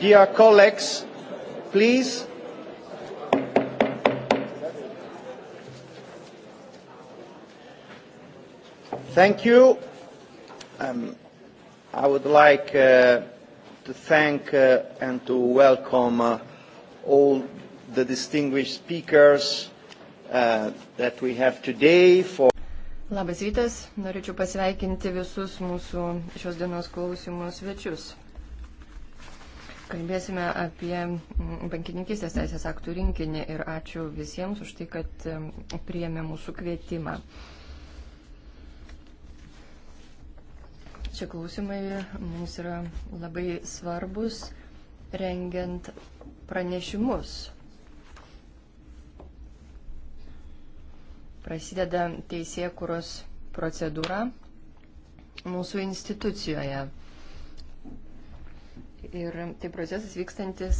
Dear colleagues, please. Thank you. Um, I would like uh, to thank uh, and to welcome uh, all the distinguished speakers uh, that we have today for Labas rytas, norėčiau pasveikinti visus mūsų šios dienos klausimų svečius. Kalbėsime apie mm, bankininkistės teisės aktų rinkinį ir ačiū visiems už tai, kad mm, priėmė mūsų kvietimą. Šie klausimai mums yra labai svarbus rengiant pranešimus. Prasideda teisėkuros procedūra mūsų institucijoje. Ir tai procesas vykstantis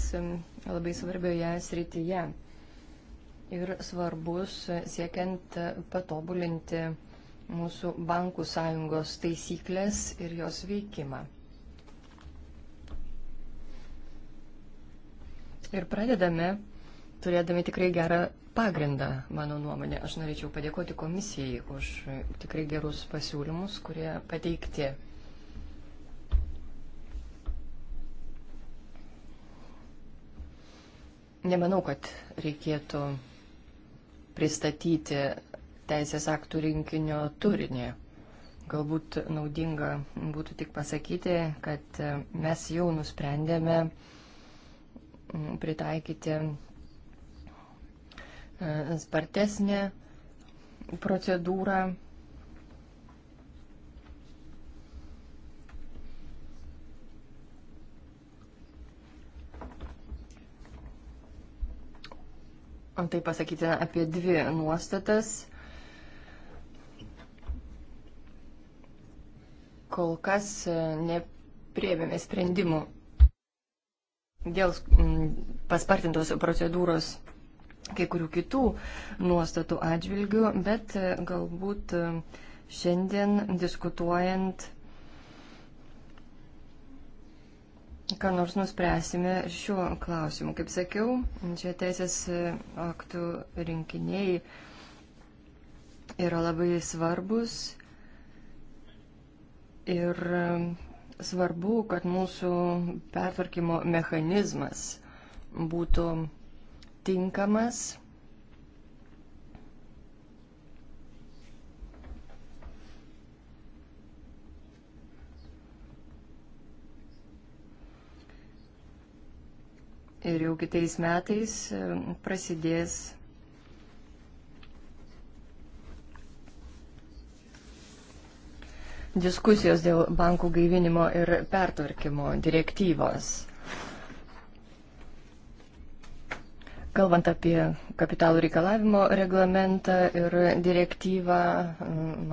labai svarbioje srityje. Ir svarbus e, siekiant e, patobulinti mūsų bankų sąjungos taisyklės ir jos veikimą. Ir pradedame, turėdami tikrai gerą pagrindą, mano nuomonė. Aš norėčiau padėkoti komisijai už e, tikrai gerus pasiūlymus, kurie pateikti Nemanau, kad reikėtų pristatyti teisės aktų rinkinio turinį. Galbūt naudinga būtų tik pasakyti, kad mes jau nusprendėme pritaikyti e, spartesnę procedūrą tai pasakyti apie dvi nuostatas. Kol kas e, nepriebėme sprendimų dėl paspartintos procedūros kai kurių kitų nuostatų atžvilgių, bet e, galbūt e, šiandien diskutuojant ką nors nuspręsime šiuo klausimu. Kaip sakiau, čia teisės aktų rinkiniai yra labai svarbus ir svarbu, kad mūsų pertvarkymo mechanizmas būtų tinkamas ir jau kitais metais e, prasidės diskusijos dėl bankų gaivinimo ir pertvarkymo direktyvos. Kalbant apie kapitalų reikalavimo reglamentą ir direktyvą,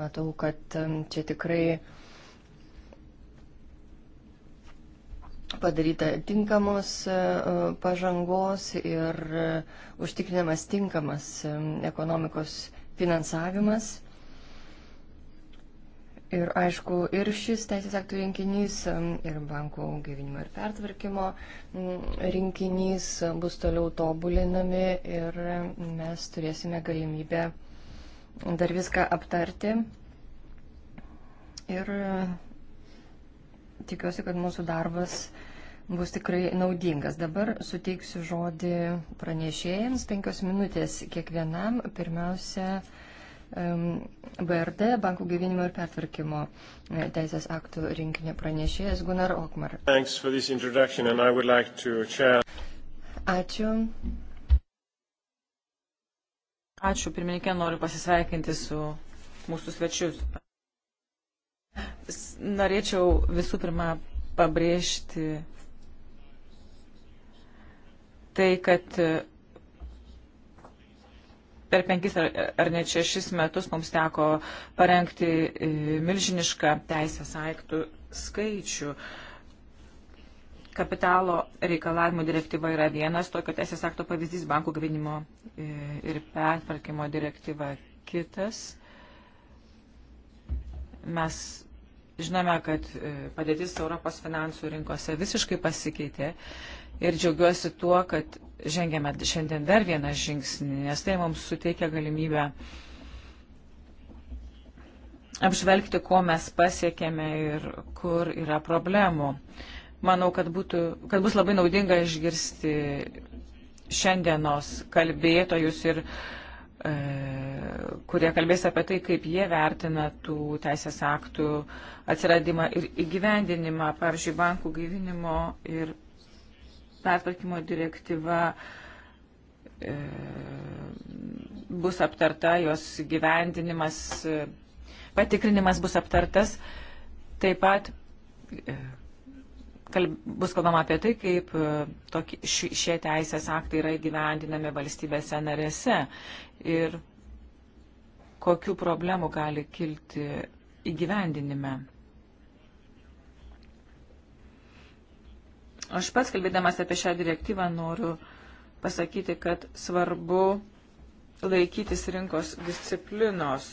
matau, kad čia tikrai padaryta tinkamos e, pažangos ir e, užtikrinamas tinkamas e, ekonomikos finansavimas. Ir aišku, ir šis teisės aktų rinkinys, ir bankų gyvinimo ir pertvarkymo rinkinys bus toliau tobulinami ir mes turėsime galimybę dar viską aptarti. Ir tikiuosi, kad mūsų darbas uh, bus tikrai naudingas. Dabar suteiksiu žodį pranešėjams, penkios minutės kiekvienam. Pirmiausia, BRD, Bankų gyvenimo ir pertvarkymo e, teisės aktų rinkinio pranešėjas Gunnar Okmar. Like to... Ačiū. Ačiū, pirmininkė, noriu pasisveikinti su mūsų svečius. Norėčiau visų pirma pabrėžti tai, kad e, per penkis ar, ar net šešis metus mums teko parengti e, milžinišką teisės aiktų skaičių. Kapitalo reikalavimų direktyva yra vienas, tokio teisės akto pavyzdys bankų gavinimo e, ir pertvarkymo direktyva kitas. Mes žinome, kad padėtis Europos finansų rinkose visiškai pasikeitė ir džiaugiuosi tuo, kad žengėme šiandien dar vieną žingsnį, nes tai mums suteikia galimybę apžvelgti, ko mes pasiekėme ir kur yra problemų. Manau, kad, būtų, kad bus labai naudinga išgirsti šiandienos kalbėtojus ir e, kurie kalbės apie tai, kaip jie vertina tų teisės aktų atsiradimą ir įgyvendinimą, pavyzdžiui, bankų gaivinimo ir pertvarkymo direktyva e, bus aptarta, jos gyvendinimas, e, patikrinimas bus aptartas. Taip pat e, kalb, bus kalbama apie tai, kaip e, tokie, šie teisės aktai yra įgyvendinami valstybėse narėse ir kokių problemų gali kilti įgyvendinime. Aš pats kalbėdamas apie šią direktyvą noriu pasakyti, kad svarbu laikytis rinkos disciplinos,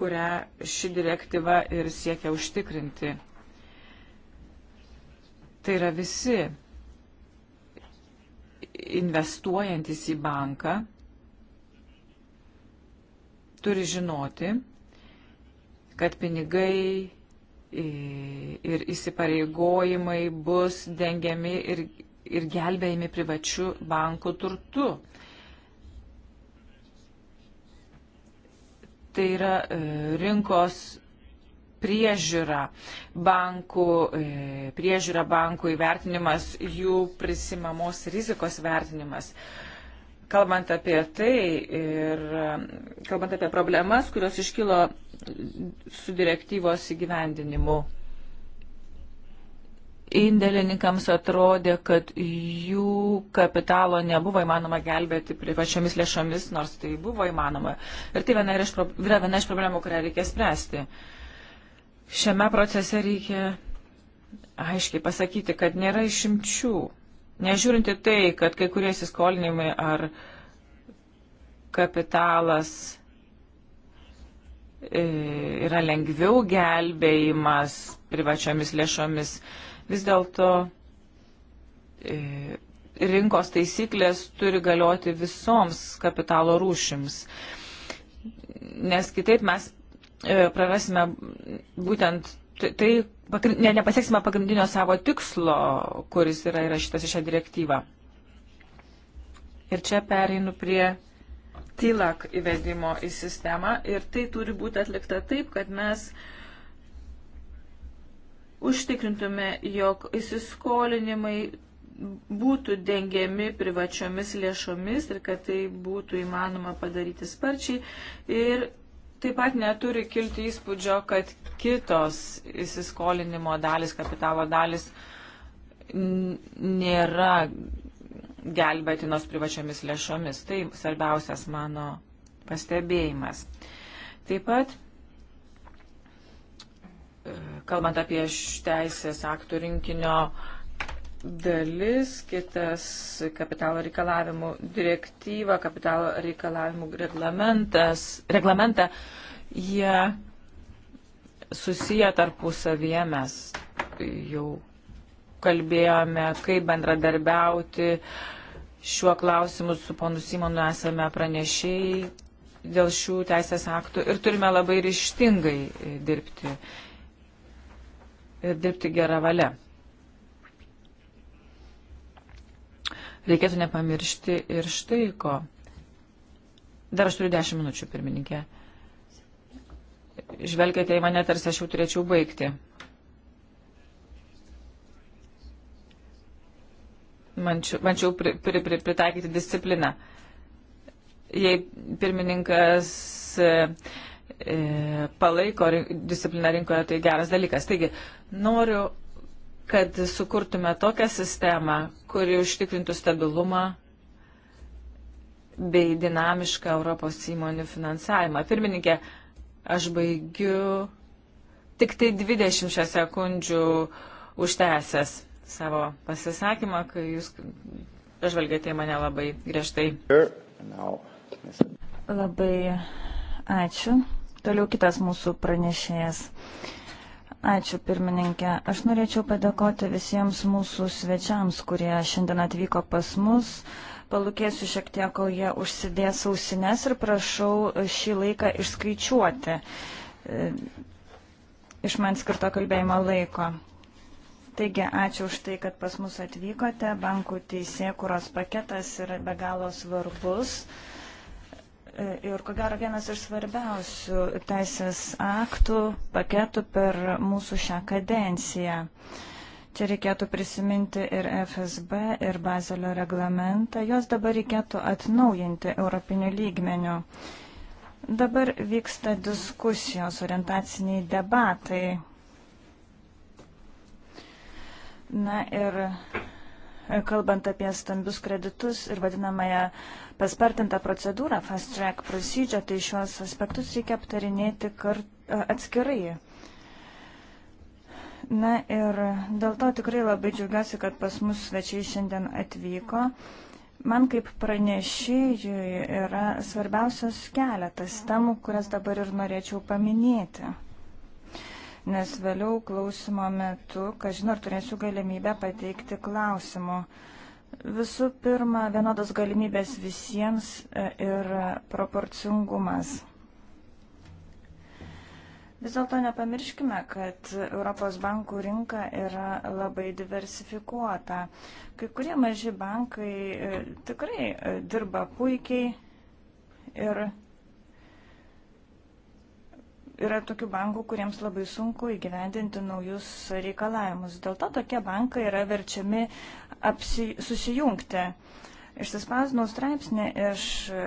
kurią ši direktyva ir siekia užtikrinti. Tai yra visi investuojantis į banką turi žinoti, kad pinigai ir įsipareigojimai bus dengiami ir, ir gelbėjami privačių bankų turtu. Tai yra e, rinkos priežiūra bankų, e, priežiūra bankų įvertinimas, jų prisimamos rizikos vertinimas. Kalbant apie tai ir kalbant apie problemas, kurios iškilo su direktyvos įgyvendinimu. Indėlininkams atrodė, kad jų kapitalo nebuvo įmanoma gelbėti privačiomis lėšomis, nors tai buvo įmanoma. Ir tai viena iš, yra viena iš problemų, kurią reikia spręsti. Šiame procese reikia aiškiai pasakyti, kad nėra išimčių. Nežiūrinti tai, kad kai kurie įsiskolinimai ar kapitalas E, yra lengviau gelbėjimas privačiomis lėšomis. Vis dėlto e, rinkos taisyklės turi galioti visoms kapitalo rūšims, nes kitaip mes e, prarasime būtent tai, ne, nepasieksime pagrindinio savo tikslo, kuris yra įrašytas į šią direktyvą. Ir čia pereinu prie TILAK įvedimo į sistemą ir tai turi būti atlikta taip, kad mes užtikrintume, jog įsiskolinimai būtų dengiami privačiomis lėšomis ir kad tai būtų įmanoma padaryti sparčiai. Ir taip pat neturi kilti įspūdžio, kad kitos įsiskolinimo dalis, kapitalo dalis nėra gelbėtinos privačiomis lėšomis. Tai svarbiausias mano pastebėjimas. Taip pat, e, kalbant apie teisės aktų rinkinio dalis, kitas kapitalo reikalavimų direktyva, kapitalo reikalavimų reglamentas, reglamentą, jie susiję tarpusavyje mes jau kalbėjome, kaip bendradarbiauti, uh, Šiuo klausimu su ponu Simonu esame pranešėjai dėl šių teisės aktų ir turime labai ryštingai e, dirbti ir e, dirbti gerą valią. Reikėtų nepamiršti ir štai ko. Dar aš turiu dešimt minučių, pirmininkė. Žvelgėte į mane, tarsi aš jau turėčiau baigti. mančiau, mančiau pri, pri, pri, pritaikyti discipliną. Jei pirmininkas e, e palaiko discipliną rinkoje, tai geras dalykas. Taigi, noriu, kad sukurtume tokią sistemą, kuri užtikrintų stabilumą bei dinamišką Europos įmonių finansavimą. Pirmininkė, aš baigiu tik tai 20 sekundžių užtęsęs savo pasisakymą, kai jūs pažvelgėte į mane labai griežtai. Labai ačiū. Toliau kitas mūsų pranešėjas. Ačiū pirmininkė. Aš norėčiau padėkoti visiems mūsų svečiams, kurie šiandien atvyko pas mus. Palūkėsiu šiek tiek, kol jie užsidės ausines ir prašau šį laiką išskaičiuoti e, iš man skirto kalbėjimo laiko. Taigi, ačiū už tai, kad pas mus atvykote. Bankų teisėkuros paketas yra be galo svarbus. E, ir ko gero vienas iš svarbiausių teisės aktų paketų per mūsų šią kadenciją. Čia reikėtų prisiminti ir FSB, ir Bazelio reglamentą. Jos dabar reikėtų atnaujinti europiniu lygmeniu. Dabar vyksta diskusijos, orientaciniai debatai Na ir e, kalbant apie stambius kreditus ir vadinamąją paspartintą procedūrą, fast track procedure, tai šios aspektus reikia aptarinėti kart, e, atskirai. Na ir dėl to tikrai labai džiaugiuosi, kad pas mus svečiai šiandien atvyko. Man kaip pranešėjui yra svarbiausios keletas temų, kurias dabar ir norėčiau paminėti nes vėliau klausimo metu, ką žinau, ar turėsiu galimybę pateikti klausimų. Visų pirma, vienodos galimybės visiems e, ir proporcingumas. Vis dėlto nepamirškime, kad Europos bankų rinka yra labai diversifikuota. Kai kurie maži bankai e, tikrai e, dirba puikiai ir Yra tokių bankų, kuriems labai sunku įgyvendinti naujus reikalavimus. Dėl to tokie bankai yra verčiami apsi, susijungti. Išsispausdinau straipsnį iš e,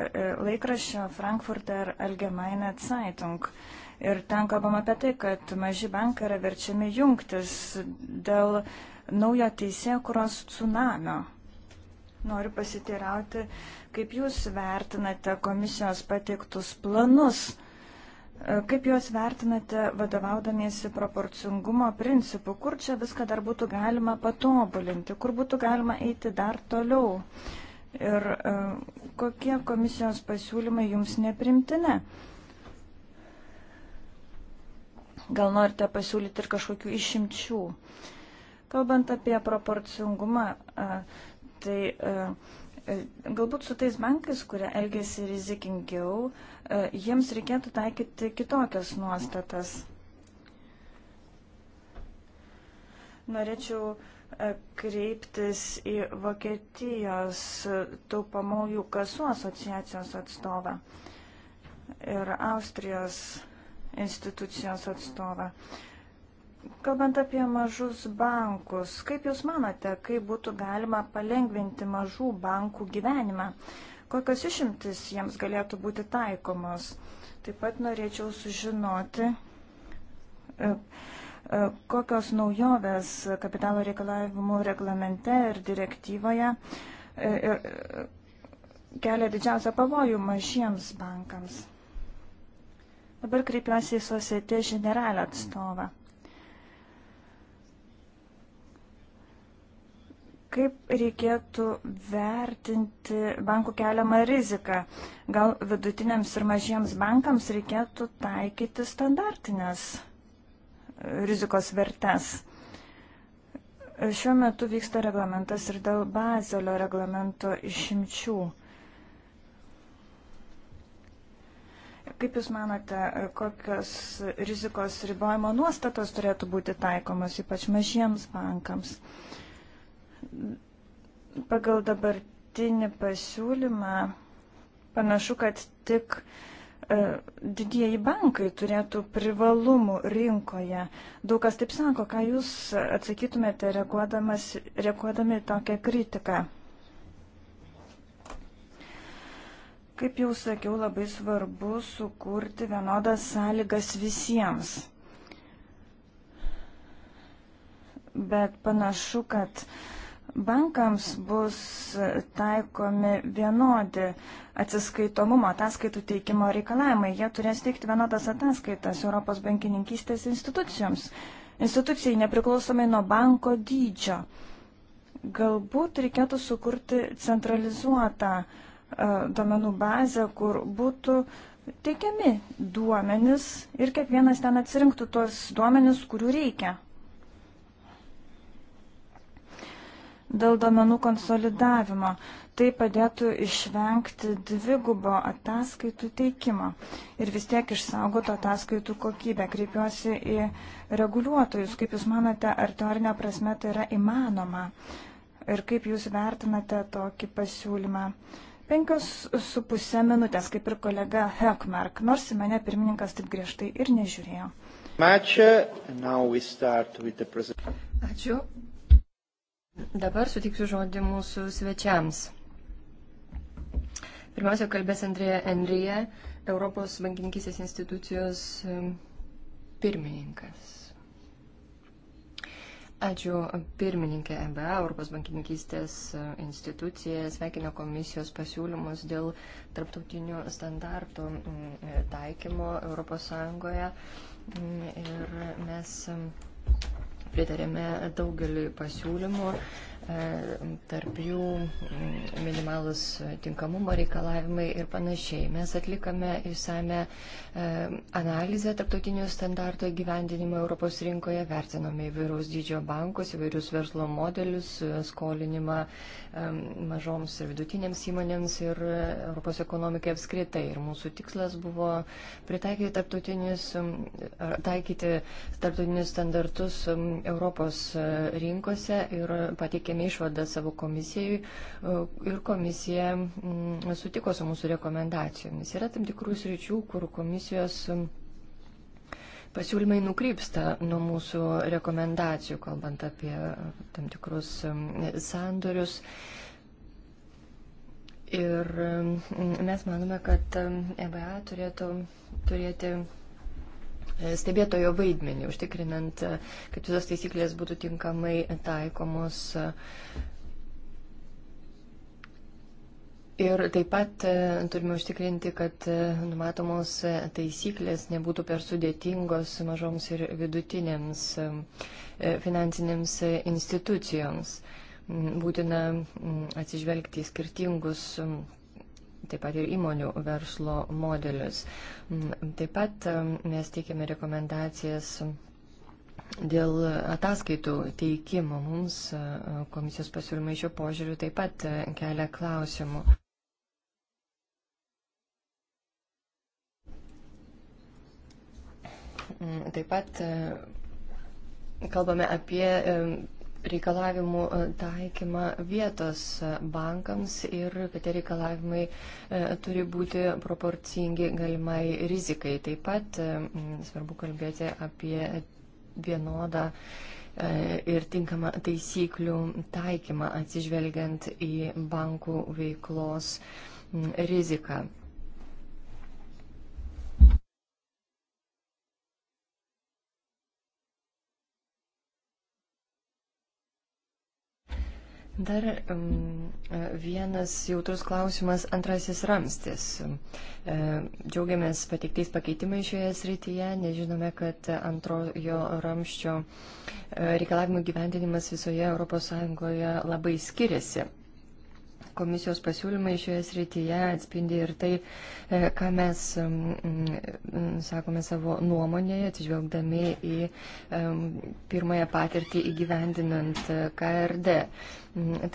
laikraščio Frankfurter Allgemeine Zeitung. Ir ten kalbam apie tai, kad maži bankai yra verčiami jungtis dėl naujo teisėkuros tsunamio. Noriu pasiteirauti, kaip Jūs vertinate komisijos pateiktus planus Kaip juos vertinate vadovaudamiesi proporcingumo principu? Kur čia viską dar būtų galima patobulinti? Kur būtų galima eiti dar toliau? Ir e, kokie komisijos pasiūlymai jums neprimtine? Gal norite pasiūlyti ir kažkokių išimčių? Kalbant apie proporcingumą, e, tai e, galbūt su tais bankais, kurie elgėsi rizikingiau, E, jiems reikėtų taikyti kitokias nuostatas. Norėčiau e, kreiptis į Vokietijos taupamųjų kasų asociacijos atstovą ir Austrijos institucijos atstovą. Kalbant apie mažus bankus, kaip Jūs manote, kaip būtų galima palengvinti mažų bankų gyvenimą? kokios išimtis jiems galėtų būti taikomos. Taip pat norėčiau sužinoti, e, e, kokios naujovės kapitalo reikalavimų reglamente ir direktyvoje e, kelia didžiausią pavojų mažiems bankams. Dabar kreipiuosi į Societė Generalę atstovą. Kaip reikėtų vertinti bankų keliamą riziką? Gal vidutiniams ir mažiems bankams reikėtų taikyti standartinės e, rizikos vertes? Šiuo metu vyksta reglamentas ir dėl bazelio reglamento išimčių. Kaip Jūs manote, kokios rizikos ribojimo nuostatos turėtų būti taikomas, ypač mažiems bankams? Uh, Pagal dabartinį pasiūlymą panašu, kad tik e, didieji bankai turėtų privalumų rinkoje. Daug kas taip sako, ką jūs atsakytumėte reaguodami tokią kritiką. Kaip jau sakiau, labai svarbu sukurti vienodas sąlygas visiems. Bet panašu, kad uh, bankams bus taikomi vienodi atsiskaitomumo ataskaitų teikimo reikalavimai. Jie turės teikti vienodas ataskaitas Europos bankininkystės institucijoms. Institucijai nepriklausomai nuo banko dydžio. Galbūt reikėtų sukurti centralizuotą e, duomenų bazę, kur būtų teikiami duomenys ir kiekvienas ten atsirinktų tuos duomenys, kurių reikia. dėl domenų konsolidavimo. Tai padėtų išvengti dvigubo ataskaitų teikimo ir vis tiek išsaugotų ataskaitų kokybę. Kreipiuosi į reguliuotojus. Kaip Jūs manote, ar teorinė prasme tai yra įmanoma? Ir kaip Jūs vertinate tokį pasiūlymą? Penkios su pusė minutės, kaip ir kolega Hekmark, nors į mane pirmininkas taip griežtai ir nežiūrėjo. Ačiū. Dabar sutiksiu žodį mūsų svečiams. Pirmiausia, kalbės Andrėja Enrija, Europos bankininkysės institucijos pirmininkas. Ačiū pirmininkė EBA, Europos bankininkystės e, institucija, sveikino komisijos pasiūlymus dėl tarptautinių standartų e, taikymo ES. Ir mes pritarėme daugeliu pasiūlymų E, tarp jų mm, minimalus tinkamumo reikalavimai ir panašiai. Mes atlikame įsame e, analizę tarptautinių standartų įgyvendinimo Europos rinkoje, vertinome įvairiaus dydžio bankus, įvairius verslo modelius, skolinimą e, mažoms ir vidutinėms įmonėms ir Europos ekonomikai apskritai. Ir mūsų tikslas buvo pritaikyti tarptautinius, taikyti tarptautinius standartus Europos rinkose ir pateikėme pateikėme išvadą savo komisijai e, ir komisija mm, sutiko su mūsų rekomendacijomis. Yra tam tikrų sričių, kur komisijos mm, pasiūlymai nukrypsta nuo mūsų rekomendacijų, kalbant apie e, tam tikrus mm, sandorius. Ir mes manome, kad EBA turėtų turėti E, stebėtojo vaidmenį, užtikrinant, e, kad visos taisyklės būtų tinkamai taikomos. Ir taip pat e, turime užtikrinti, kad numatomos taisyklės nebūtų per sudėtingos mažoms ir vidutinėms finansinėms institucijoms. Būtina atsižvelgti į skirtingus taip pat ir įmonių verslo modelius. Mm, taip pat mes teikiame rekomendacijas Dėl ataskaitų teikimo mums e, komisijos pasiūlymai šio požiūriu taip pat e, kelia klausimų. Mm, taip pat e, kalbame apie reikalavimų e, taikymą vietos e, bankams ir kad tie reikalavimai e, turi būti proporcingi galimai rizikai. Taip pat svarbu kalbėti apie vienodą ir tinkamą taisyklių taikymą atsižvelgiant į bankų veiklos riziką. Dar um, vienas jautrus klausimas, antrasis ramstis. E, džiaugiamės pateiktais pakeitimais šioje srityje, nežinome, kad antrojo ramščio e, reikalavimų gyvendinimas visoje ES labai skiriasi. Komisijos pasiūlymai šioje srityje atspindi ir tai, e, ką mes sakome savo nuomonėje, atsižvelgdami į e, pirmąją patirtį įgyvendinant e, KRD.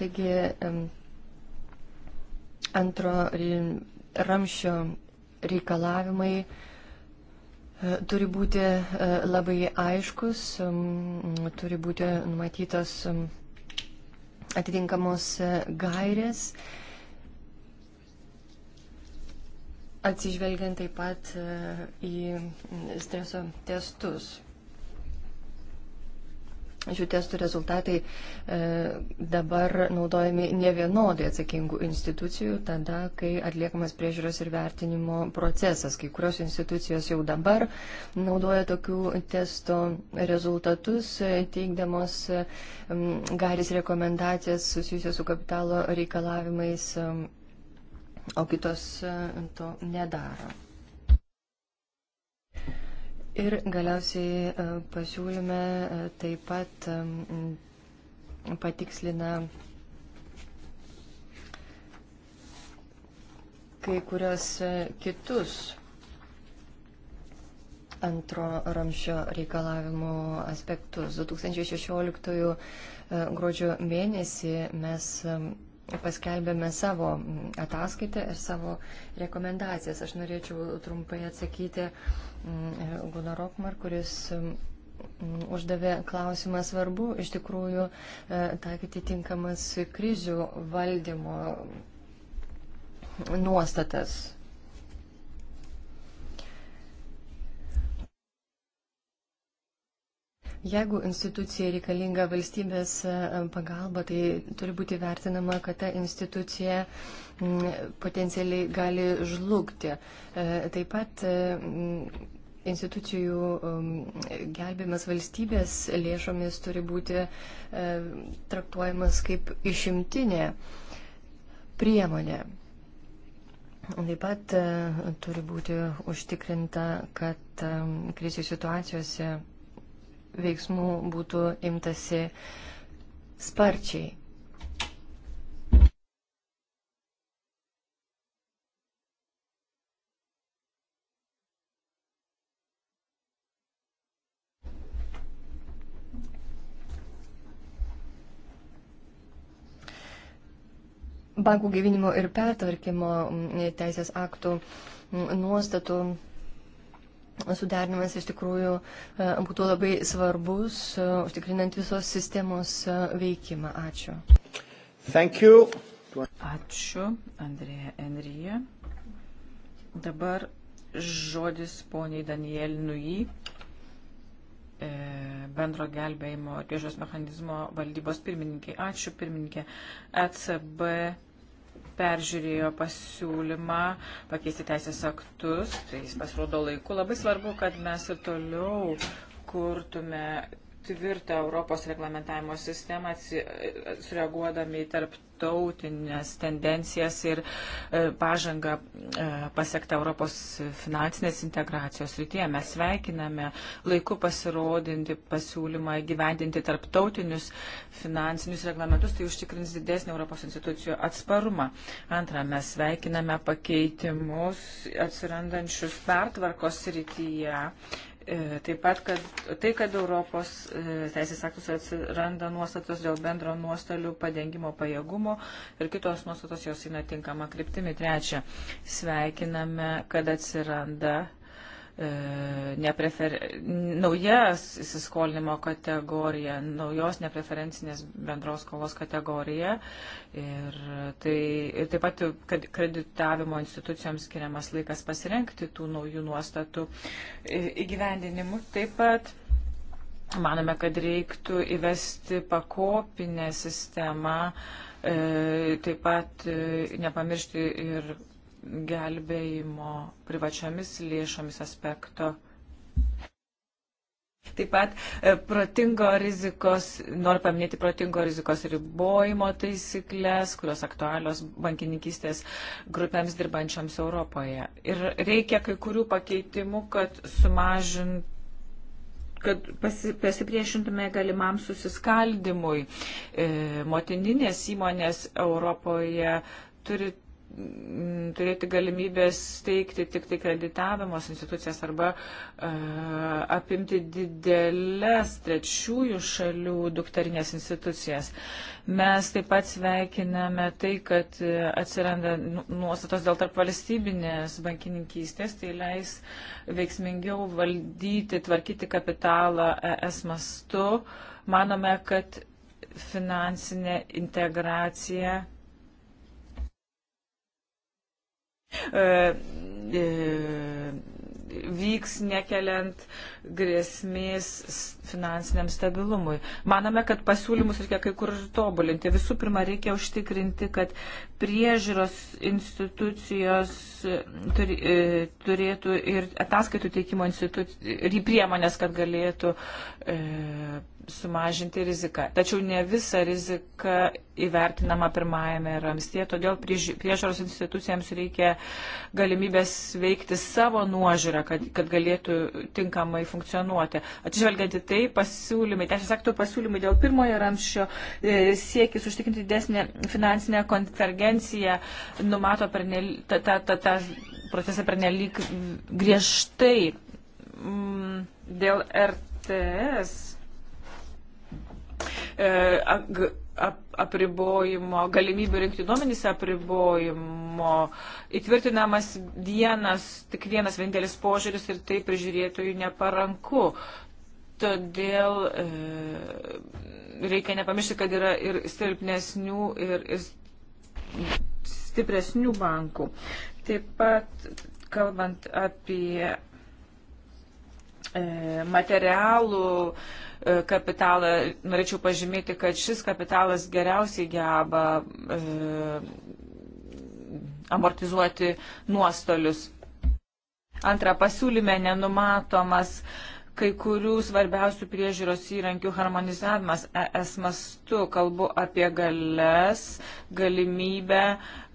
Taigi, antro ramšio reikalavimai turi būti labai aiškus, turi būti numatytos atitinkamos e, gairės, atsižvelgiant taip pat e, į streso testus. Šių testų rezultatai e, dabar naudojami ne vienodai atsakingų institucijų, tada, kai atliekamas priežiūros ir vertinimo procesas. Kai kurios institucijos jau dabar naudoja tokių testo rezultatus, e, teikdamos e, garis rekomendacijas susijusios su kapitalo reikalavimais, e, o kitos e, to nedaro. Ir galiausiai e, pasiūlyme e, taip pat e, patikslina kai kurios kitus antro ramšio reikalavimų aspektus. 2016 gruodžio mėnesį mes paskelbėme savo ataskaitę ir savo rekomendacijas. Aš norėčiau trumpai atsakyti mm, Gunnar Okmar, kuris mm, uždavė klausimą svarbu iš tikrųjų e, taikyti tinkamas krizių valdymo nuostatas Jeigu institucija reikalinga valstybės e, pagalba, tai turi būti vertinama, kad ta institucija potencialiai gali žlugti. E, taip pat e, institucijų gelbėjimas valstybės lėšomis turi būti traktuojamas kaip išimtinė priemonė. Taip pat turi būti užtikrinta, kad krizių situacijose veiksmų būtų imtasi sparčiai. bankų gyvinimo ir pertvarkymo teisės aktų nuostatų suderinimas iš tikrųjų e, būtų labai svarbus, e, užtikrinant visos sistemos e, veikimą. Ačiū. Thank you. Ačiū, Andrėja Enryje. Dabar žodis poniai Daniel Nui, bendro gelbėjimo ir priežos mechanizmo valdybos pirmininkė. Ačiū, pirmininkė. ECB peržiūrėjo pasiūlymą pakeisti teisės aktus, tai jis pasirodo laiku. Labai svarbu, kad mes ir toliau kurtume tvirtą Europos reglamentavimo sistemą, sureaguodami į tarptautinės tendencijas ir e, pažangą e, pasiektą Europos finansinės integracijos rytyje. Mes sveikiname laiku pasirodinti pasiūlymą gyvendinti tarptautinius finansinius reglamentus, tai užtikrins didesnį Europos institucijų atsparumą. Antra, mes sveikiname pakeitimus atsirandančius pertvarkos rytyje E, taip pat, kad tai, kad Europos e, teisės aktus atsiranda nuostatos dėl bendro nuostolių padengimo pajėgumo ir kitos nuostatos jos eina tinkama kryptimi. Trečia, sveikiname, kad atsiranda E, neprefer... nauja įsiskolinimo kategorija, naujos nepreferencinės bendros skolos kategorija ir, tai, ir taip pat kad kreditavimo institucijoms skiriamas laikas pasirenkti tų naujų nuostatų įgyvendinimu. Taip pat manome, kad reiktų įvesti pakopinę sistemą, e, taip pat e, nepamiršti ir gelbėjimo privačiomis lėšomis aspekto. Taip pat e, protingo rizikos, noriu paminėti protingo rizikos ribojimo taisyklės, kurios aktualios bankininkystės grupėms dirbančiams Europoje. Ir reikia kai kurių pakeitimų, kad sumažint kad pasi, pasipriešintume galimam susiskaldimui. E, motininės įmonės Europoje turi Mm, turėti galimybės steigti tik tai kreditavimos institucijas arba uh, apimti didelės trečiųjų šalių dukterinės institucijas. Mes taip pat sveikiname tai, kad e, atsiranda nu, nuostatos dėl tarp valstybinės bankininkystės, tai leis veiksmingiau valdyti, tvarkyti kapitalą ES mastu. Manome, kad finansinė integracija E, e, vyks nekeliant grėsmės finansiniam stabilumui. Manome, kad pasiūlymus reikia kai kur tobulinti. Visų pirma, reikia užtikrinti, kad priežiūros institucijos e, e, turėtų ir ataskaitų teikimo institucijų ir priemonės, kad galėtų e, sumažinti riziką. Tačiau ne visa rizika įvertinama pirmajame ramstie, todėl priežaros institucijams reikia galimybės veikti savo nuožiūrą, kad, kad galėtų tinkamai funkcionuoti funkcionuoti. Atsižvelgiant į tai, pasiūlymai, teisės aktų pasiūlymai dėl pirmojo ramščio e, siekis užtikrinti didesnę finansinę konvergenciją numato per ne, ta, ta, ta, ta procesą per nelik griežtai mm, dėl RTS. E, ap, apribojimo, galimybių rinkti duomenys apribojimo, įtvirtinamas vienas, tik vienas vienintelis požiūris ir tai prižiūrėtojų neparanku. Todėl e, reikia nepamiršti, kad yra ir silpnesnių, ir, ir stipresnių bankų. Taip pat, kalbant apie e, materialų e, E, kapitalą. Norėčiau pažymėti, kad šis kapitalas geriausiai geba e, amortizuoti nuostolius. Antra, pasiūlyme nenumatomas kai kurių svarbiausių priežiūros įrankių harmonizavimas ES mastu. Kalbu apie galės, galimybę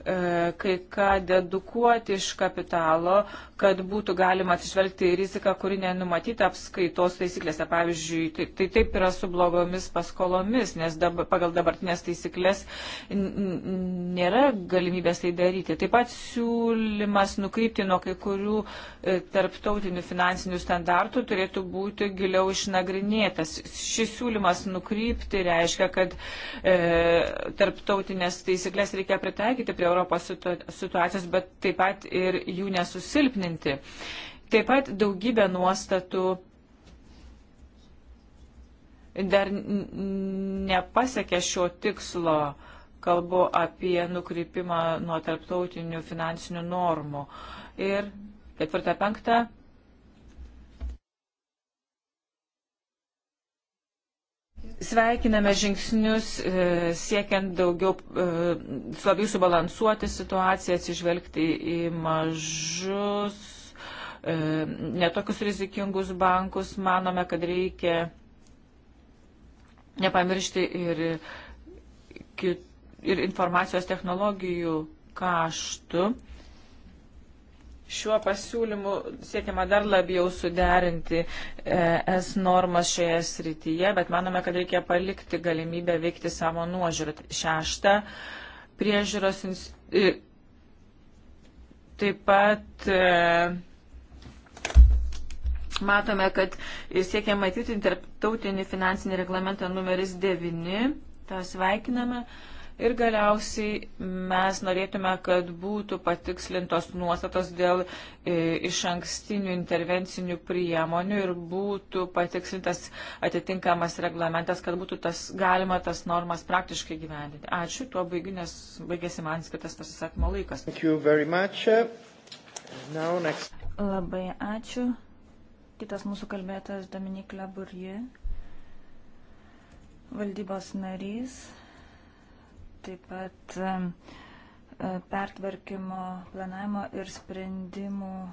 E, kai ką dedukuoti iš kapitalo, kad būtų galima atsižvelgti į riziką, kuri nenumatyta apskaitos taisyklėse. Pavyzdžiui, tai, tai taip yra su blogomis paskolomis, nes dabar, pagal dabartinės taisyklės nėra galimybės tai daryti. Taip pat siūlymas nukrypti nuo kai kurių e, tarptautinių finansinių standartų turėtų būti giliau išnagrinėtas. Šis siūlymas nukrypti reiškia, kad e, tarptautinės taisyklės reikia pritaikyti prie Europos situacijas, bet taip pat ir jų nesusilpninti. Taip pat daugybė nuostatų dar nepasiekė šio tikslo. Kalbu apie nukrypimą nuo tarptautinių finansinių normų. Ir ketvirta, penkta, Sveikiname žingsnius e, siekiant daugiau, e, labiau subalansuoti situaciją, atsižvelgti į mažus, e, netokius rizikingus bankus. Manome, kad reikia nepamiršti ir, ir informacijos technologijų kaštų. Šiuo pasiūlymu siekiama dar labiau suderinti e, es normas šioje srityje, bet manome, kad reikia palikti galimybę veikti savo nuožiūrą. Šešta, priežiūros institucijos. Taip pat e, matome, kad siekia matyti tarptautinį finansinį reglamentą numeris 9. Tą sveikiname. Uh, Ir galiausiai mes norėtume, kad būtų patikslintos nuostatos dėl e, iš ankstinių intervencinių priemonių ir būtų patikslintas atitinkamas reglamentas, kad būtų tas, galima tas normas praktiškai gyvendinti. Ačiū, tuo baigiu, nes baigėsi man skirtas pasisakymo laikas. Now, next. Labai ačiū. Kitas mūsų kalbėtas Dominik Laburie, valdybos narys taip pat e, pertvarkymo, planavimo ir sprendimų e,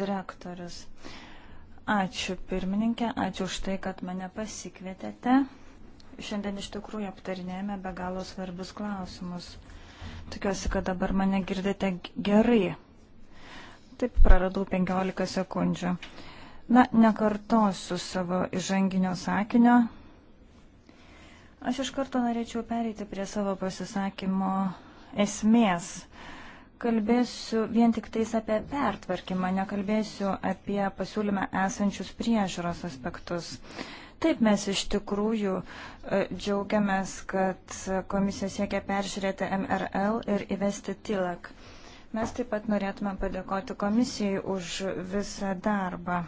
direktorius. Ačiū pirmininkė, ačiū už tai, kad mane pasikvietėte. Šiandien iš tikrųjų aptarinėjame be galo svarbius klausimus. Tikiuosi, kad dabar mane girdite gerai. Taip praradau 15 sekundžių. Na, nekartosiu savo įžanginio sakinio, Aš iš karto norėčiau pereiti prie savo pasisakymo esmės. Kalbėsiu vien tik tais apie pertvarkymą, nekalbėsiu apie pasiūlymę esančius priežiūros aspektus. Taip mes iš tikrųjų e, džiaugiamės, kad komisija siekia peržiūrėti MRL ir įvesti TILAK. E mes taip pat norėtume padėkoti komisijai už visą darbą.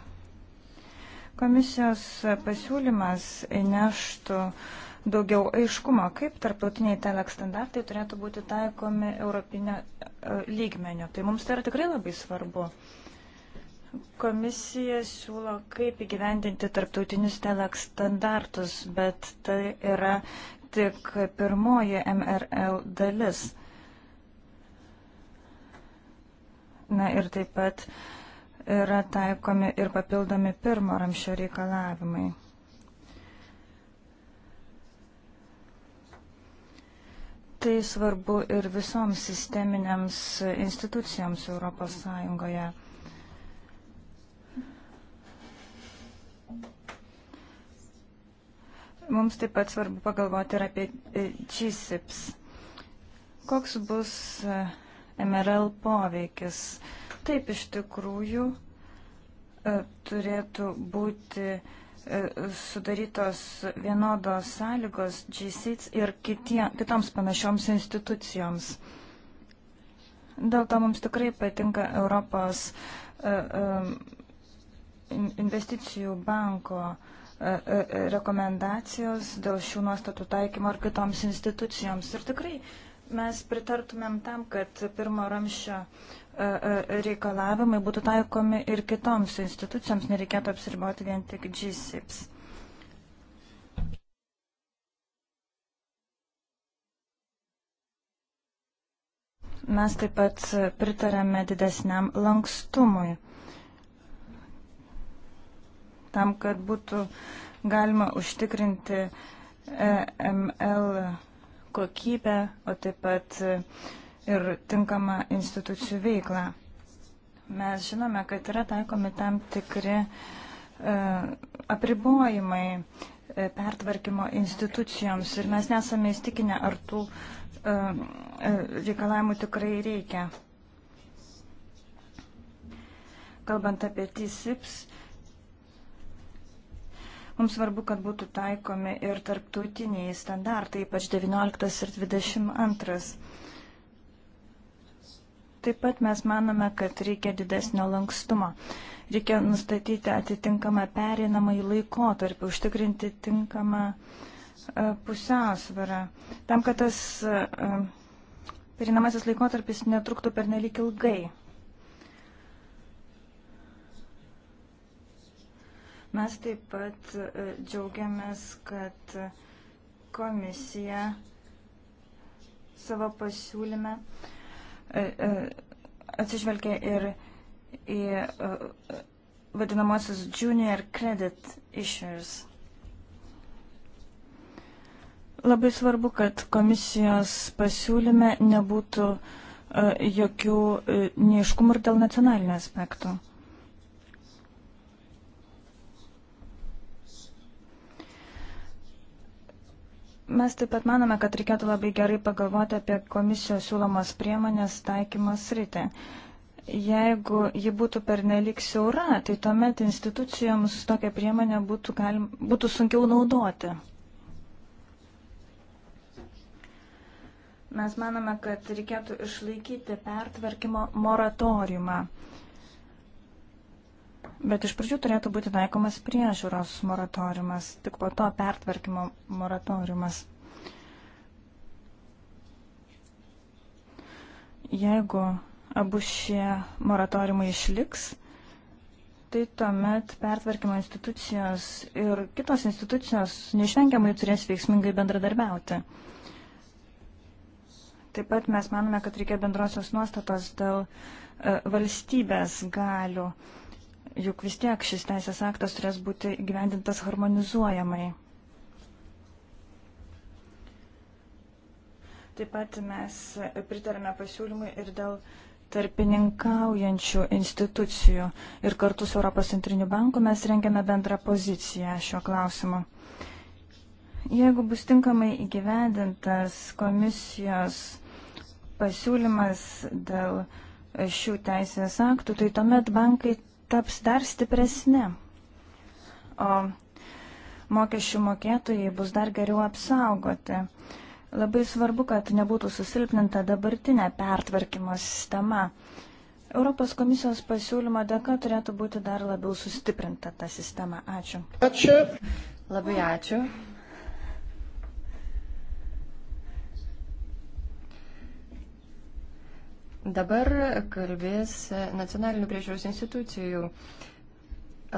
Komisijos pasiūlymas įneštų uh, daugiau aiškumo, kaip tarptautiniai telek standartai turėtų būti taikomi europinio e, lygmenio. Tai mums tai yra tikrai labai svarbu. Komisija siūlo, kaip įgyvendinti tarptautinius telek standartus, bet tai yra tik pirmoji MRL dalis. Na ir taip pat yra taikomi ir papildomi pirmo ramšio reikalavimai. Tai svarbu ir visoms sisteminėms institucijoms Europos Sąjungoje. Mums taip pat svarbu pagalvoti ir apie e, GSIPS. Koks bus e, MRL poveikis? Taip iš tikrųjų e, turėtų būti uh, E, sudarytos vienodos sąlygos GCITS ir kitie, kitoms panašioms institucijoms. Dėl to mums tikrai patinka Europos e, e, investicijų banko rekomendacijos dėl šių nuostatų taikymo ir kitoms institucijoms. Ir tikrai mes pritartumėm tam, kad pirmo ramščio uh, E, e, reikalavimai būtų taikomi ir kitoms institucijoms, nereikėtų apsiriboti vien tik GSIPS. Mes taip pat pritarame didesniam lankstumui, tam, kad būtų galima užtikrinti e ML kokybę, o taip pat uh, ir tinkamą institucijų veiklą. Mes žinome, kad yra taikomi tam tikri e, apribojimai e, pertvarkymo institucijoms ir mes nesame įstikinę, ar tų e, reikalavimų tikrai reikia. Kalbant apie TISIPS, mums svarbu, kad būtų taikomi ir tarptautiniai standartai, ypač 19 ir 22. Taip pat mes manome, kad reikia didesnio lankstumo. Reikia nustatyti atitinkamą pereinamąjį laikotarpį, užtikrinti tinkamą e, pusiausvarą. Tam, kad tas e, pereinamasis laikotarpis netruktų per nelik ilgai. Mes taip pat e, džiaugiamės, kad komisija savo pasiūlyme uh, E, e, atsižvelgia ir į e, vadinamosius junior credit issues. Labai svarbu, kad komisijos pasiūlyme nebūtų jokių neiškumų ir dėl nacionalinių aspektų. Mes taip pat manome, kad reikėtų labai gerai pagalvoti apie komisijos siūlomos priemonės taikymos rytį. Jeigu ji būtų pernelik siaura, tai tuomet institucijoms tokią priemonę būtų, galim, būtų sunkiau naudoti. Mes manome, kad reikėtų išlaikyti pertvarkymo moratoriumą. Bet iš pradžių turėtų būti taikomas priežiūros moratoriumas, tik po to pertvarkymo moratoriumas. Jeigu abu šie moratoriumai išliks, tai tuomet pertvarkymo institucijos ir kitos institucijos neišvengiamai turės veiksmingai bendradarbiauti. Taip pat mes manome, kad reikia bendrosios nuostatos dėl e, valstybės galių. E, juk vis tiek šis teisės aktas turės būti gyvendintas harmonizuojamai. Taip pat mes pritarėme pasiūlymui ir dėl tarpininkaujančių institucijų ir kartu su Europos centriniu banku mes rengiame bendrą poziciją šiuo klausimu. Jeigu bus tinkamai įgyvendintas komisijos pasiūlymas dėl šių teisės aktų, tai tuomet bankai taps dar stipresni, o mokesčių mokėtojai bus dar geriau apsaugoti. Labai svarbu, kad nebūtų susilpninta dabartinė pertvarkymo sistema. Europos komisijos pasiūlymo dėka turėtų būti dar labiau sustiprinta ta sistema. Ačiū. Ačiū. Labai ačiū. Dabar kalbės nacionalinių priežiūros institucijų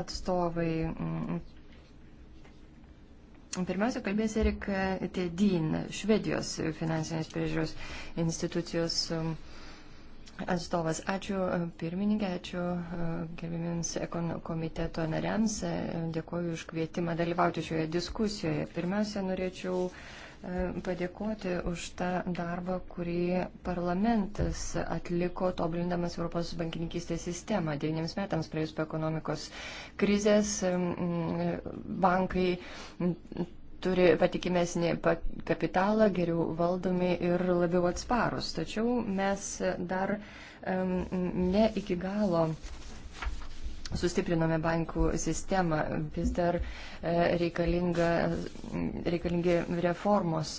atstovai. Pirmiausia, kalbės Erik Tedin, Švedijos finansinės priežiūros institucijos atstovas. Ačiū pirmininkė, ačiū gerbimiems komiteto nariams, dėkoju už kvietimą dalyvauti šioje diskusijoje. Pirmiausia, norėčiau uh, padėkoti už tą darbą, kurį parlamentas atliko, tobulindamas Europos bankininkystės sistemą. Devyniems metams praėjus po ekonomikos krizės bankai turi patikimesnį kapitalą, geriau valdomi ir labiau atsparus. Tačiau mes dar ne iki galo sustiprinome bankų sistemą, vis dar e, reikalingi reformos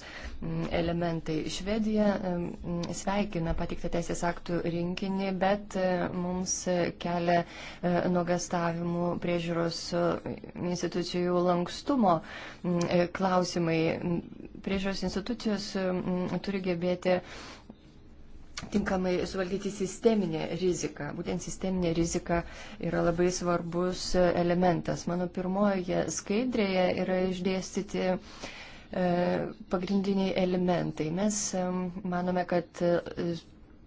elementai. Švedija sveikina patiktą teisės aktų rinkinį, bet e, mums kelia e, nuogastavimų priežiūros institucijų lankstumo klausimai. Priežiūros institucijos turi gebėti tinkamai suvaldyti sisteminę riziką. Būtent sisteminė rizika yra labai svarbus e, elementas. Mano pirmoje skaidrėje yra išdėstyti e, pagrindiniai elementai. Mes e, manome, kad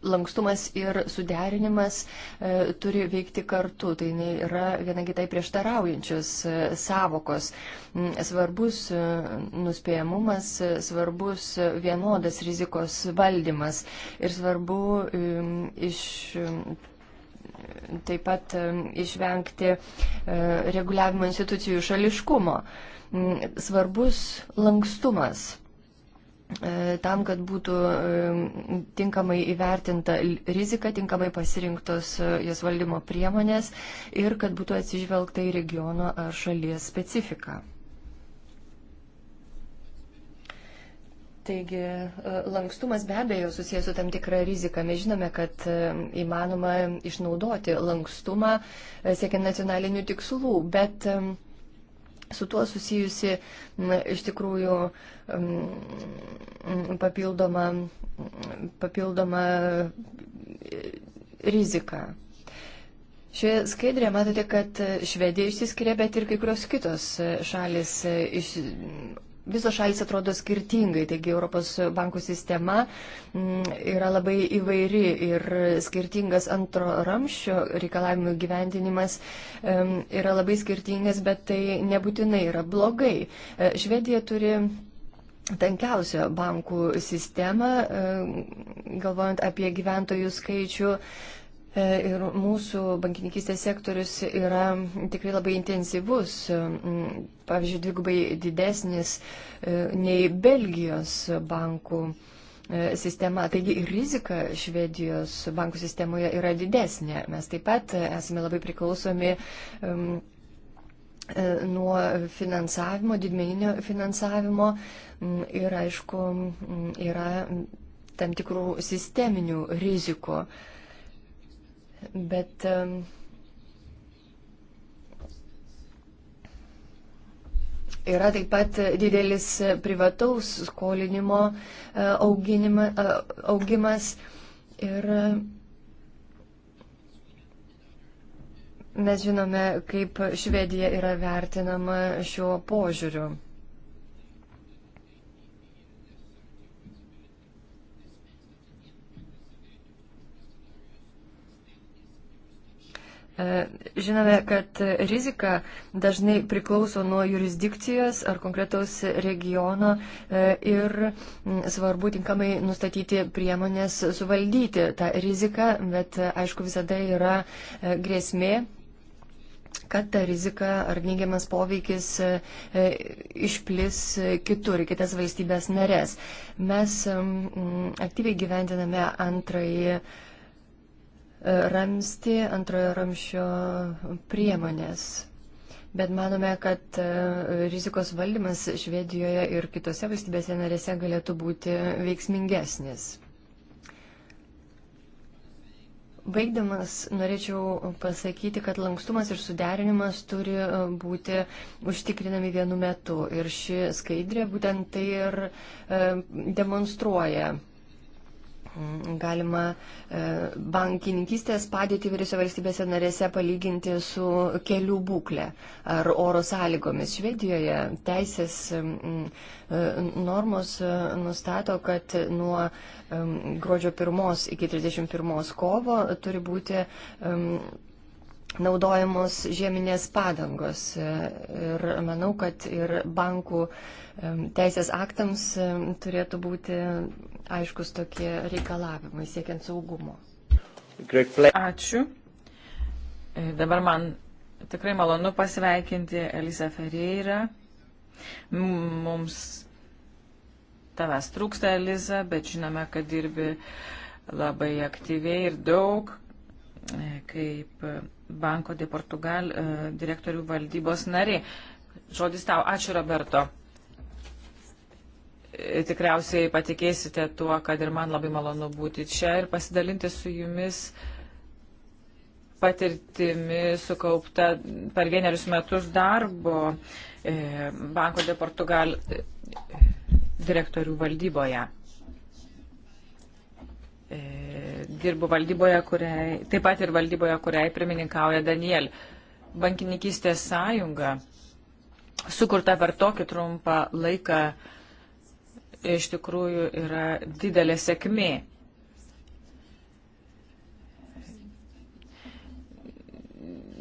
lankstumas ir suderinimas e, turi veikti kartu. Tai yra viena kitai prieštaraujančios e, savokos. Mm, svarbus e, nuspėjamumas, e, svarbus e, vienodas rizikos valdymas ir svarbu e, iš. E, Taip pat e, išvengti reguliavimo institucijų šališkumo. Mm, svarbus lankstumas E, tam, kad būtų e, tinkamai įvertinta rizika, tinkamai pasirinktos e, jos valdymo priemonės ir kad būtų atsižvelgta į regiono ar šalies specifiką. Taigi, lankstumas be abejo susijęs su tam tikra rizika. Mes žinome, kad įmanoma išnaudoti lankstumą siekiant nacionalinių tikslų, bet su tuo susijusi iš tikrųjų papildoma, papildoma e, rizika. Šioje skaidrėje matote, kad Švedija išsiskiria, bet ir kai kurios kitos šalis e, iš, visos šalis atrodo skirtingai, taigi Europos bankų sistema mm, yra labai įvairi ir skirtingas antro ramščio reikalavimų gyvendinimas yra labai skirtingas, bet tai nebūtinai yra blogai. E, Švedija turi tankiausią bankų sistemą, e, galvojant apie gyventojų skaičių, E, ir mūsų bankininkystės sektorius yra tikrai labai intensyvus, mm, pavyzdžiui, dvigubai didesnis e, nei Belgijos bankų e, sistema. Taigi rizika Švedijos bankų sistemoje yra didesnė. Mes taip pat esame labai priklausomi nuo finansavimo, didmeninio finansavimo mm, ir, aišku, mm, yra tam tikrų sisteminių rizikų. Bet yra taip pat didelis privataus skolinimo e, auginima, e, augimas ir e, mes žinome, kaip Švedija yra vertinama šiuo požiūriu. E, žinome, kad rizika dažnai priklauso nuo jurisdikcijos ar konkretaus regiono e, ir svarbu tinkamai nustatyti priemonės suvaldyti tą riziką, bet aišku visada yra e, grėsmė kad ta rizika ar neigiamas poveikis išplis kitur, kitas valstybės narės. Mes aktyviai gyvendiname antrąjį ramsti antrojo ramšio priemonės. Bet manome, kad e, rizikos valdymas Švedijoje ir kitose valstybėse narėse galėtų būti veiksmingesnis. Baigdamas norėčiau pasakyti, kad lankstumas ir suderinimas turi e, būti užtikrinami vienu metu. Ir ši skaidrė būtent tai ir e, demonstruoja. Galima e, bankininkistės padėti vyriausio valstybėse narėse palyginti su kelių būklė ar oro sąlygomis. Švedijoje teisės e, normos e, nustato, kad nuo gruodžio 1 iki 31 kovo turi būti naudojamos žieminės padangos. Ir manau, kad ir bankų teisės aktams turėtų būti aiškus tokie reikalavimai siekiant saugumo. Ačiū. E, dabar man tikrai malonu pasveikinti Elisa Ferreira. Mums tavęs trūksta, Elisa, bet žinome, kad dirbi labai aktyviai ir daug e, kaip Banko de Portugal e, direktorių valdybos narė. Žodis tau. Ačiū, Roberto. E, tikriausiai patikėsite tuo, kad ir man labai malonu būti čia ir pasidalinti su jumis patirtimi sukaupta per vienerius metus darbo e, Banko de Portugal direktorių valdyboje e, dirbu valdyboje, kuriai, taip pat ir valdyboje, kuriai pirmininkauja Daniel. Bankininkystės sąjunga sukurta per tokį trumpą laiką iš tikrųjų yra didelė sėkmė.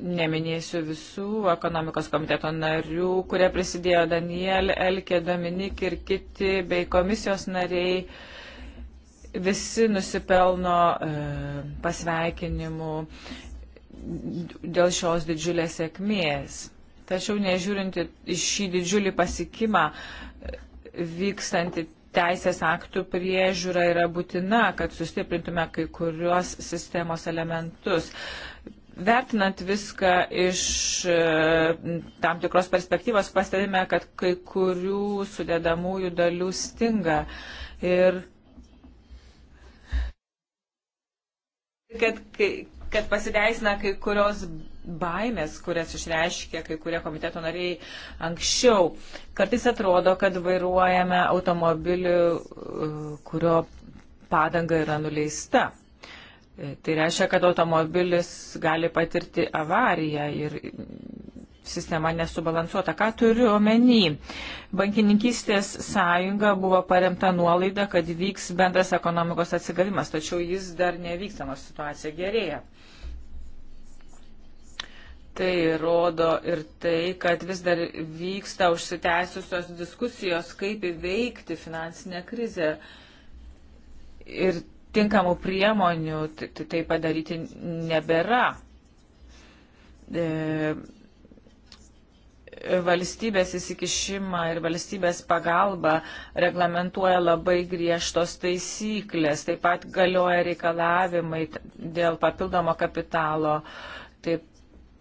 Neminėsiu visų ekonomikos komiteto narių, kurie prisidėjo Daniel, Elke, Dominik ir kiti, bei komisijos nariai. E, visi nusipelno e, pasveikinimų dėl šios didžiulės sėkmės. Tačiau nežiūrinti šį didžiulį pasikimą, e, vykstanti teisės aktų priežiūra yra būtina, kad sustiprintume kai kuriuos sistemos elementus. Vertinant viską iš e, tam tikros perspektyvos, pastebime, kad kai kurių sudėdamųjų dalių stinga. Ir kad, kad pasiteisina kai kurios baimės, kurias išreiškė kai kurie komiteto nariai anksčiau. Kartais atrodo, kad vairuojame automobilį, e, kurio padanga yra nuleista. E, tai reiškia, kad automobilis gali patirti avariją ir sistema nesubalansuota. Ką turiu omeny? Bankininkystės sąjunga buvo paremta nuolaida, kad vyks bendras ekonomikos atsigavimas, tačiau jis dar nevyksta, nors situacija gerėja. Tai rodo ir tai, kad vis dar vyksta užsitęsusios diskusijos, kaip įveikti finansinę krizę. Ir tinkamų priemonių tai padaryti nebėra. E, valstybės įsikišimą ir valstybės pagalbą reglamentuoja labai griežtos taisyklės, taip pat galioja reikalavimai dėl papildomo kapitalo. Taip,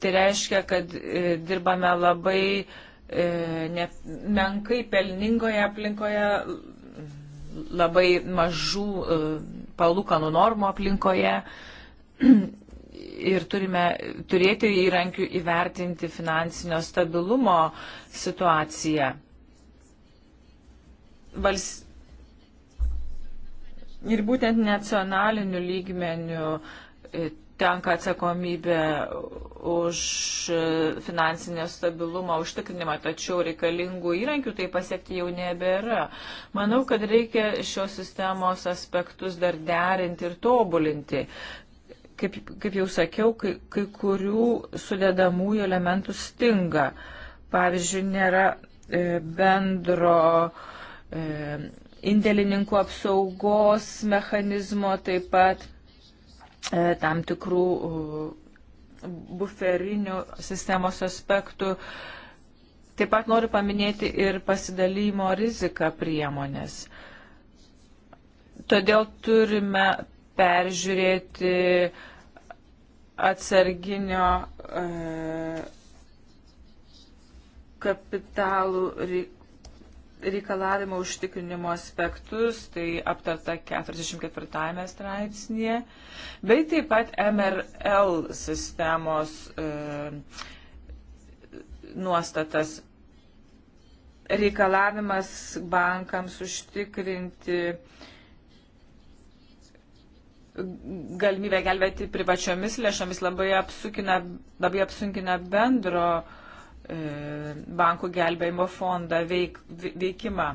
tai reiškia, kad e, dirbame labai e, ne, menkai pelningoje aplinkoje, labai mažų e, palūkanų normų aplinkoje ir turime turėti įrankių įvertinti finansinio stabilumo situaciją. Vals... Ir būtent nacionaliniu lygmeniu e, tenka atsakomybė už finansinio stabilumo užtikrinimą, tačiau reikalingų įrankių tai pasiekti jau nebėra. Manau, kad reikia šios sistemos aspektus dar derinti ir tobulinti kaip, kaip jau sakiau, kai, kai kurių sudėdamųjų elementų stinga. Pavyzdžiui, nėra e, bendro e, indėlininkų apsaugos mechanizmo, taip pat e, tam tikrų e, buferinių sistemos aspektų. Taip pat noriu paminėti ir pasidalymo riziką priemonės. Todėl turime peržiūrėti atsarginio e, kapitalų reikalavimo užtikrinimo aspektus, tai aptarta 44 straipsnėje, bei taip pat MRL sistemos e, nuostatas reikalavimas bankams užtikrinti e, galimybę gelbėti privačiomis lėšomis labai, apsukina, labai apsunkina bendro e, bankų gelbėjimo fondą veik, veikimą.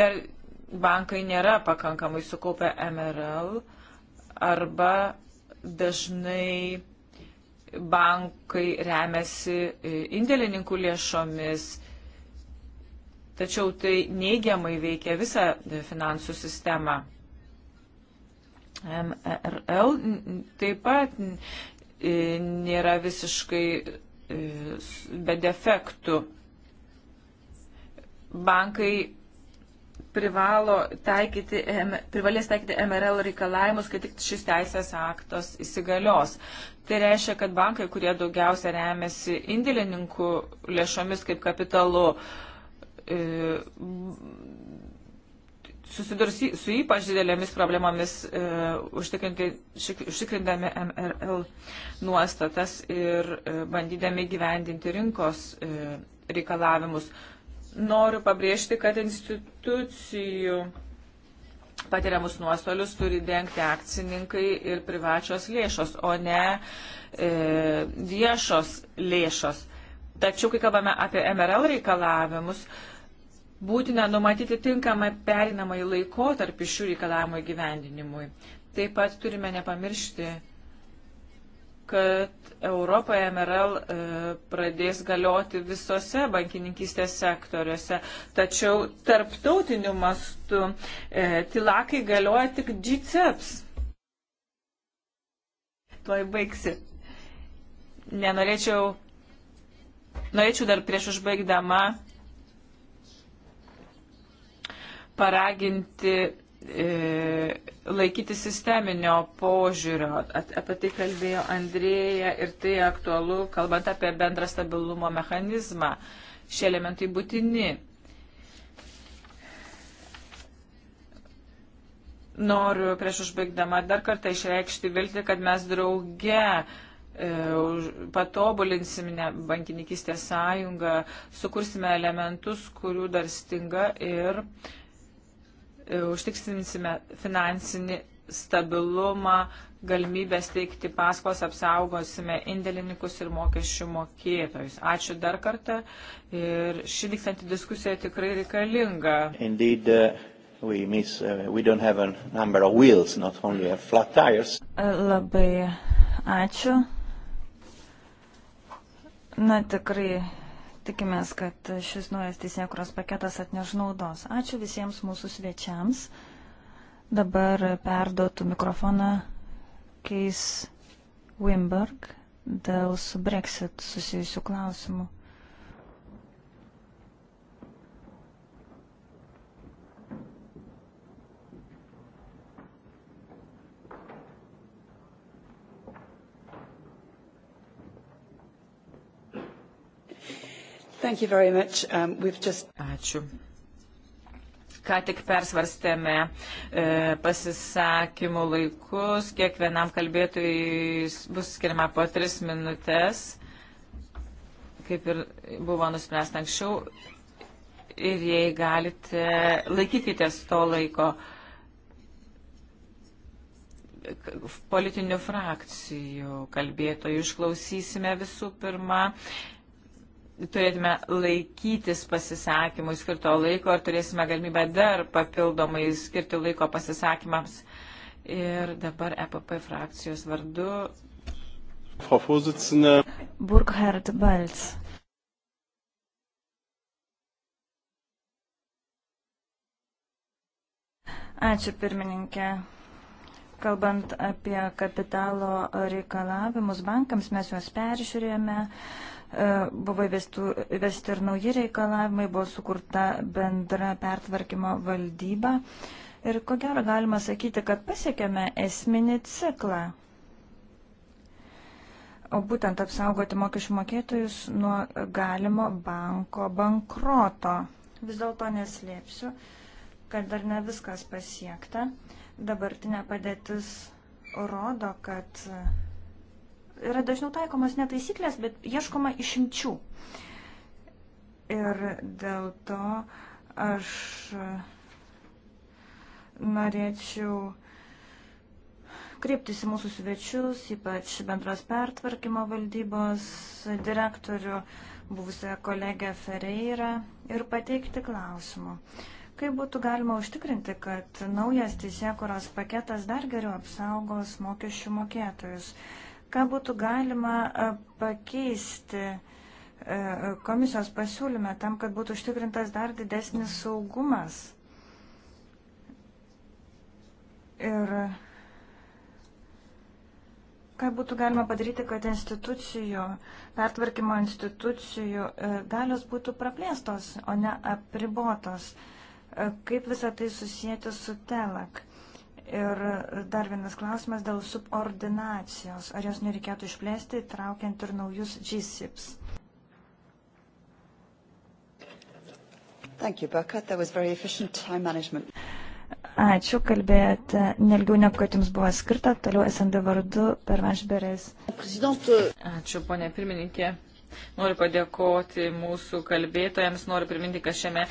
Dar bankai nėra pakankamai sukaupę MRL arba dažnai bankai remiasi e, indėlininkų lėšomis Tačiau tai neigiamai veikia visą finansų sistemą. MRL e taip pat e, nėra visiškai e, be defektų. Bankai privalo taikyti, privalės taikyti MRL reikalavimus, kai tik šis teisės aktos įsigalios. Tai reiškia, kad bankai, kurie daugiausia remiasi indėlininkų lėšomis kaip kapitalu, uh, E, susidurs su ypač didelėmis problemomis e, užtikrindami MRL nuostatas ir e, bandydami gyvendinti rinkos e, reikalavimus. Noriu pabrėžti, kad institucijų patiriamus nuostolius turi dengti akcininkai ir privačios lėšos, o ne e, viešos lėšos. Tačiau, kai kalbame apie MRL reikalavimus, e, Būtina numatyti tinkamą perinamąjį laikotarpį šių reikalavimų įgyvendinimui. Taip pat turime nepamiršti, kad Europoje MRL e, pradės galioti visose bankininkystės sektoriuose, tačiau tarptautiniu mastu e, tilakai galioja tik GCEPS. Tuoj baigsi. Nenorėčiau, norėčiau dar prieš užbaigdama paraginti e, laikyti sisteminio požiūrio. Apie tai kalbėjo Andrėja ir tai aktualu, kalbant apie bendrą stabilumo mechanizmą. Šie elementai būtini. Noriu prieš užbaigdama dar kartą išreikšti viltį, kad mes drauge e, patobulinsime bankininkystės sąjungą, sukursime elementus, kurių dar stinga ir uh, E, užtiksinsime finansinį stabilumą, galimybės teikti paskolas, apsaugosime indėlininkus ir mokesčių mokėtojus. Ačiū dar kartą ir ši vykstanti diskusija tikrai reikalinga. Indeed, uh... We miss, uh, we don't have a number of wheels, not only a flat tires. E, labai ačiū. Na tikrai Tikimės, kad šis naujas teisėkuros paketas atneš naudos. Ačiū visiems mūsų svečiams. Dabar perduotų mikrofoną Keis Wimberg dėl su Brexit susijusių klausimų. Thank you very much. Um, we've just... Ačiū. Ką tik persvarstėme e, pasisakymų laikus, kiekvienam kalbėtojui bus skiriama po tris minutės, kaip ir buvo nuspręsta anksčiau. Ir jei galite, laikykitės to laiko politinių frakcijų kalbėtojų. Išklausysime visų pirma turėtume laikytis pasisakymui skirto laiko ir turėsime galimybę dar papildomai skirti laiko pasisakymams. Ir dabar EPP frakcijos vardu. Frau Vorsitzende. Burkhard Balz. Ačiū pirmininkė. Kalbant apie kapitalo reikalavimus bankams, mes juos peržiūrėjome. Uh, E, buvo įvesti ir nauji reikalavimai, buvo sukurta bendra pertvarkymo valdyba. Ir ko gero galima sakyti, kad pasiekėme esminį ciklą. O būtent apsaugoti mokesčių mokėtojus nuo galimo banko bankroto. Vis dėlto neslėpsiu, kad dar ne viskas pasiekta. Dabartinė padėtis rodo, kad yra dažniau taikomos netaisyklės, bet ieškoma išimčių. Ir dėl to aš norėčiau kreiptis į mūsų svečius, ypač bendros pertvarkymo valdybos direktorių, buvusią kolegę Ferreira ir pateikti klausimų. Kaip būtų galima užtikrinti, kad naujas teisėkuros paketas dar geriau apsaugos mokesčių mokėtojus? Ką būtų galima e, pakeisti e, komisijos pasiūlyme tam, kad būtų užtikrintas dar didesnis saugumas? Ir ką būtų galima padaryti, kad institucijų, pertvarkymo institucijų e, galios būtų praplėstos, o ne apribotos? Kaip visą tai susijęti su telak? Ir dar vienas klausimas dėl subordinacijos. Ar jos nereikėtų išplėsti, traukiant ir naujus GSIPs? Thank you, Burkhard. That was very efficient time management. Ačiū, kalbėjote nelgiau negu kad jums buvo skirta. Toliau SND vardu per Vašberės. Ačiū, ponė pirmininkė. Noriu padėkoti mūsų kalbėtojams, noriu priminti, kad šiame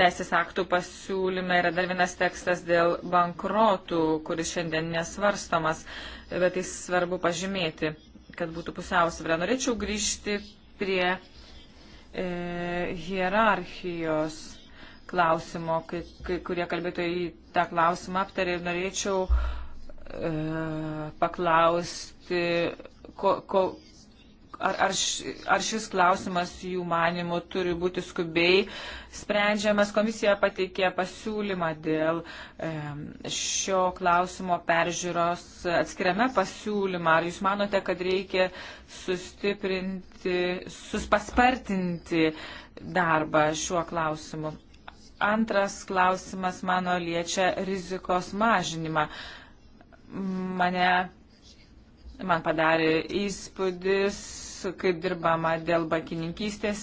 teisės aktų pasiūlyme yra dar vienas tekstas dėl bankrotų, kuris šiandien nesvarstomas, bet tai svarbu pažymėti, kad būtų pusiausvėra. Norėčiau grįžti prie e, hierarchijos klausimo, kai, kai kurie kalbėtojai tą klausimą aptarė ir norėčiau e, paklausti, ko, ko, ar, ar, ar šis klausimas jų manimų turi būti skubiai sprendžiamas. Komisija pateikė pasiūlymą dėl e, šio klausimo peržiūros atskiriame pasiūlymą. Ar jūs manote, kad reikia sustiprinti, suspaspartinti darbą šiuo klausimu? Antras klausimas mano liečia rizikos mažinimą. Mane man padarė įspūdis kaip dirbama dėl bankininkystės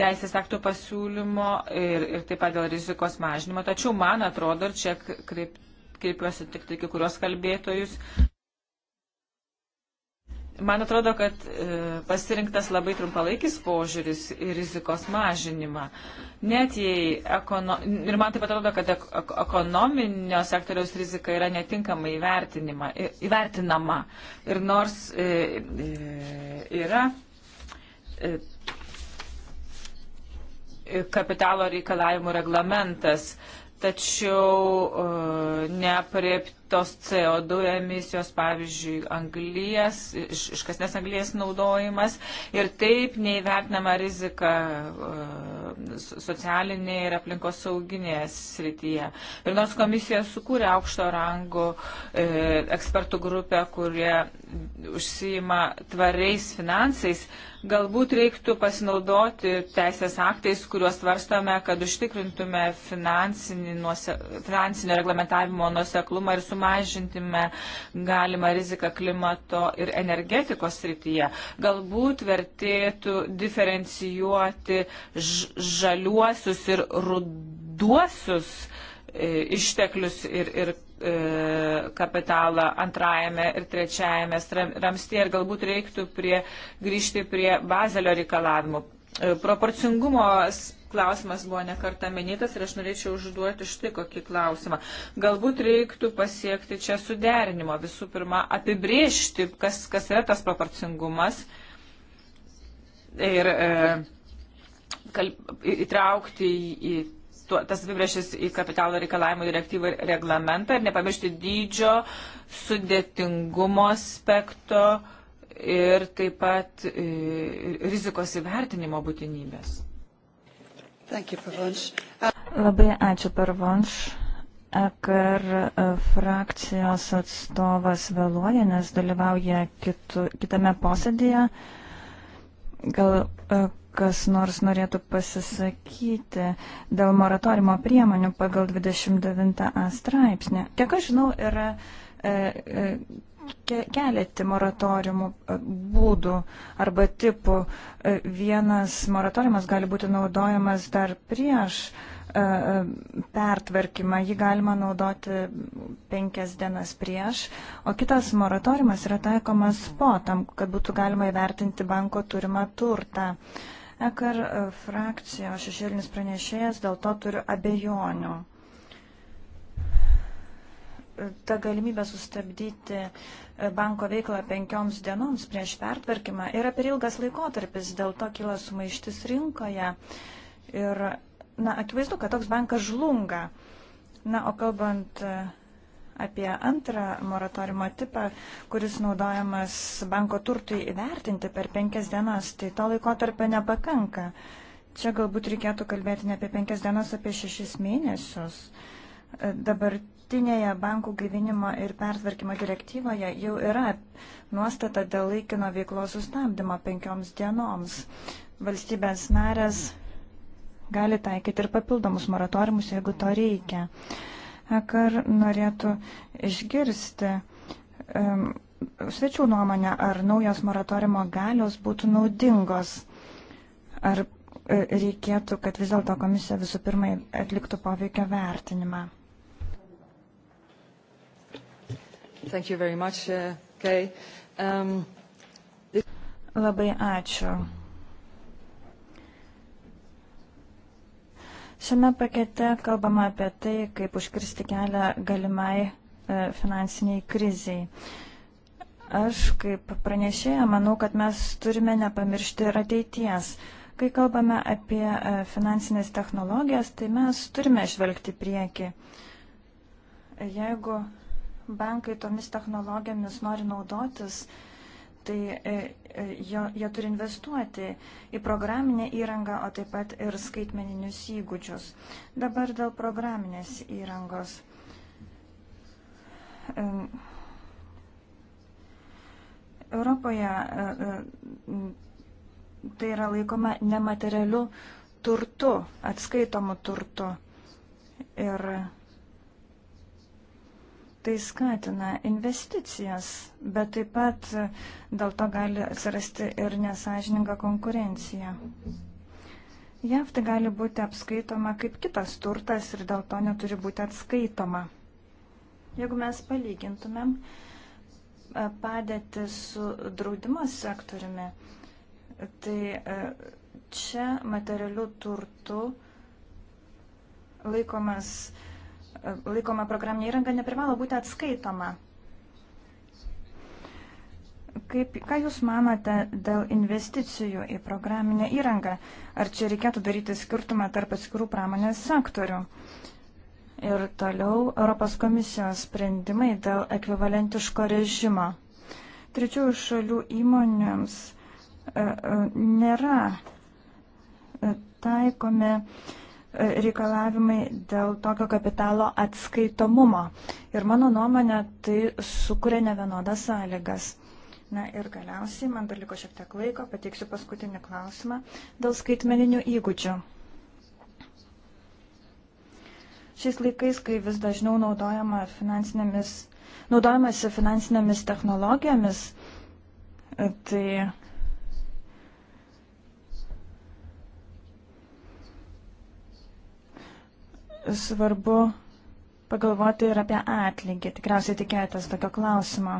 teisės aktų pasiūlymo ir, ir taip pat dėl rizikos mažinimo. Tačiau man atrodo, ir čia kreipiuosi tik tai kai kurios kalbėtojus, Man atrodo, kad e, pasirinktas labai trumpalaikis požiūris į rizikos mažinimą. Net jei ekono... Ir man taip atrodo, kad ek ekonominio sektoriaus rizika yra netinkamai įvertinama. Ir nors e, e, yra kapitalo reikalavimų reglamentas, tačiau neapriepti tos CO2 emisijos, pavyzdžiui, anglijas, iš, iškasnės anglijas naudojimas ir taip neįvertinama rizika e, socialinėje ir aplinkos sauginėje srityje. Ir nors komisija sukūrė aukšto rango e, ekspertų grupę, kurie užsijima tvariais finansais, galbūt reiktų pasinaudoti teisės aktais, kuriuos svarstome, kad užtikrintume finansinio reglamentavimo nuseklumą ir sumažintume sumažintume galimą riziką klimato ir energetikos srityje. Galbūt vertėtų diferencijuoti žaliuosius ir ruduosius e, išteklius ir, ir e, kapitalą antrajame ir trečiajame ramstyje ir galbūt reiktų prie, grįžti prie bazelio reikalavimų. E, proporcingumo klausimas buvo nekarta minėtas ir aš norėčiau užduoti štai kokį klausimą. Galbūt reiktų pasiekti čia suderinimo. Visų pirma, apibriežti, kas, kas yra tas proporcingumas ir e, kalb, įtraukti į, į tuo, tas apibrėžtis į kapitalo reikalavimo direktyvą ir reglamentą ir nepamiršti dydžio, sudėtingumo aspekto ir taip pat e, rizikos įvertinimo būtinybės. Labai ačiū per vanš. Ekar e, frakcijos atstovas vėluoja, nes dalyvauja kitu, kitame posėdėje. Gal e, kas nors norėtų pasisakyti dėl moratorimo priemonių pagal 29a straipsnį. Kiek aš žinau, yra e, e, keletį moratoriumų e, būdų arba tipų. E, vienas moratoriumas gali būti naudojamas dar prieš e, pertvarkymą, jį galima naudoti penkias dienas prieš, o kitas moratoriumas yra taikomas po tam, kad būtų galima įvertinti banko turimą turtą. Ekar frakcijos šešėlinis pranešėjas dėl to turiu abejonių ta galimybė sustabdyti e, banko veiklą penkioms dienoms prieš pertvarkymą yra per ilgas laikotarpis, dėl to kyla sumaištis rinkoje. Ir, na, akivaizdu, kad toks bankas žlunga. Na, o kalbant e, apie antrą moratoriumo tipą, kuris naudojamas banko turtui įvertinti per penkias dienas, tai to laikotarpio nepakanka. Čia galbūt reikėtų kalbėti ne apie penkias dienas, apie šešis mėnesius e, dabar dabartinėje bankų gyvinimo ir pertvarkymo direktyvoje jau yra nuostata dėl laikino veiklos sustabdymo penkioms dienoms. Valstybės narės gali taikyti ir papildomus moratoriumus, jeigu to reikia. Akar norėtų išgirsti um, svečių nuomonę, ar naujos moratoriumo galios būtų naudingos, ar e, reikėtų, kad vis dėlto komisija visų pirma atliktų poveikio vertinimą. Thank you very much, uh, Kay. Um, this... Labai ačiū. Šiame pakete kalbama apie tai, kaip užkirsti kelią galimai e, finansiniai kriziai. Aš kaip pranešėja manau, kad mes turime nepamiršti ir ateities. Kai kalbame apie e, finansinės technologijas, tai mes turime žvelgti prieki. Jeigu bankai tomis technologijomis nori naudotis, tai e, e, jie turi investuoti į programinę įrangą, o taip pat ir skaitmeninius įgūdžius. Dabar dėl programinės įrangos. E, Europoje tai yra laikoma nematerialiu turtu, atskaitomu turtu. Ir tai skatina investicijas, bet taip pat dėl to gali atsirasti ir nesažininga konkurencija. JAV tai gali būti apskaitoma kaip kitas turtas ir dėl to neturi būti atskaitoma. Jeigu mes palygintumėm e, padėti su draudimo sektoriumi, tai e, čia materialių turtų laikomas uh, laikoma programinė įranga neprivalo būti atskaitoma. Kaip, ką Jūs manote dėl investicijų į programinę įrangą? Ar čia reikėtų daryti skirtumą tarp atskirų pramonės sektorių? Ir toliau Europos komisijos sprendimai dėl ekvivalentiško režimo. Trečiųjų šalių įmonėms e, e, nėra e, taikomi reikalavimai dėl tokio kapitalo atskaitomumo. Ir mano nuomonė, tai sukuria ne vienodas sąlygas. Na ir galiausiai, man dar liko šiek tiek laiko, pateiksiu paskutinį klausimą dėl skaitmeninių įgūdžių. Šiais laikais, kai vis dažniau naudojama finansinėmis, naudojamasi finansinėmis technologijomis, tai svarbu pagalvoti ir apie atlygį. Tikriausiai tikėjotės tokio klausimo.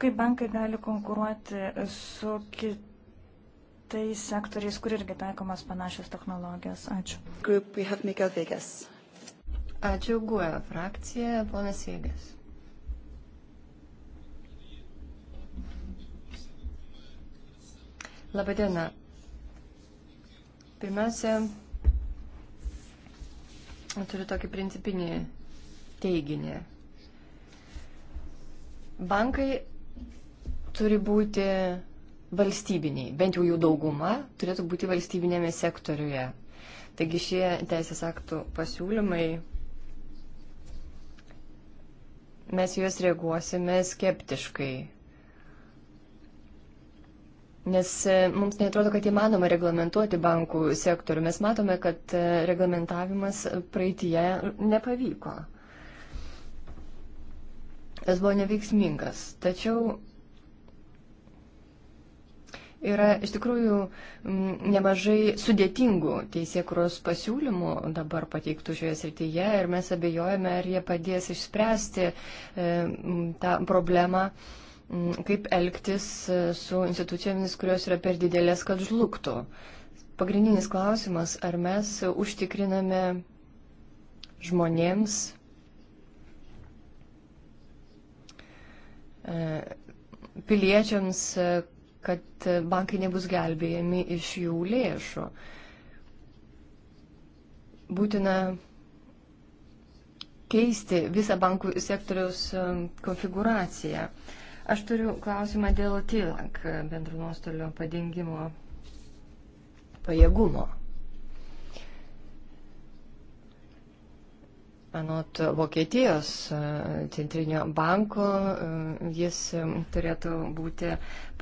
Kaip bankai gali konkuruoti su kitais sektoriais, kur irgi taikomas panašios technologijos? Ačiū. Group, Ačiū, GUE frakcija, ponas Vėgas. Labadiena. Pirmiausia, turiu tokį principinį teiginį. Bankai turi būti valstybiniai, bent jau jų dauguma turėtų būti valstybinėme sektoriuje. Taigi šie teisės aktų pasiūlymai, mes juos reaguosime skeptiškai. Nes e, mums netrodo, kad įmanoma reglamentuoti bankų sektorių. Mes matome, kad e, reglamentavimas praeitie nepavyko. Jis buvo neveiksmingas. Tačiau yra iš tikrųjų nemažai sudėtingų teisėkuros pasiūlymų dabar pateiktų šioje srityje ir mes abejojame, ar jie padės išspręsti e, tą problemą. E, Mm, kaip elgtis e, su institucijomis, kurios yra per didelės, kad žlugtų. Pagrindinis klausimas, ar mes užtikriname žmonėms e, piliečiams, e, kad bankai nebus gelbėjami iš jų lėšų. Būtina keisti visą bankų sektoriaus konfiguraciją. Aš turiu klausimą dėl TILAK bendro nuostolio padengimo pajėgumo. Anot Vokietijos e, centrinio banko e, jis e, turėtų būti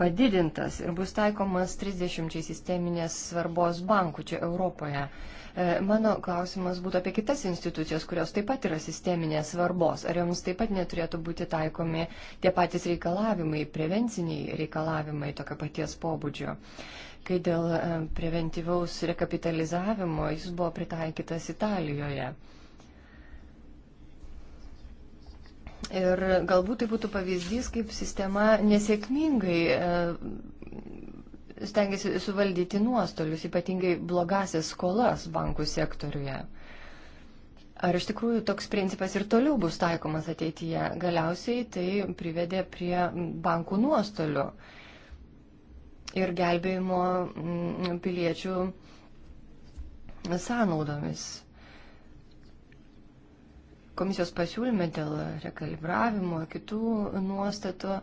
padidintas ir bus taikomas 30 sisteminės svarbos bankų čia Europoje. E, mano klausimas būtų apie kitas institucijas, kurios taip pat yra sisteminės svarbos. Ar joms taip pat neturėtų būti taikomi tie patys reikalavimai, prevenciniai reikalavimai tokio paties pobūdžio? Kai dėl e, preventyvaus rekapitalizavimo jis buvo pritaikytas Italijoje. Ir galbūt tai būtų pavyzdys, kaip sistema nesėkmingai e, stengiasi suvaldyti nuostolius, ypatingai blogasias skolas bankų sektoriuje. Ar iš tikrųjų toks principas ir toliau bus taikomas ateityje? Galiausiai tai privedė prie bankų nuostolių ir gelbėjimo mm, piliečių sąnaudomis. Komisijos pasiūlyme dėl rekalibravimo kitų nuostatų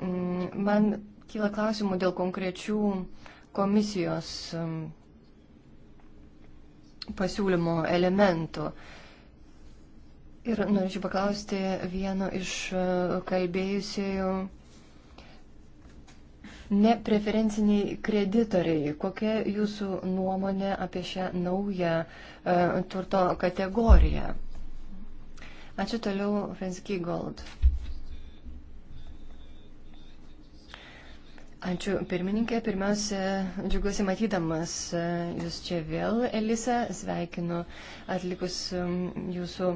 mm, man Kyla klausimų dėl konkrečių komisijos um, pasiūlymo elementų. Ir norėčiau paklausti vieno iš uh, kalbėjusiejų. Nepreferenciniai kreditoriai, kokia jūsų nuomonė apie šią naują uh, turto kategoriją? Ačiū toliau, Fensky Gold. Uh, Ačiū, pirmininkė. Pirmiausia, džiugiuosi matydamas e, jūs čia vėl, Elisa. Sveikinu atlikus jūsų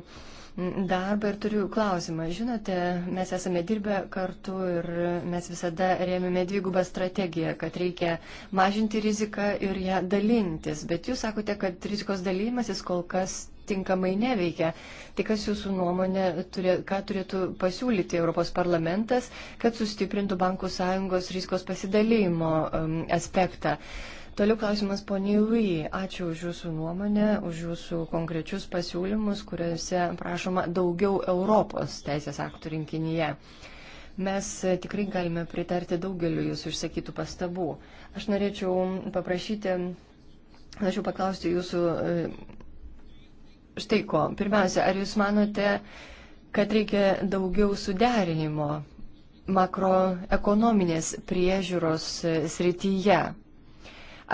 darbą ir turiu klausimą. Žinote, mes esame dirbę kartu ir mes visada rėmėme dvigubą strategiją, kad reikia mažinti riziką ir ją dalintis. Bet jūs sakote, kad rizikos dalymasis kol kas tinkamai neveikia. Tai kas jūsų nuomonė, turė, ką turėtų pasiūlyti Europos parlamentas, kad sustiprintų bankų sąjungos riskos pasidalymo um, aspektą? Toliau klausimas poniai Lui. Ačiū už jūsų nuomonę, už jūsų konkrečius pasiūlymus, kuriuose prašoma daugiau Europos teisės aktų rinkinyje. Mes tikrai galime pritarti daugeliu jūsų išsakytų pastabų. Aš norėčiau paprašyti, norėčiau paklausti jūsų štai ko. Pirmiausia, ar Jūs manote, kad reikia daugiau suderinimo makroekonominės priežiūros e, srityje?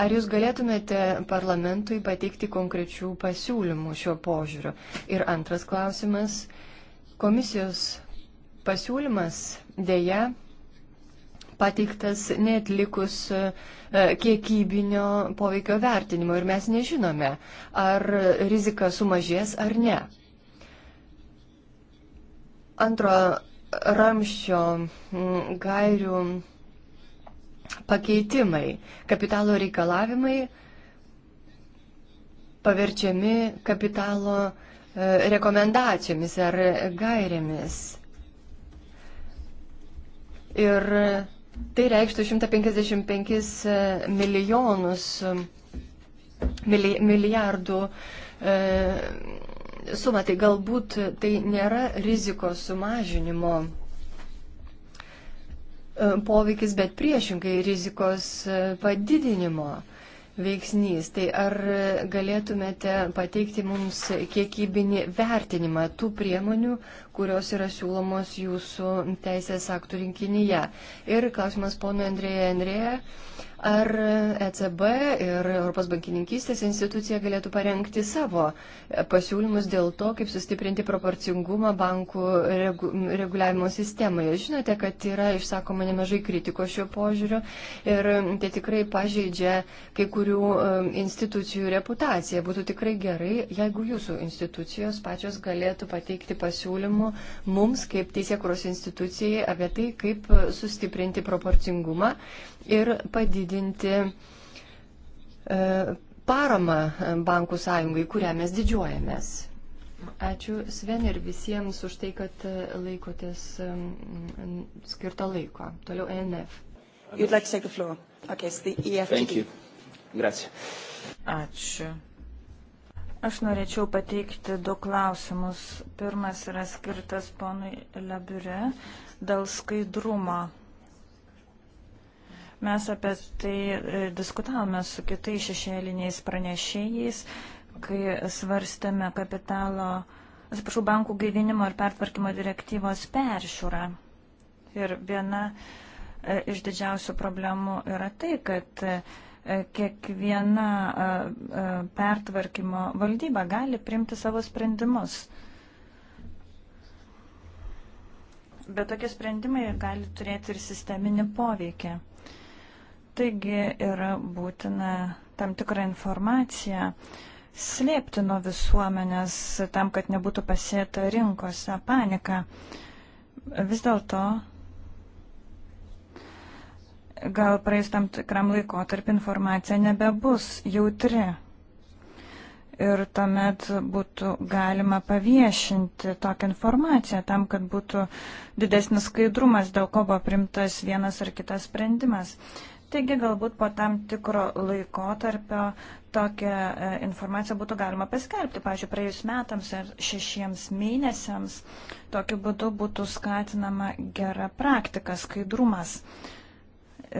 Ar jūs galėtumėte parlamentui pateikti konkrečių pasiūlymų šiuo požiūriu? Ir antras klausimas. Komisijos pasiūlymas dėja pateiktas netlikus e, kiekybinio poveikio vertinimo ir mes nežinome, ar rizika sumažės ar ne. Antro ramščio mm, gairių pakeitimai, kapitalo reikalavimai paverčiami kapitalo e, rekomendacijomis ar gairėmis. Ir Tai reikštų 155 e, milijonus e, milijardų e, sumą. Tai galbūt tai nėra rizikos sumažinimo poveikis, bet priešingai rizikos padidinimo veiksnys. Tai ar galėtumėte pateikti mums kiekybinį vertinimą tų priemonių, kurios yra siūlomos jūsų teisės aktų rinkinyje? Ir klausimas pono Andrėje Andrėje, Ar ECB ir Europos bankininkystės institucija galėtų parengti savo pasiūlymus dėl to, kaip sustiprinti proporcingumą bankų regu, reguliavimo sistemoje? Žinote, kad yra išsakoma nemažai kritiko šiuo požiūriu ir tai tikrai pažeidžia kai kurių um, institucijų reputaciją. Būtų tikrai gerai, jeigu jūsų institucijos pačios galėtų pateikti pasiūlymų mums kaip teisėkuros institucijai apie tai, kaip sustiprinti proporcingumą ir padidinti e, paramą bankų sąjungai, kurią mes didžiuojamės. Ačiū Sven ir visiems už tai, kad e, laikotės skirto laiko. Toliau ENF. You'd like to take the floor. Okay, it's the EFG. Thank you. Grazie. Ačiū. Aš norėčiau pateikti du klausimus. Pirmas yra skirtas ponui Labiure dėl skaidrumo. Mes apie tai e, diskutavome su kitais šešėliniais pranešėjais, kai svarstėme kapitalo, atsiprašau, bankų gaivinimo ir pertvarkymo direktyvos peržiūrą. Ir viena e, iš didžiausių problemų yra tai, kad e, kiekviena pertvarkymo valdyba gali primti savo sprendimus. Bet tokie sprendimai gali turėti ir sisteminį poveikį. Taigi yra būtina tam tikrą informaciją slėpti nuo visuomenės tam, kad nebūtų pasėta rinkose panika. Vis dėlto gal praeis tam tikram laikotarp informacija nebebus jautri. Ir tuomet būtų galima paviešinti tokią informaciją tam, kad būtų didesnis skaidrumas, dėl ko buvo primtas vienas ar kitas sprendimas. Taigi galbūt po tam tikro laiko tarpio tokią e, informaciją būtų galima paskelbti, pažiūrėjau, praėjus metams ar šešiems mėnesiams. Tokiu būdu būtų skatinama gera praktika, skaidrumas.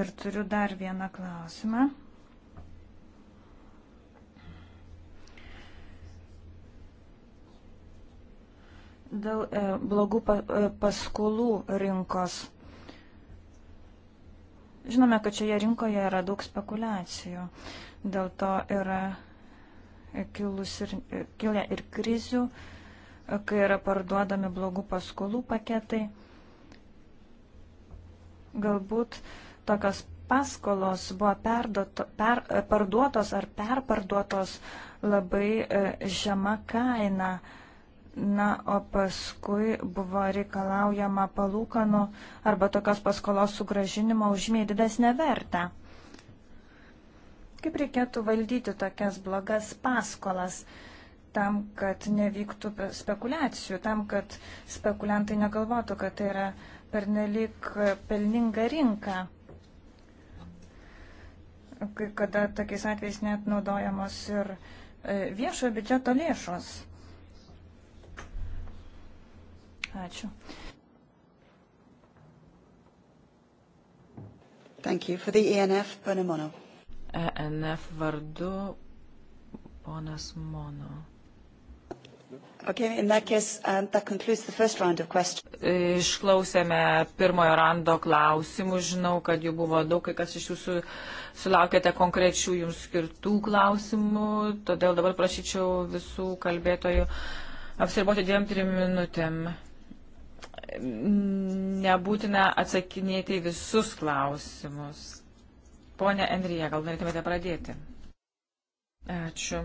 Ir turiu dar vieną klausimą. Dėl e, blogų e, paskolų rinkos Žinome, kad šioje rinkoje yra daug spekulacijų, dėl to yra kilus ir, kilę ir krizių, kai yra parduodami blogų paskolų paketai. Galbūt tokios paskolos buvo perduoto, per, parduotos ar perparduotos labai e, žema kaina. E, Na, o paskui buvo reikalaujama palūkanų arba tokios paskolos sugražinimo užmiai didesnę vertę. Kaip reikėtų valdyti tokias blogas paskolas? tam, kad nevyktų spekulacijų, tam, kad spekuliantai negalvotų, kad tai yra pernelik pelninga rinka. Kai kada tokiais atvejais net naudojamos ir e, viešojo biudžeto lėšos. Ačiū. Thank you. For the ENF, Pana Mono. ENF vardu ponas Mono. Okay, in that case, um, that concludes the first round of questions. Išklausėme pirmojo rando klausimų. Žinau, kad jų buvo daug, kai kas iš jūsų sulaukėte konkrečių jums skirtų klausimų. Todėl dabar prašyčiau visų kalbėtojų apsiriboti dviem trim minutėm nebūtina atsakinėti į visus klausimus. Pone Enrija, gal norėtumėte pradėti? Ačiū.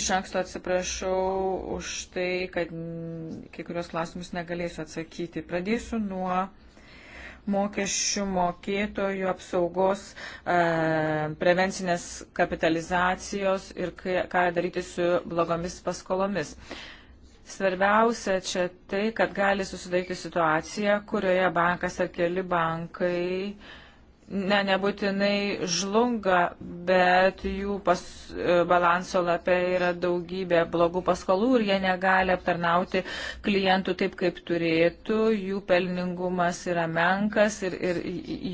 Iš anksto atsiprašau už tai, kad kai kurios klausimus negalėsiu atsakyti. Pradėsiu nuo mokesčių mokėtojų apsaugos e, prevencinės kapitalizacijos ir ką daryti su blogomis paskolomis. E, Svarbiausia čia tai, kad gali susidaryti situacija, kurioje bankas ar keli bankai ne, nebūtinai žlunga, bet jų pas, e, balanso lapė yra daugybė blogų paskolų ir jie negali aptarnauti klientų taip, kaip turėtų, jų pelningumas yra menkas ir, ir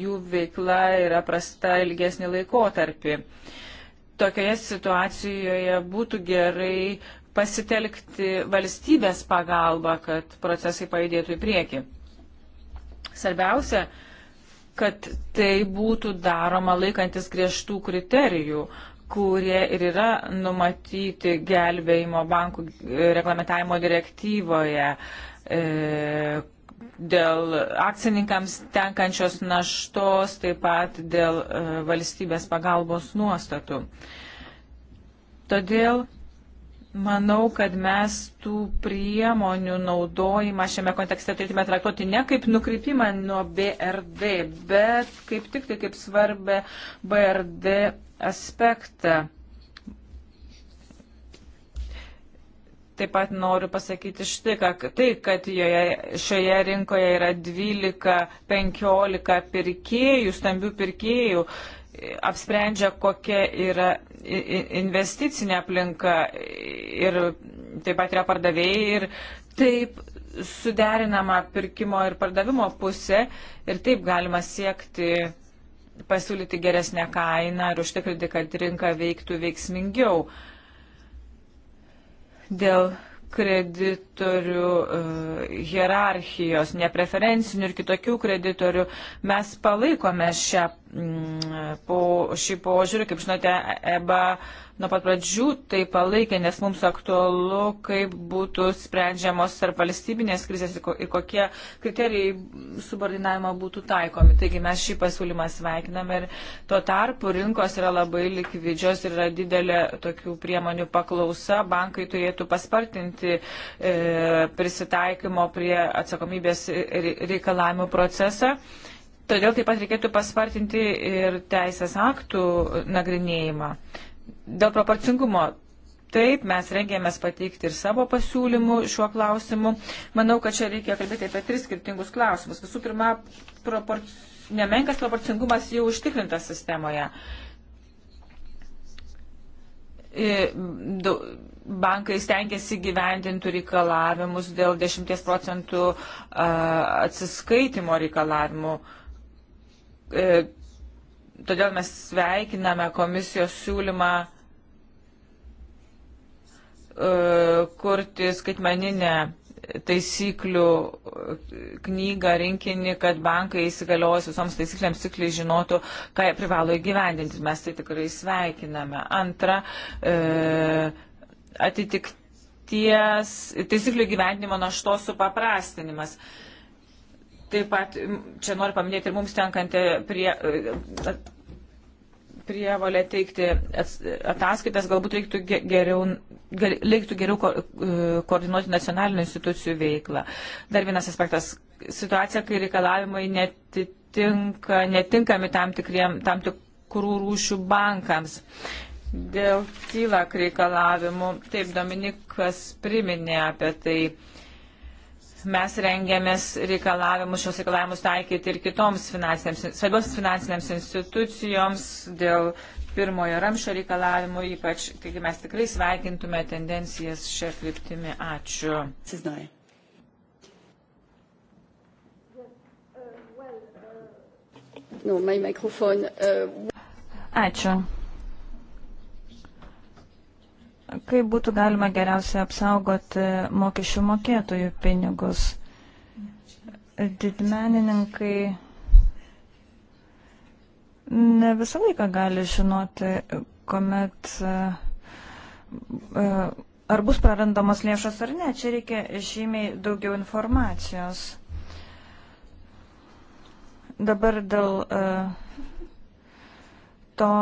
jų veikla yra prasta ilgesnį laikotarpį tokioje situacijoje būtų gerai pasitelkti valstybės pagalbą, kad procesai pajudėtų į priekį. Svarbiausia, kad tai būtų daroma laikantis griežtų kriterijų, kurie ir yra numatyti gelbėjimo bankų reglamentavimo direktyvoje e, dėl akcininkams tenkančios naštos, taip pat dėl e, valstybės pagalbos nuostatų. Todėl Manau, kad mes tų priemonių naudojimą šiame kontekste turėtume traktuoti ne kaip nukrypimą nuo BRD, bet kaip tik tai kaip svarbę BRD aspektą. Taip pat noriu pasakyti štai, kad tai, kad joje, šioje rinkoje yra 12-15 pirkėjų, stambių pirkėjų, apsprendžia, kokia yra investicinė aplinka ir taip pat yra pardavėjai ir taip suderinama pirkimo ir pardavimo pusė ir taip galima siekti pasiūlyti geresnę kainą ir užtikrinti, kad rinka veiktų veiksmingiau. Dėl kreditorių e, hierarchijos, nepreferencinių ir kitokių kreditorių. Mes palaikome šią, po, šį požiūrį, kaip žinote, e- EBA nuo pat pradžių tai palaikė, nes mums aktualu, kaip būtų sprendžiamos tarp valstybinės krizės ir kokie kriterijai subordinavimo būtų taikomi. Taigi mes šį pasiūlymą sveikiname ir tuo tarpu rinkos yra labai likvidžios ir yra didelė tokių priemonių paklausa. Bankai turėtų paspartinti e, prisitaikymo prie atsakomybės reikalavimų procesą. Todėl taip pat reikėtų paspartinti ir teisės aktų nagrinėjimą. Dėl proporcingumo. Taip, mes rengėmės pateikti ir savo pasiūlymų šiuo klausimu. Manau, kad čia reikia kalbėti apie tris skirtingus klausimus. Visų pirma, propor... nemenkas proporcingumas jau užtikrintas sistemoje. Bankai stengiasi gyvendinti reikalavimus dėl 10 procentų atsiskaitimo reikalavimų e, todėl mes sveikiname komisijos siūlymą uh, kurti skaitmeninę taisyklių e, knygą, rinkinį, kad bankai įsigaliojus visoms taisyklėms tikliai žinotų, ką jie privalo įgyvendinti. Mes tai tikrai sveikiname. Antra, uh, atitikties, taisyklių gyvendimo naštos supaprastinimas. paprastinimas Taip pat čia noriu paminėti ir mums tenkantį prie, e, prievalę teikti ataskaitas, galbūt reiktų geriau, reiktų geriau ko, e, koordinuoti nacionalinių institucijų veiklą. Dar vienas aspektas - situacija, kai reikalavimai netitinka, netinkami tam, tikriem, tam tikrų rūšių bankams. Dėl tylak reikalavimų, taip Dominikas priminė apie tai mes rengiamės reikalavimus, šios reikalavimus taikyti ir kitoms finansinėms, svarbios finansinėms institucijoms dėl pirmojo ramšio reikalavimų, ypač, taigi mes tikrai sveikintume tendencijas šią kryptimį. Ačiū. Cisnai. Uh, Ačiū kaip būtų galima geriausiai apsaugoti mokesčių mokėtojų pinigus. Didmenininkai ne visą laiką gali žinoti, kuomet e, ar bus prarandamos lėšos ar ne. Čia reikia žymiai daugiau informacijos. Dabar dėl e, to,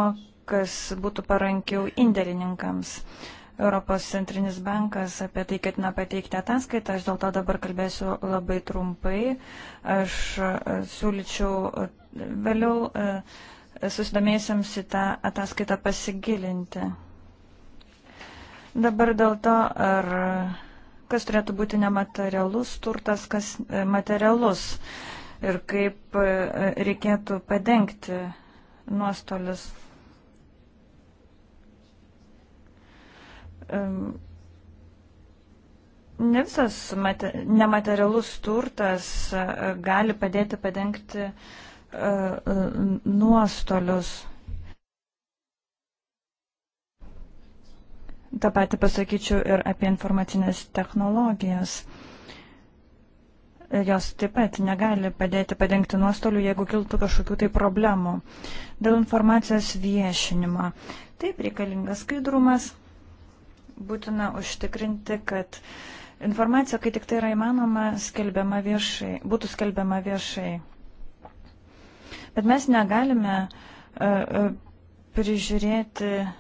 kas būtų parankiau indėlininkams. Europos centrinis bankas apie tai ketina pateikti ataskaitą, aš dėl to dabar kalbėsiu labai trumpai. Aš e, siūlyčiau e, vėliau e, susidomėjusiems į tą ataskaitą pasigilinti. Dabar dėl to, ar kas turėtų būti nematerialus turtas, kas materialus ir kaip reikėtų padengti nuostolius ne visas mate, nematerialus turtas e, gali padėti padengti e, nuostolius. Ta pati pasakyčiau ir apie informacinės technologijas. Jos taip pat negali padėti padengti nuostolių, jeigu kiltų kažkokių tai problemų. Dėl informacijos viešinimo. Taip reikalingas skaidrumas būtina užtikrinti, kad informacija, kai tik tai yra įmanoma, skelbiama viešai, būtų skelbiama viešai. Bet mes negalime e, e, prižiūrėti e,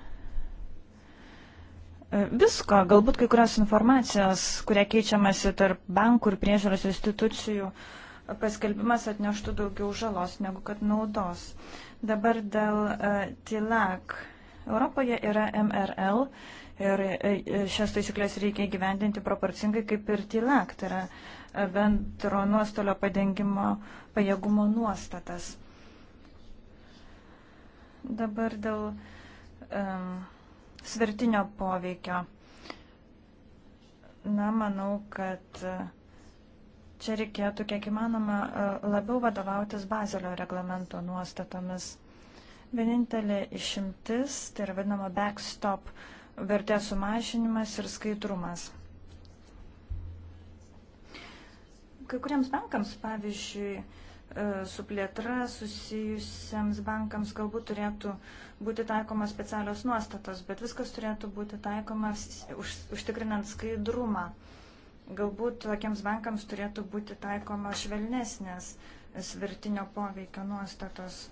visko, galbūt kai kurios informacijos, kurie keičiamasi tarp bankų ir priežiūros institucijų, paskelbimas atneštų daugiau žalos negu kad naudos. Dabar dėl TILAC. Europoje yra MRL Ir e, e, šias taisyklės reikia gyvendinti proporcingai kaip ir TILAK, tai yra e, bendro nuostolio padengimo pajėgumo nuostatas. Dabar dėl um, svertinio poveikio. Na, manau, kad čia reikėtų kiek įmanoma labiau vadovautis Bazelio reglamento nuostatomis. Vienintelė išimtis, tai yra vadinama backstop uh, vertės sumažinimas ir skaidrumas. Kai kuriems bankams, pavyzdžiui, e, su plėtra susijusiems bankams galbūt turėtų būti taikomas specialios nuostatos, bet viskas turėtų būti taikomas už, užtikrinant skaidrumą. Galbūt tokiems bankams turėtų būti taikoma švelnesnės svertinio poveikio nuostatos.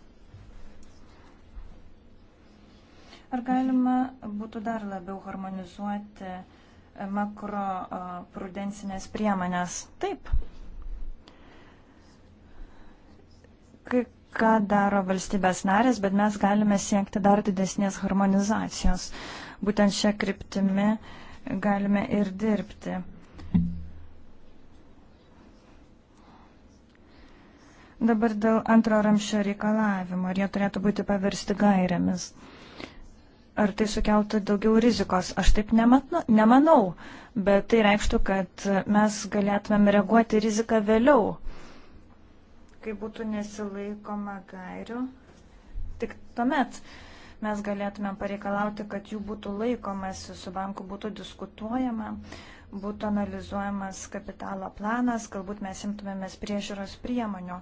Ar galima būtų dar labiau harmonizuoti e, makroprudencinės e, priemonės? Taip. Kai ką daro valstybės narės, bet mes galime siekti dar didesnės harmonizacijos. Būtent šią kryptimį galime ir dirbti. Dabar dėl antro ramščio reikalavimo, ar jie turėtų būti paversti gairėmis ar tai sukeltų daugiau rizikos? Aš taip nematnu, nemanau, bet tai reikštų, kad mes galėtumėm reaguoti riziką vėliau, kai būtų nesilaikoma gairių. Tik tuomet mes galėtumėm pareikalauti, kad jų būtų laikomasi, su banku būtų diskutuojama, būtų analizuojamas kapitalo planas, galbūt mes imtumėmės priežiūros priemonių.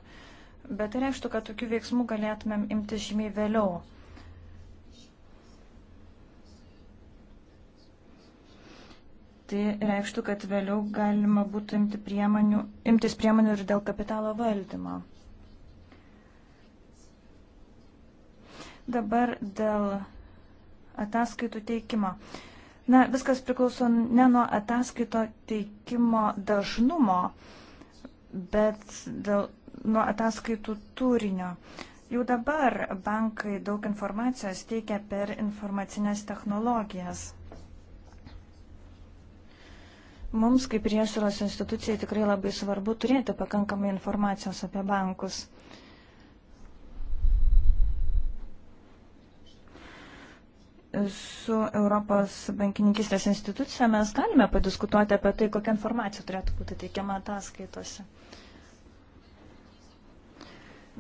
Bet tai reikštų, kad tokių veiksmų galėtumėm imti žymiai vėliau. Tai reikštų, kad vėliau galima būtų imti priemonių, imtis priemonių ir dėl kapitalo valdymo. Dabar dėl ataskaitų teikimo. Na, viskas priklauso ne nuo ataskaito teikimo dažnumo, bet dėl, nuo ataskaitų turinio. Jau dabar bankai daug informacijos teikia per informacinės technologijas. Mums kaip priežiūros institucijai tikrai labai svarbu turėti pakankamai informacijos apie bankus. Su Europos bankininkistės institucija mes galime padiskutuoti apie tai, kokia informacija turėtų būti teikiama ataskaitose.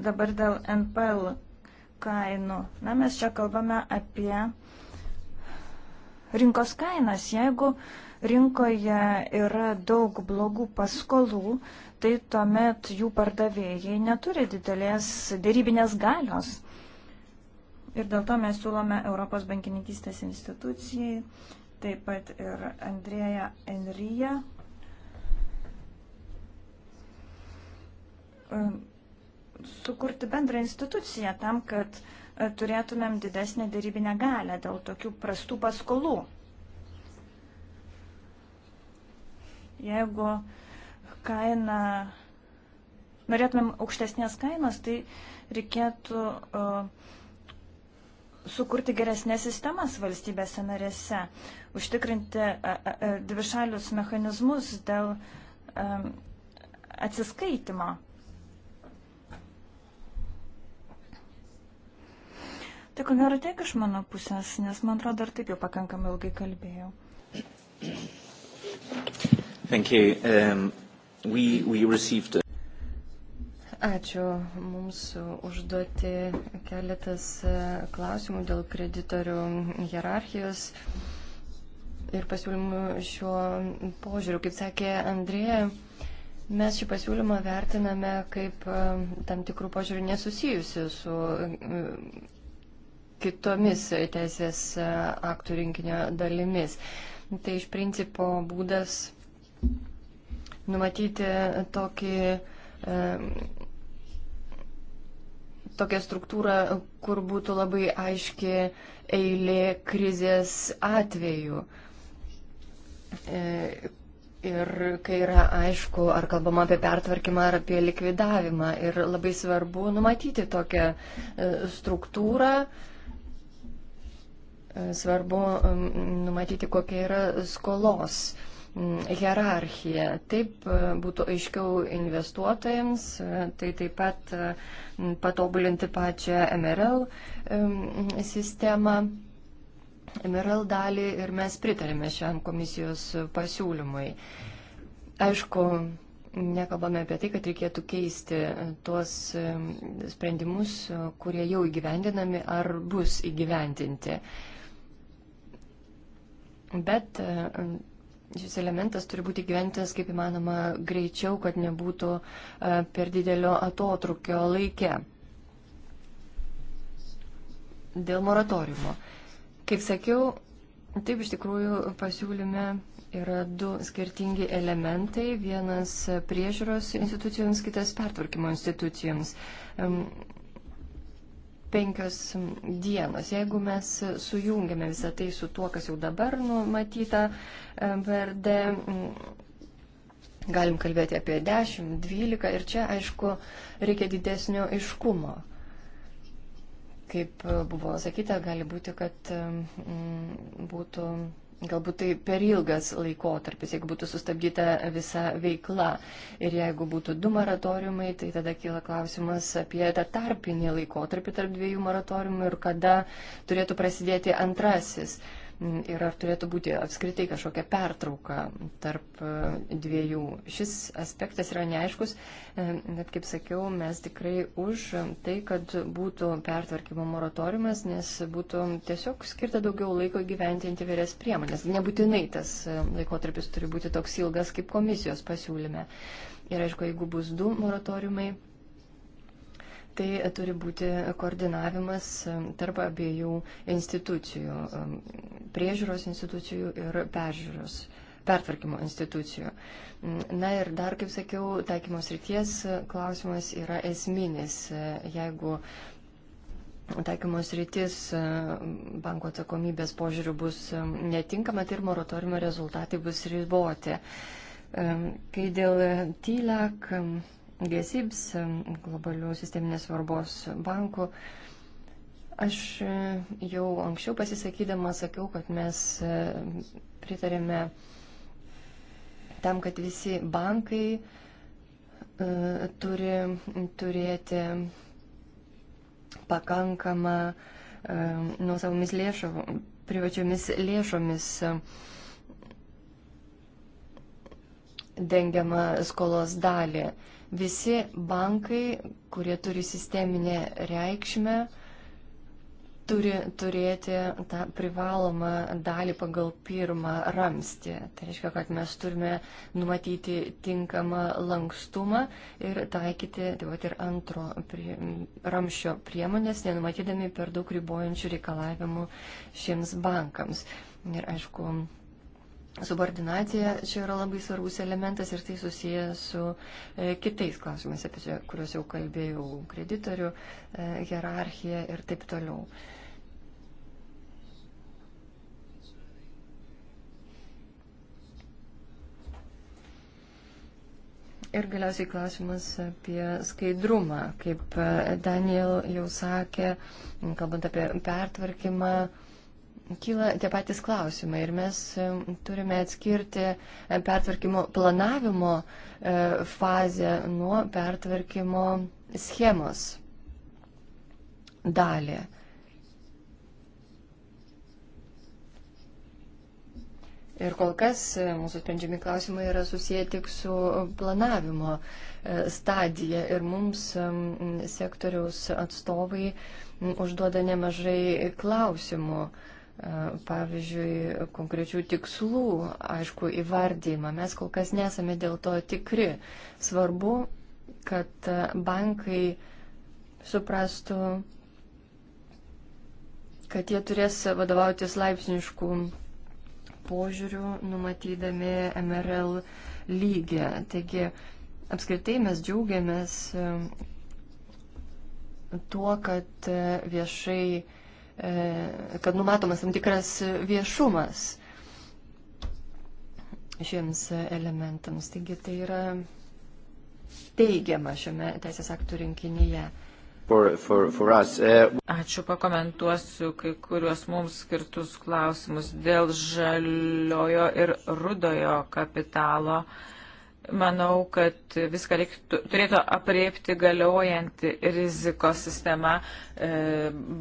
Dabar dėl NPL kainų. Na, mes čia kalbame apie rinkos kainas. Jeigu uh, rinkoje yra daug blogų paskolų, tai tuomet jų pardavėjai neturi didelės dėrybinės galios. Ir dėl to mes siūlome Europos bankininkystės institucijai, taip pat ir Andrėja Enryja. sukurti bendrą instituciją tam, kad e, turėtumėm didesnę dėrybinę galę dėl tokių prastų paskolų. Jeigu kaina, norėtumėm aukštesnės kainos, tai reikėtų uh, sukurti geresnės sistemas valstybėse narėse, užtikrinti uh, uh, dvišalius mechanizmus dėl um, atsiskaitimo. Tai ko gero tiek iš mano pusės, nes man atrodo, ar taip jau pakankamai ilgai kalbėjau. Thank you. Um, we, we received... Ačiū mums užduoti keletas e, klausimų dėl kreditorių hierarchijos ir pasiūlymų šiuo požiūriu. Kaip sakė Andrėja, mes šį pasiūlymą vertiname kaip e, tam tikrų požiūrių nesusijusi su e, kitomis teisės aktų rinkinio dalimis. Tai iš principo būdas numatyti tokį, e, tokią struktūrą, kur būtų labai aiški eilė krizės atveju. E, ir kai yra aišku, ar kalbama apie pertvarkymą, ar apie likvidavimą. Ir labai svarbu numatyti tokią e, struktūrą, svarbu numatyti, kokia yra skolos hierarchija. Taip e, būtų aiškiau investuotojams, e, tai taip pat e, patobulinti pačią MRL sistemą. MRL dalį ir mes pritarėme šiam komisijos pasiūlymui. Aišku, nekalbame apie tai, kad reikėtų keisti tuos sprendimus, kurie jau įgyvendinami ar bus įgyvendinti. Bet šis elementas turi būti gyventas kaip įmanoma greičiau, kad nebūtų e, per didelio atotrukio laike. Dėl moratoriumo. Kaip sakiau, taip iš tikrųjų pasiūlyme yra du skirtingi elementai. Vienas priežiūros institucijoms, kitas pertvarkymo institucijoms penkios dienos. Jeigu mes sujungiame visą tai su tuo, kas jau dabar numatyta e, VRD, mm, galim kalbėti apie 10, 12 ir čia, aišku, reikia didesnio iškumo. Kaip buvo sakyta, gali būti, kad e, būtų Galbūt tai per ilgas laikotarpis, jeigu būtų sustabdyta visa veikla. Ir jeigu būtų du moratoriumai, tai tada kyla klausimas apie tą tarpinį laikotarpį tarp dviejų moratoriumų ir kada turėtų prasidėti antrasis. Uh, ir ar turėtų būti apskritai kažkokia pertrauka tarp e, dviejų. Šis aspektas yra neaiškus, e, bet kaip sakiau, mes tikrai už tai, kad būtų pertvarkymo moratoriumas, nes būtų tiesiog skirta daugiau laiko gyventinti vėlės priemonės. Nebūtinai tas e, laikotarpis turi būti toks ilgas kaip komisijos pasiūlyme. Ir aišku, jeigu bus du moratoriumai, Tai turi būti koordinavimas tarp abiejų institucijų um, - priežiūros institucijų ir peržiūros pertvarkymo institucijų. Na ir dar, kaip sakiau, taikymos ryties klausimas yra esminis. Jeigu taikymos rytis um, banko atsakomybės požiūrių bus um, netinkama, tai ir moratoriumo rezultatai bus riboti. Kai dėl TILAK GSIBS, globalių sisteminės svarbos bankų. Aš e, jau anksčiau pasisakydama sakiau, kad mes e, pritarėme tam, kad visi bankai e, turi turėti pakankamą nuo savomis lėšo, privačiomis lėšomis dengiamą skolos dalį. Visi bankai, kurie turi sisteminę reikšmę, turi turėti tą privalomą dalį pagal pirmą ramstį. Tai reiškia, kad mes turime numatyti tinkamą lankstumą ir taikyti taip pat ir antro prie, ramšio priemonės, nenumatydami per daug ribojančių reikalavimų šiems bankams. Ir aišku, Subordinacija čia yra labai svarbus elementas ir tai susiję su e, kitais klausimais, apie kuriuos jau kalbėjau, kreditorių, e, hierarchija ir taip toliau. Ir galiausiai klausimas apie skaidrumą. Kaip e, Daniel jau sakė, kalbant apie pertvarkymą, e, kyla tie patys klausimai ir mes e, turime atskirti e, pertvarkymo planavimo e, fazę nuo pertvarkymo schemos dalį. Ir kol kas mūsų sprendžiami klausimai yra susiję tik su planavimo stadija ir mums sektoriaus atstovai užduoda nemažai klausimų. Uh, pavyzdžiui, konkrečių tikslų, aišku, įvardyjimą. Mes kol kas nesame dėl to tikri. Svarbu, kad bankai suprastų, kad jie turės vadovautis laipsniškų požiūrių, numatydami MRL lygį. Taigi, apskritai mes džiaugiamės tuo, kad viešai E, kad numatomas tam tikras viešumas šiems elementams. Taigi tai yra teigiama šiame teisės aktų rinkinyje. For, for, for us, uh... Ačiū, pakomentuosiu kai kuriuos mums skirtus klausimus dėl žaliojo ir rudojo kapitalo. Uh, manau, kad viską reiktų, turėtų apriepti galiojanti rizikos sistema. E,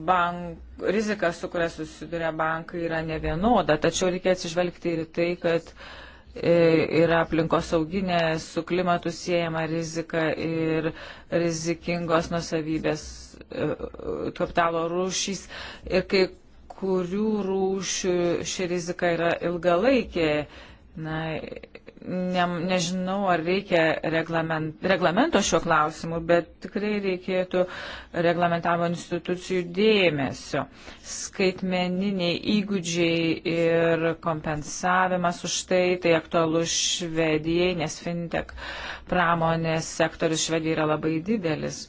bank, rizika, su kuria susiduria bankai, yra ne vienoda, tačiau reikia atsižvelgti ir tai, kad e, yra aplinkosauginė su klimatu siejama rizika ir rizikingos nusavybės e, kapitalo rūšys ir kai kurių rūšių ši rizika yra ilgalaikė. Na, ne, nežinau, ar reikia reglament, reglamento šiuo klausimu, bet tikrai reikėtų reglamentavo institucijų dėmesio. Skaitmeniniai įgūdžiai ir kompensavimas už tai, tai aktualu Švedijai, nes fintech pramonės sektorius Švedijai yra labai didelis.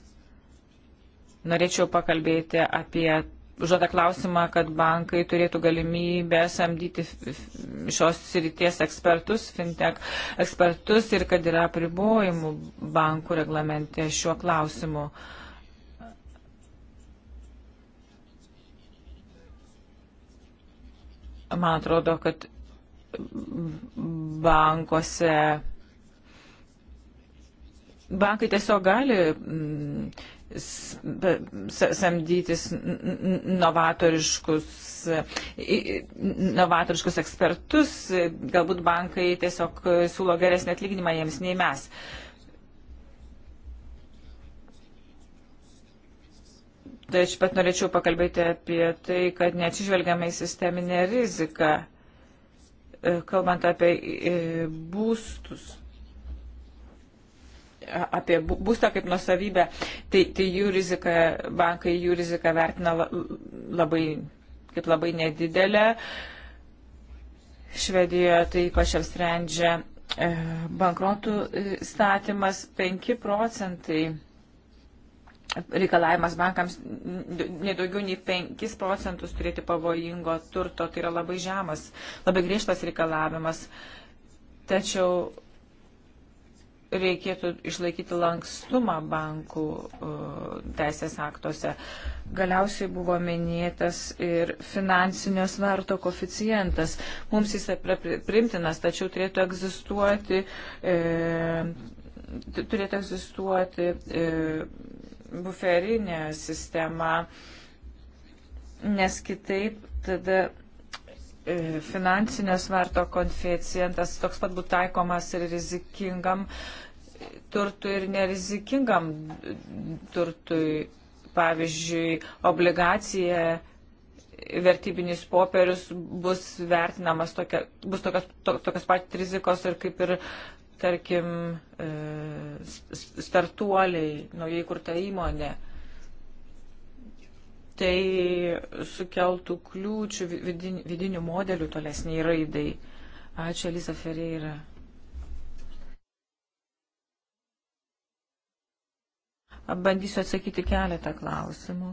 Norėčiau pakalbėti apie užduoda klausimą, kad bankai turėtų galimybę samdyti šios srities ekspertus, fintech ekspertus ir kad yra apribojimų bankų reglamente šiuo klausimu. Man atrodo, kad bankuose bankai tiesiog gali mm, samdytis novatoriškus, novatoriškus ekspertus, galbūt bankai tiesiog siūlo geresnį atlyginimą jiems nei mes. Tai aš pat norėčiau pakalbėti apie tai, kad neatsižvelgiama į sisteminę riziką, kalbant apie e, būstus apie būstą kaip nusavybę, tai, tai jų rizika, bankai jų riziką vertina labai, kaip labai nedidelę. Švedijoje tai ypač apsprendžia e, bankrotų e, statymas 5 procentai reikalavimas bankams nedaugiau nei 5 procentus turėti pavojingo turto, tai yra labai žemas, labai griežtas reikalavimas. Tačiau reikėtų išlaikyti lankstumą bankų uh, teisės aktuose. Galiausiai buvo minėtas ir finansinio sverto koficijantas. Mums jis yra primtinas, tačiau turėtų egzistuoti, e, turėtų egzistuoti e, buferinė sistema, nes kitaip tada E, finansinio sverto koeficientas toks pat būtų taikomas ir rizikingam turtui ir nerizikingam turtui. Pavyzdžiui, obligacija, vertybinis popierius bus vertinamas tokia, bus tokios, to, tokios pat rizikos ir kaip ir, tarkim, e, startuoliai, naujai kurta įmonė. Mhm tai sukeltų kliūčių vidin, vidinių modelių tolesniai raidai. Ačiū, Elisa Ferreira. Bandysiu atsakyti keletą klausimų.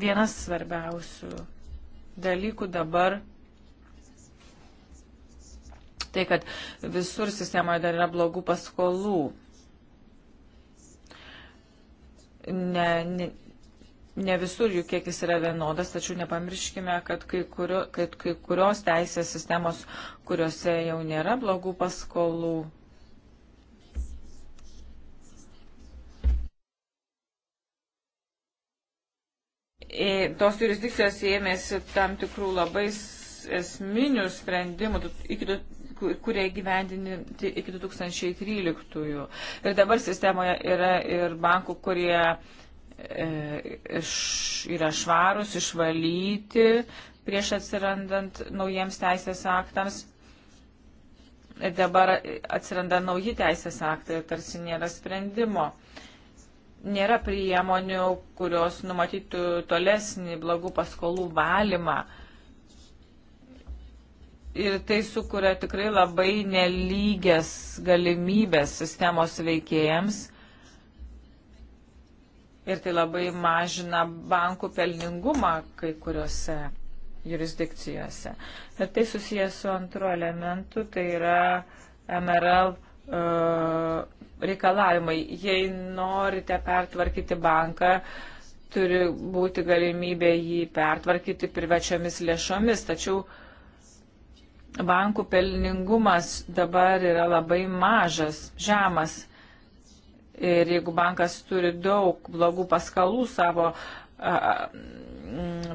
Vienas svarbiausių dalykų dabar tai, kad visur sistemoje dar yra blogų paskolų. Ne, ne, Ne visur jų kiekis yra vienodas, tačiau nepamirškime, kad kai, kurio, kad kai kurios teisės sistemos, kuriuose jau nėra blogų paskolų, tos jurisdikcijos ėmėsi tam tikrų labai esminių sprendimų, iki, kurie gyvendinti iki 2013. Ir dabar sistemoje yra ir bankų, kurie E, iš, yra švarus, išvalyti prieš atsirandant naujiems teisės aktams. E, dabar atsiranda nauji teisės aktai ir tarsi nėra sprendimo. Nėra priemonių, kurios numatytų tolesnį blogų paskolų valymą. Ir tai sukuria tikrai labai nelygės galimybės sistemos veikėjams ir tai labai mažina bankų pelningumą kai kuriuose jurisdikcijose. Ir tai susijęs su antru elementu, tai yra MRL uh, e, reikalavimai. Jei norite pertvarkyti banką, turi būti galimybė jį pertvarkyti privačiomis lėšomis, tačiau bankų pelningumas dabar yra labai mažas, žemas. Ir jeigu bankas turi daug blogų paskalų savo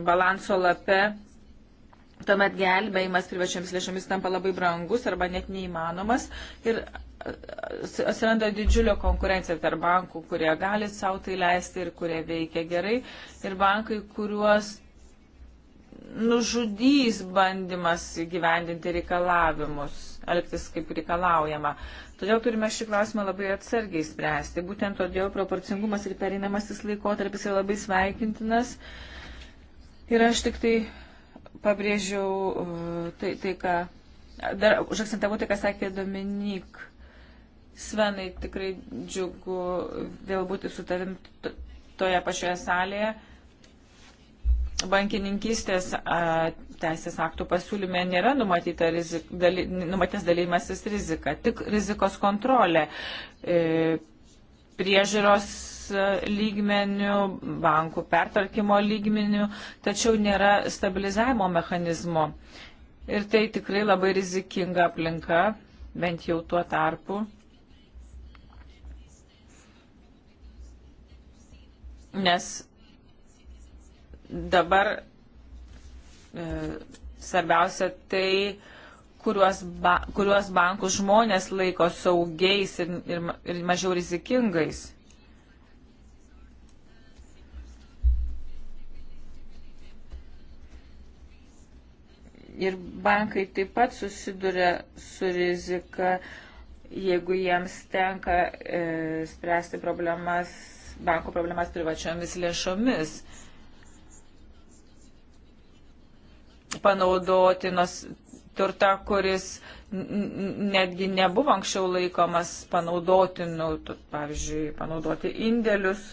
balanso lape, tuomet gelbėjimas privačiomis lėšomis tampa labai brangus arba net neįmanomas ir atsiranda didžiulio konkurencija tarp bankų, kurie gali savo tai leisti ir kurie veikia gerai, ir bankai, kuriuos nužudys bandymas įgyvendinti reikalavimus elgtis kaip reikalaujama. Todėl turime šį klausimą labai atsargiai spręsti. Būtent todėl proporcingumas ir perinamasis laikotarpis yra labai sveikintinas. Ir aš tik tai pabrėžiau uh, tai, tai ką. Dar užakcentavau tai, ką sakė Dominik. Svenai, tikrai džiugu vėl būti su tavim toje pačioje salėje bankininkystės teisės aktų pasiūlyme nėra rizik, daly, numatytas dalymasis rizika, tik rizikos kontrolė. E, priežiūros e, lygmenių, bankų pertarkimo lygmenių, tačiau nėra stabilizavimo mechanizmo. Ir tai tikrai labai rizikinga aplinka, bent jau tuo tarpu. Nes dabar E, svarbiausia tai, kuriuos, ba, kuriuos bankus žmonės laiko saugiais ir, ir, ir mažiau rizikingais. Ir bankai taip pat susiduria su rizika, jeigu jiems tenka e, spręsti problemas, banko problemas privačiomis lėšomis. E, panaudotinos turtą, kuris netgi nebuvo anksčiau laikomas panaudotinu, pavyzdžiui, panaudoti indėlius.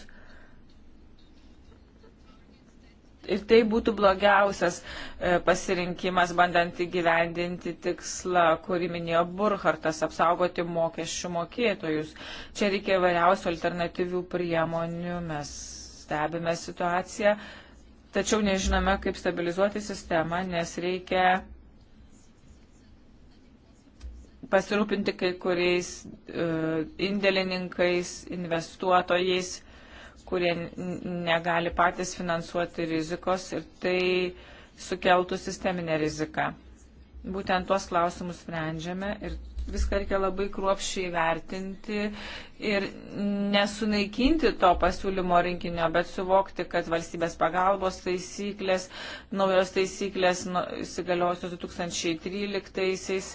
Ir tai būtų blogiausias e, pasirinkimas, bandant įgyvendinti tikslą, kurį minėjo Burhartas - apsaugoti mokesčių mokėtojus. Čia reikia įvairiausių alternatyvių priemonių, mes stebime situaciją. Uh, tačiau nežinome, kaip stabilizuoti sistemą, nes reikia pasirūpinti kai kuriais uh, indėlininkais, investuotojais, kurie negali patys finansuoti rizikos ir tai sukeltų sisteminę riziką. Būtent tuos klausimus sprendžiame ir viską reikia labai kruopščiai vertinti ir nesunaikinti to pasiūlymo rinkinio, bet suvokti, kad valstybės pagalbos taisyklės, naujos taisyklės nu, įsigaliosios 2013-aisiais,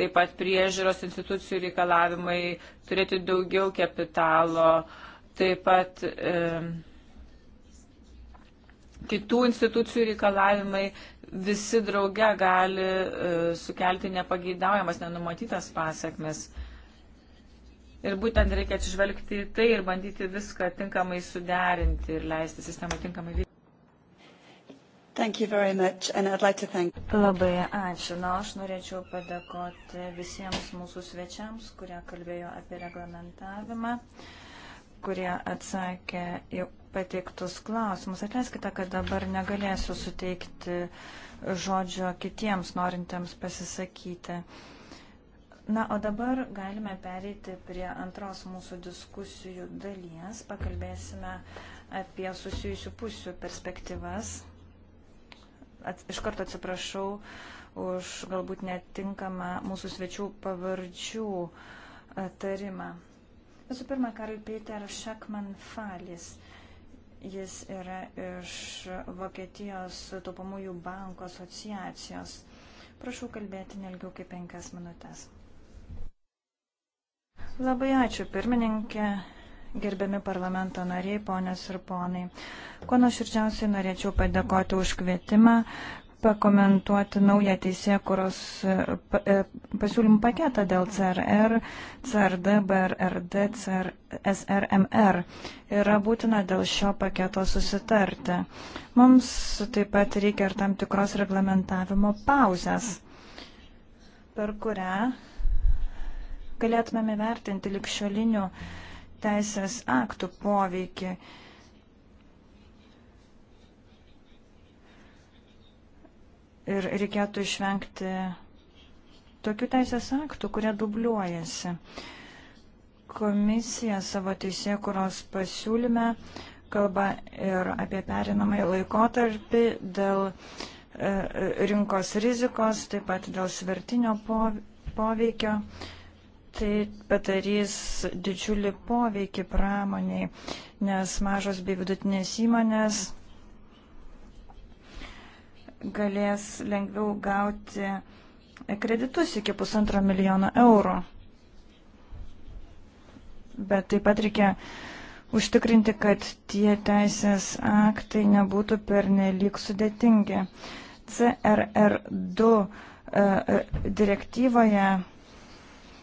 taip pat priežiūros institucijų reikalavimai turėti daugiau kapitalo, taip pat. E, kitų institucijų reikalavimai visi drauge gali e, sukelti nepageidaujamas, nenumatytas pasiekmes. Ir būtent reikia atsižvelgti į tai ir bandyti viską tinkamai suderinti ir leisti sistemą tinkamai veikti. Like thank... Labai ačiū. Na, aš norėčiau padėkoti visiems mūsų svečiams, kurie kalbėjo apie reglamentavimą. Uh, kurie atsakė į pateiktus klausimus. Atleiskite, kad dabar negalėsiu suteikti žodžio kitiems norintiems pasisakyti. Na, o dabar galime pereiti prie antros mūsų diskusijų dalies. Pakalbėsime apie susijusių pusių perspektyvas. At, iš karto atsiprašau už galbūt netinkamą mūsų svečių pavardžių e, tarimą. Visų pirma, Karl Peter Schakman Falis. Jis yra iš Vokietijos taupamųjų bankų asociacijos. Prašau kalbėti nelgiau kaip penkias minutės. Labai ačiū, pirmininkė, gerbiami parlamento nariai, ponės ir ponai. Kuo nuoširdžiausiai norėčiau padėkoti už kvietimą pakomentuoti naują teisėkuros e, pasiūlymų paketą dėl CRR, CRD, BRRD, CR, SRMR. Yra būtina dėl šio paketo susitarti. Mums taip pat reikia ir tam tikros reglamentavimo pauzės, per kurią galėtumėme vertinti likščiolinių teisės aktų poveikį ir reikėtų išvengti tokių teisės aktų, kurie dubliuojasi. Komisija savo teisėkuros pasiūlyme kalba ir apie perinamąjį laikotarpį dėl e, rinkos rizikos, taip pat dėl svertinio poveikio. Tai padarys didžiulį poveikį pramoniai, nes mažos bei vidutinės įmonės galės lengviau gauti kreditus iki pusantro milijono eurų. Bet taip pat reikia užtikrinti, kad tie teisės aktai nebūtų pernelyg sudėtingi. CRR2 e, direktyvoje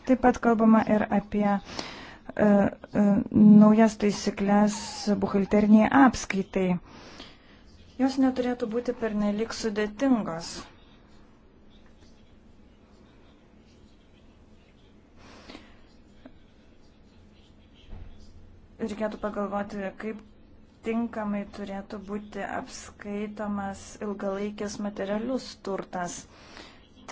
taip pat kalbama ir apie e, e, naujas taisyklės buhalteriniai apskaitai. Jos neturėtų būti pernelik sudėtingos. Reikėtų pagalvoti, kaip tinkamai turėtų būti apskaitomas ilgalaikis materialius turtas.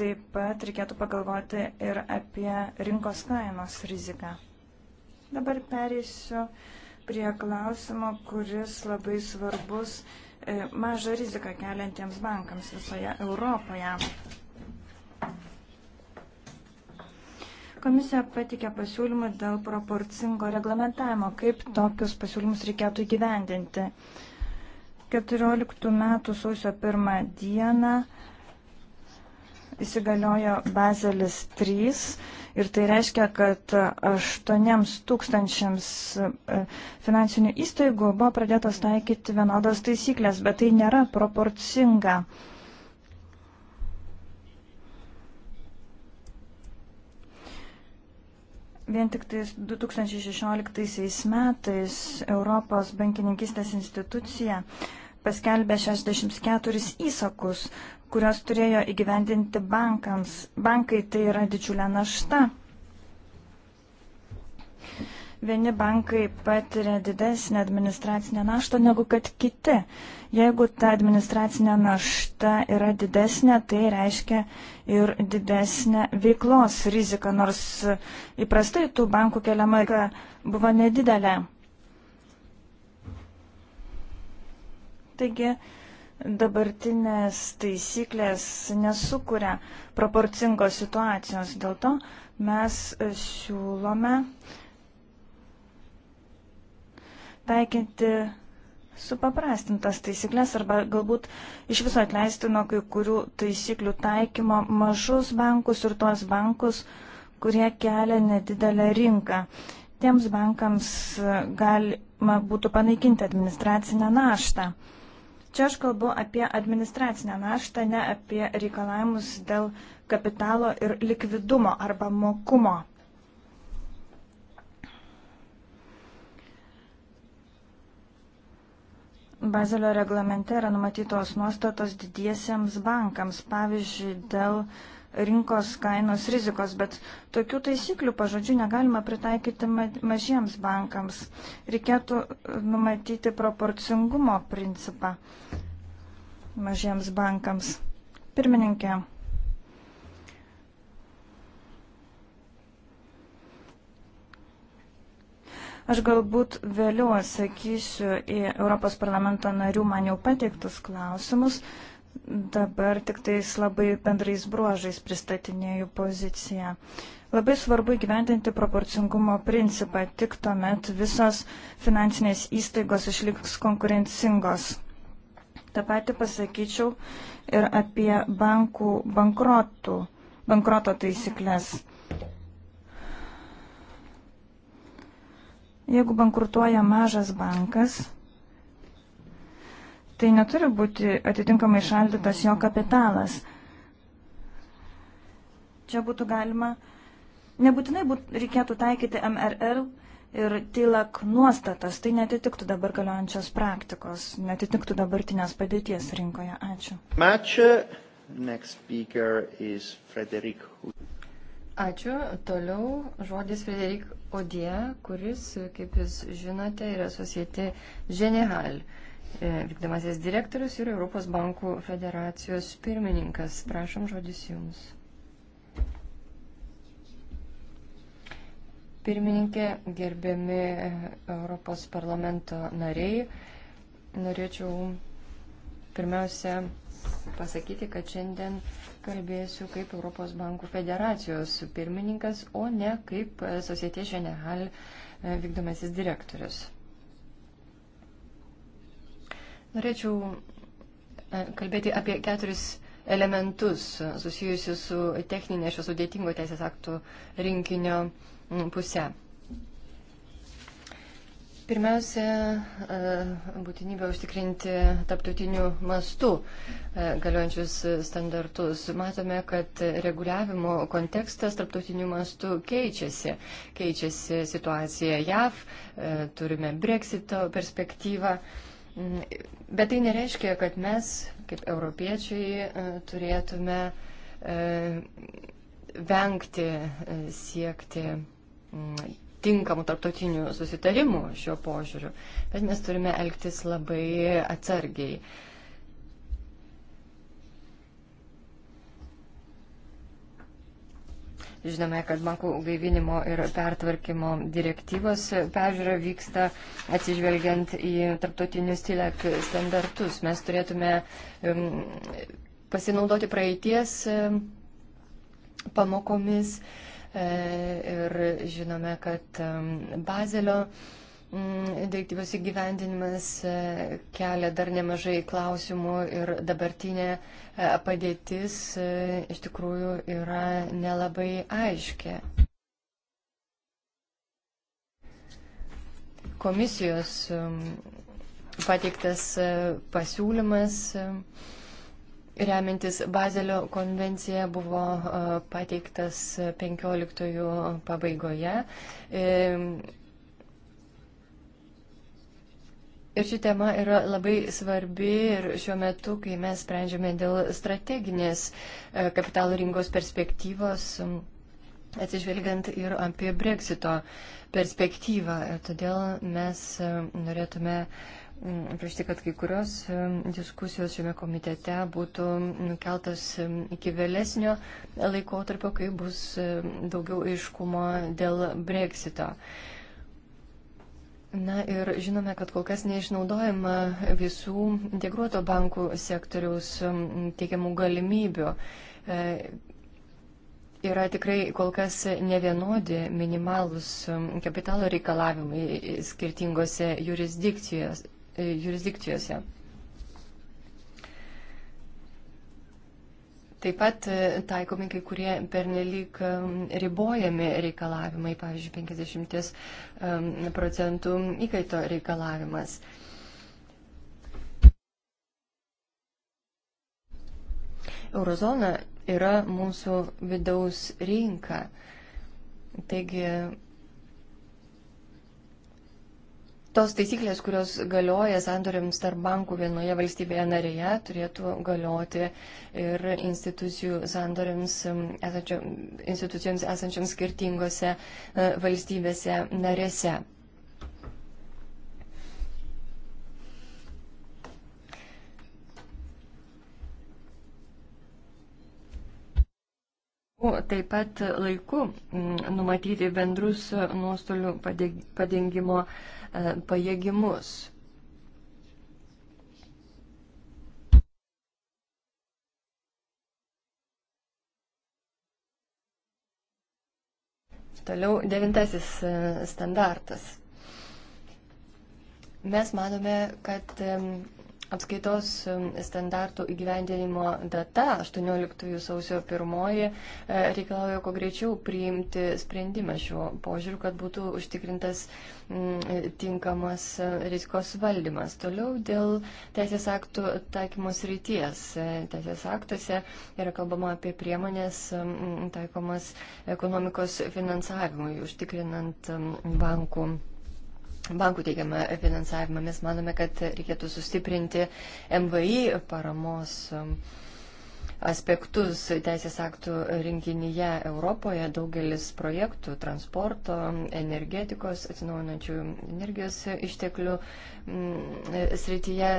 Taip pat reikėtų pagalvoti ir apie rinkos kainos riziką. Dabar perėsiu prie klausimo, kuris labai svarbus E, mažą riziką keliantiems bankams visoje Europoje. Komisija patikė pasiūlymą dėl proporcingo reglamentavimo, kaip tokius pasiūlymus reikėtų įgyvendinti. 14 metų sausio 1 dieną įsigaliojo Bazelis 3 Ir tai reiškia, kad 8 tūkstančiams e, finansinių įstaigų buvo pradėtos taikyti vienodos taisyklės, bet tai nėra proporcinga. Vien tik 2016 metais Europos bankininkistės institucija paskelbė 64 įsakus, kurios turėjo įgyvendinti bankams. Bankai tai yra didžiulė našta. Vieni bankai patiria didesnį administracinę naštą negu kad kiti. Jeigu ta administracinė našta yra didesnė, tai reiškia ir didesnė veiklos rizika, nors įprastai tų bankų keliama buvo nedidelė. Taigi, dabartinės taisyklės nesukuria proporcingos situacijos. Dėl to mes e, siūlome taikinti supaprastintas taisyklės arba galbūt iš viso atleisti nuo kai kurių taisyklių taikymo mažus bankus ir tuos bankus, kurie kelia nedidelę rinką. Tiems bankams e, galima būtų panaikinti administracinę naštą. Čia aš kalbu apie administracinę naštą, ne apie reikalavimus dėl kapitalo ir likvidumo arba mokumo. Bazelio reglamente yra numatytos nuostatos didiesiems bankams, pavyzdžiui, dėl uh, rinkos kainos rizikos, bet tokių taisyklių pažodžių negalima pritaikyti mažiems bankams. Reikėtų e, numatyti proporcingumo principą mažiems bankams. Pirmininkė. Aš galbūt vėliau atsakysiu į Europos parlamento narių man jau pateiktus klausimus dabar tik tais labai bendrais bruožais pristatinėjau poziciją. Labai svarbu įgyvendinti proporcingumo principą, tik tuomet visos finansinės įstaigos išliks konkurencingos. Ta pati pasakyčiau ir apie bankų bankrotų, bankroto taisyklės. Jeigu bankrutuoja mažas bankas, tai neturi būti atitinkamai šaldytas jo kapitalas. Čia būtų galima, nebūtinai būt, reikėtų taikyti MRR ir TILAK nuostatas, tai netitiktų dabar galiojančios praktikos, netitiktų dabartinės padėties rinkoje. Ačiū. Ačiū. Next speaker is Frederik. Ačiū. Toliau žodis Frederik Odie, kuris, kaip jūs žinote, yra susijęti General. Uh, E, vykdomasis direktorius ir Europos bankų federacijos pirmininkas. Prašom žodis Jums. Pirmininkė, gerbiami e, Europos parlamento nariai, norėčiau pirmiausia pasakyti, kad šiandien kalbėsiu kaip Europos bankų federacijos pirmininkas, o ne kaip Societė Ženehal e, vykdomasis direktorius. Norėčiau e, kalbėti apie keturis elementus susijusius su techninė šio sudėtingo teisės aktų rinkinio pusė. Pirmiausia, e, būtinybė užtikrinti taptautinių mastų e, galiojančius standartus. Matome, kad reguliavimo kontekstas taptautinių mastų keičiasi. Keičiasi situacija JAV, turime Brexito perspektyvą. Mm, bet tai nereiškia, kad mes, kaip europiečiai, e, turėtume e, vengti e, siekti mm, tinkamų tarptautinių susitarimų šiuo požiūriu, bet mes turime elgtis labai atsargiai. Žinome, kad bankų gaivinimo ir pertvarkymo direktyvos peržiūra vyksta atsižvelgiant į tarptautinius TILEK standartus. Mes turėtume pasinaudoti praeities pamokomis e, ir žinome, kad Bazelio Mm, direktyvos įgyvendinimas e, kelia dar nemažai klausimų ir dabartinė e, padėtis e, iš tikrųjų yra nelabai aiški. Komisijos pateiktas pasiūlymas Remiantis Bazelio konvencija buvo pateiktas 15 pabaigoje. Ir ši tema yra labai svarbi ir šiuo metu, kai mes sprendžiame dėl strateginės e, kapitalo rinkos perspektyvos, atsižvelgiant ir apie breksito perspektyvą. Ir todėl mes e, norėtume prašyti, kad kai kurios e, diskusijos šiame komitete būtų nukeltos iki vėlesnio laikotarpio, kai bus daugiau aiškumo dėl breksito. Na ir žinome, kad kol kas neišnaudojama visų integruoto bankų sektoriaus teikiamų galimybių. E, yra tikrai kol kas ne vienodi minimalus kapitalo reikalavimai skirtingose e, jurisdikcijose. jurisdikcijose. Taip pat e, taikomi kai kurie pernelyg ribojami reikalavimai, pavyzdžiui, 50 procentų įkaito reikalavimas. Eurozona yra mūsų vidaus rinka. Taigi tos taisyklės, kurios galioja sandoriams tarp bankų vienoje valstybėje narėje, turėtų galioti ir sandoriams esančio, institucijoms esančiams skirtingose e, valstybėse narėse. Taip pat laiku numatyti bendrus nuostolių padengimo E, pajėgimus. Toliau devintasis e, standartas. Mes manome, kad Atskaitos um, standartų įgyvendinimo data 18 sausio 1 e, reikalauja kuo greičiau priimti sprendimą šiuo požiūriu, kad būtų užtikrintas mm, tinkamas e, rizikos valdymas. Toliau dėl teisės aktų taikymos ryties. E, teisės aktuose yra kalbama apie priemonės mm, taikomas ekonomikos finansavimui, užtikrinant mm, bankų bankų teigiamą finansavimą. Mes manome, kad reikėtų sustiprinti MVI paramos um, aspektus teisės aktų rinkinyje Europoje. Daugelis projektų transporto, energetikos, atsinaujinančių energijos išteklių mm, srityje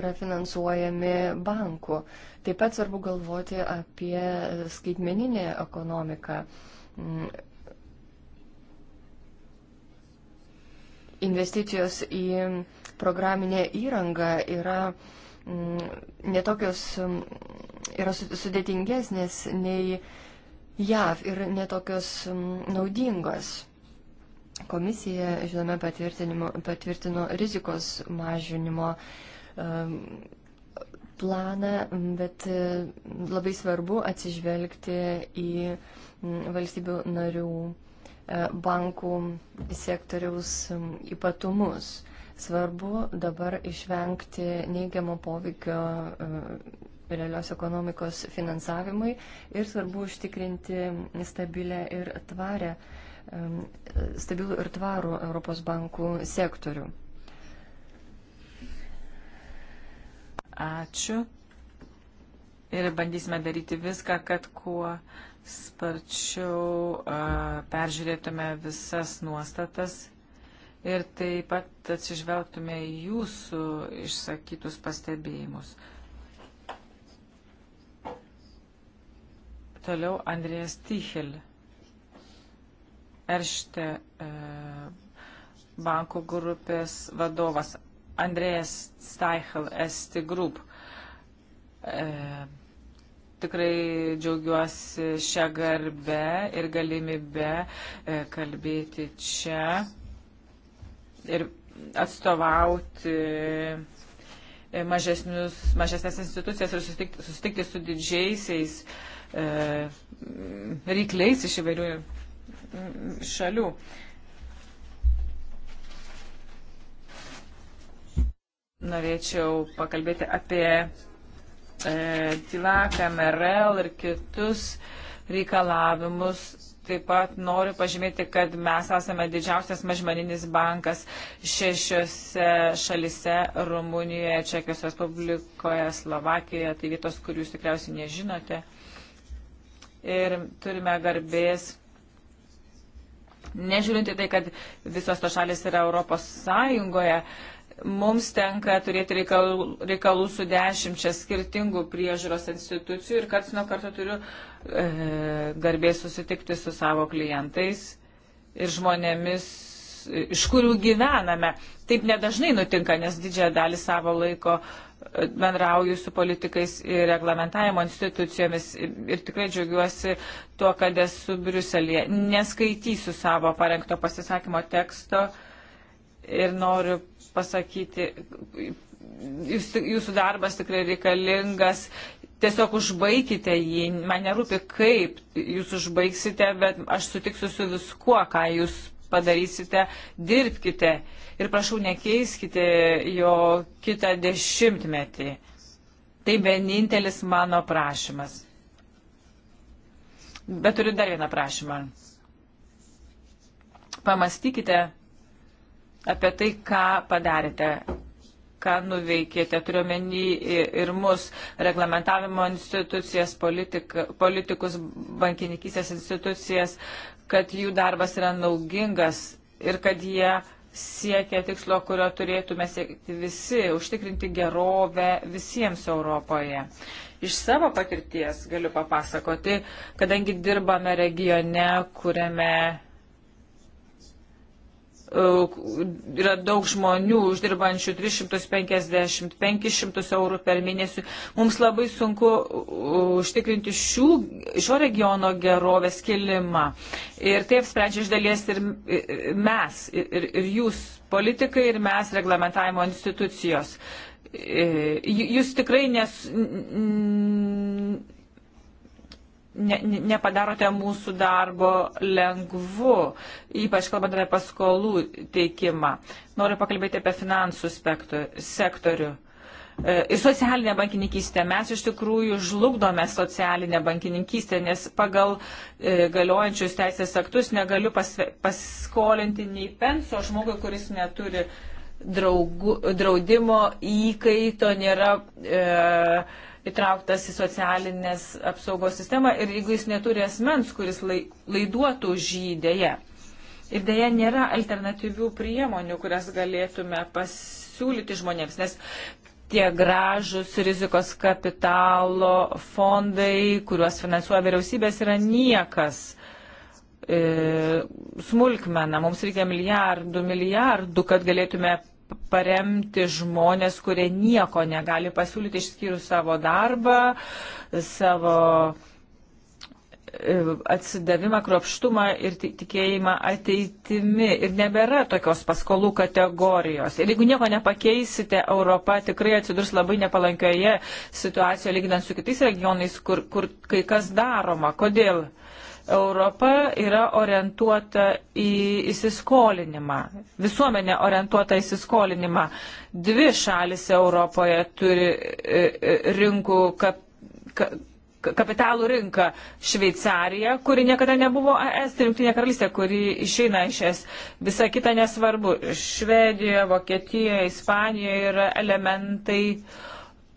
yra finansuojami bankų. Taip pat svarbu galvoti apie skaitmeninę ekonomiką mm, investicijos į programinę įrangą yra mm, netokios, mm, yra sudėtingesnės nei JAV ir netokios mm, naudingos. Komisija, žinome, patvirtino rizikos mažinimo ehm, planą, bet labai svarbu atsižvelgti į valstybių narių E, bankų sektoriaus ypatumus. Svarbu dabar išvengti neigiamo poveikio e, realios ekonomikos finansavimui ir svarbu užtikrinti stabilę ir tvarę, e, stabilų ir tvarų Europos bankų sektorių. Ačiū ir bandysime daryti viską, kad kuo sparčiau a, peržiūrėtume visas nuostatas ir taip pat atsižvelgtume į jūsų išsakytus pastebėjimus. Toliau Andrėjas Tichel, Eršte e, bankų grupės vadovas, Andrėjas Stichel, ST Group. E, tikrai džiaugiuosi šią garbę ir galimybę e, kalbėti čia ir atstovauti e, mažesnius, mažesnės institucijas ir susitikti, susitikti su didžiaisiais e, rykliais iš įvairių šalių. Norėčiau pakalbėti apie E, Tilaka, Merel ir kitus reikalavimus. Taip pat noriu pažymėti, kad mes esame didžiausias mažmeninis bankas šešiose šalise - Rumunijoje, Čekijos Respublikoje, Slovakijoje, taigi tos, kurių jūs tikriausiai nežinote. Ir turime garbės Nežiūrinti tai, kad visos tos šalis yra Europos Sąjungoje, mums tenka turėti reikalų, reikalų su dešimčia skirtingų priežiūros institucijų ir karts nuo karto turiu e, garbės susitikti su savo klientais ir žmonėmis, iš kurių gyvename. Taip nedažnai nutinka, nes didžiąją dalį savo laiko e, bendrauju su politikais ir reglamentavimo institucijomis ir tikrai džiaugiuosi tuo, kad esu Briuselėje. Neskaitysiu savo parengto pasisakymo teksto ir noriu pasakyti, jūs, jūsų darbas tikrai reikalingas, tiesiog užbaikite jį, man nerūpi kaip jūs užbaigsite, bet aš sutiksiu su viskuo, ką jūs padarysite, dirbkite ir prašau nekeiskite jo kitą dešimtmetį. Tai vienintelis mano prašymas. Bet turiu dar vieną prašymą. Pamastykite apie tai, ką padarėte, ką nuveikėte, turiuomenį ir mus, reglamentavimo institucijas, politik, politikus, bankininkysės institucijas, kad jų darbas yra naugingas ir kad jie siekia tikslo, kurio turėtume siekti visi, užtikrinti gerovę visiems Europoje. Iš savo patirties galiu papasakoti, kadangi dirbame regione, kuriame yra daug žmonių uždirbančių 350-500 eurų per mėnesį. Mums labai sunku uh, užtikrinti šių, šio regiono gerovės kilimą. Ir taip sprendžia iš dalies ir mes, ir, ir jūs politikai, ir mes reglamentavimo institucijos. Jūs tikrai nes ne, nepadarote mūsų darbo lengvu, ypač kalbant apie paskolų teikimą. Noriu pakalbėti apie finansų sektorių. E, ir socialinė bankininkystė. Mes iš tikrųjų žlugdome socialinę bankininkystę, nes pagal e, galiojančius teisės aktus negaliu pas, paskolinti nei penso žmogui, kuris neturi draugų, draudimo įkaito, nėra. E, įtrauktas į socialinės apsaugos sistemą ir jeigu jis neturi asmens, kuris laiduotų žydėje. Ir dėja nėra alternatyvių priemonių, kurias galėtume pasiūlyti žmonėms, nes tie gražus rizikos kapitalo fondai, kuriuos finansuoja vyriausybės, yra niekas e, smulkmena, mums reikia milijardų, milijardų, kad galėtume paremti žmonės, kurie nieko negali pasiūlyti išskyrus savo darbą, savo e, atsidavimą, kropštumą ir tikėjimą ateitimi. Ir nebėra tokios paskolų kategorijos. Ir jeigu nieko nepakeisite, Europa tikrai atsidurs labai nepalankioje situacijoje lyginant su kitais regionais, kur, kur kai kas daroma. Kodėl? Uh, Europa yra orientuota į įsiskolinimą, visuomenė orientuota į įsiskolinimą. Dvi šalis Europoje turi e, e, rinkų kap, ka, kapitalų rinką - Šveicarija, kuri niekada nebuvo ES, ir Junktinė karalystė, kuri išeina iš ES. Visa kita nesvarbu. Švedijoje, Vokietijoje, Ispanijoje yra elementai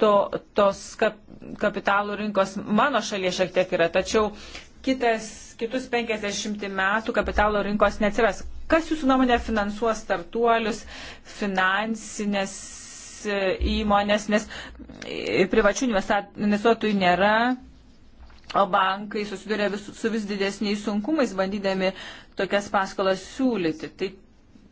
to, tos kap, kapitalų rinkos. Mano šalyje šiek tiek yra, tačiau kitas, kitus 50 metų kapitalo rinkos neatsiras. Kas jūsų nuomonė finansuos startuolius, finansinės e, įmonės, nes e, privačių investuotojų nėra, o bankai susiduria vis, su vis didesniais sunkumais, bandydami tokias paskolas siūlyti. Tai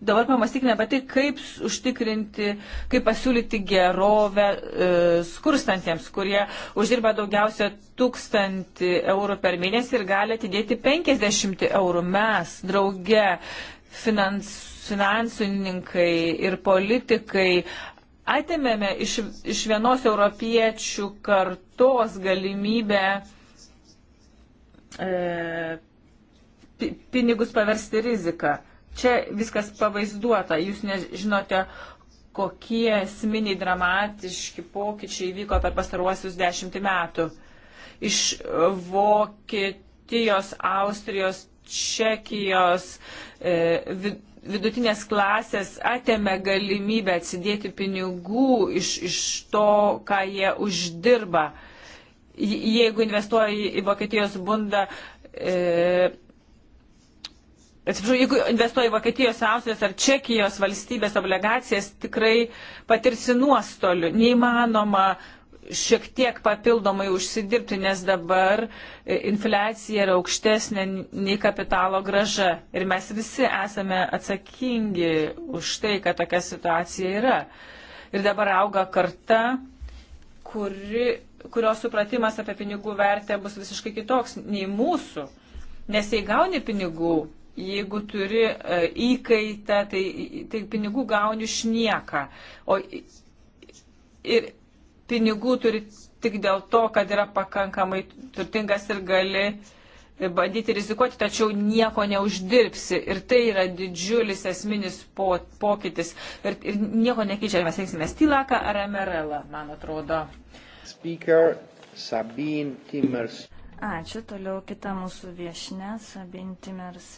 dabar pamastykime apie tai, kaip užtikrinti, kaip pasiūlyti gerovę e, skurstantiems, kurie uždirba daugiausia tūkstantį eurų per mėnesį ir gali atidėti 50 eurų. Mes drauge finans, finansininkai ir politikai atėmėme iš, iš vienos europiečių kartos galimybę e, pinigus paversti riziką. Čia viskas pavaizduota. Jūs nežinote, kokie esminiai dramatiški pokyčiai vyko per pastaruosius dešimtį metų. Iš Vokietijos, Austrijos, Čekijos e, vidutinės klasės atėmė galimybę atsidėti pinigų iš, iš to, ką jie uždirba. Jeigu investuoji į Vokietijos bundą, e, Atsiprašau, jeigu investuoji Vokietijos, Austrijos ar Čekijos valstybės obligacijas, tikrai patirsi nuostolių. Neįmanoma šiek tiek papildomai užsidirbti, nes dabar e, infliacija yra aukštesnė nei kapitalo graža. Ir mes visi esame atsakingi už tai, kad tokia situacija yra. Ir dabar auga karta, kuri, kurios supratimas apie pinigų vertę bus visiškai kitoks nei mūsų. Nes jei gauni pinigų, Jeigu turi e, įkaitą, tai, tai pinigų gauni iš nieką. O ir pinigų turi tik dėl to, kad yra pakankamai turtingas ir gali e, bandyti rizikuoti, tačiau nieko neuždirbsi. Ir tai yra didžiulis esminis po, pokytis. Ir, ir nieko nekeičia, mes rinksime Stilaką ar Emerelą, man atrodo. Speaker Sabine Timmers. Ačiū, toliau kita mūsų viešinė, Sabine Timmers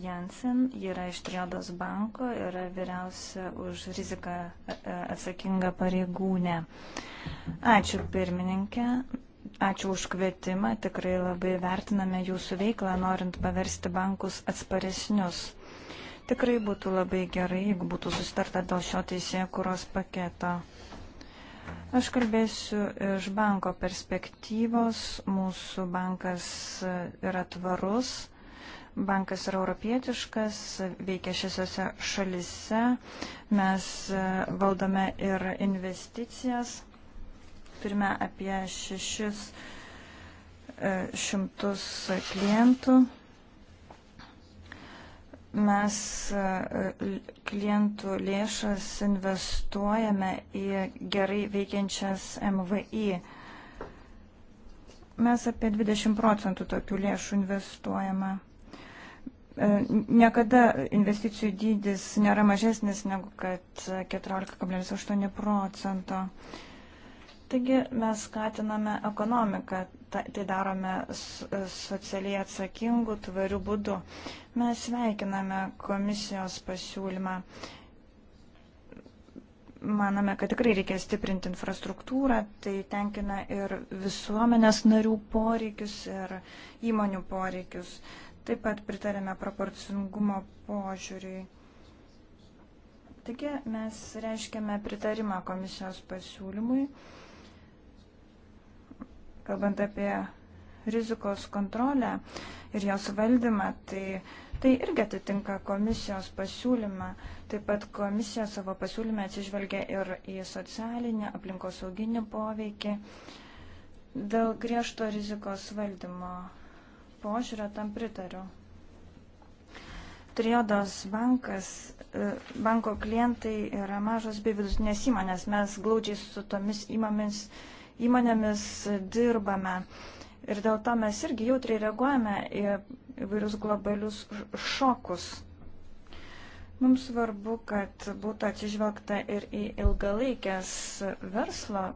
Jansen, ji yra iš Triodos banko, yra vyriausia už riziką e, e, atsakinga pareigūnė. Ačiū pirmininkė, ačiū už kvietimą, tikrai labai vertiname jūsų veiklą, norint paversti bankus atsparesnius. Tikrai būtų labai gerai, jeigu būtų sustarta dėl šio teisėje kuros paketo. Aš kalbėsiu iš banko perspektyvos. Mūsų bankas e, yra tvarus. Bankas yra europietiškas, veikia šiose šalise, mes e, valdome ir investicijas, turime apie 600 e, klientų. Mes e, klientų lėšas investuojame į gerai veikiančias MVI mes apie 20 procentų tokių lėšų investuojame. E, niekada investicijų dydis nėra mažesnis negu kad 14,8 procento. Taigi mes skatiname ekonomiką, tai darome socialiai atsakingų, tvarių būdų. Mes sveikiname komisijos pasiūlymą. Maname, kad tikrai reikia stiprinti infrastruktūrą, tai tenkina ir visuomenės narių poreikius, ir įmonių poreikius. Uh, Taip pat pritarėme proporcingumo požiūriui. Taigi mes reiškiame pritarimą komisijos pasiūlymui, kalbant apie rizikos kontrolę ir jos valdymą, tai, tai irgi atitinka komisijos pasiūlymą. Taip pat komisija savo pasiūlymę atsižvelgia ir į socialinį, aplinkosauginį poveikį dėl griežto rizikos valdymo požiūrio tam pritariu. Triodos bankas, e, banko klientai yra mažos bei vidutinės įmonės. Mes glaudžiai su tomis įmonėmis, įmonėmis dirbame. Ir dėl to mes irgi jautriai reaguojame į įvairius globalius šokus. Mums svarbu, kad būtų atsižvelgta ir į ilgalaikės verslo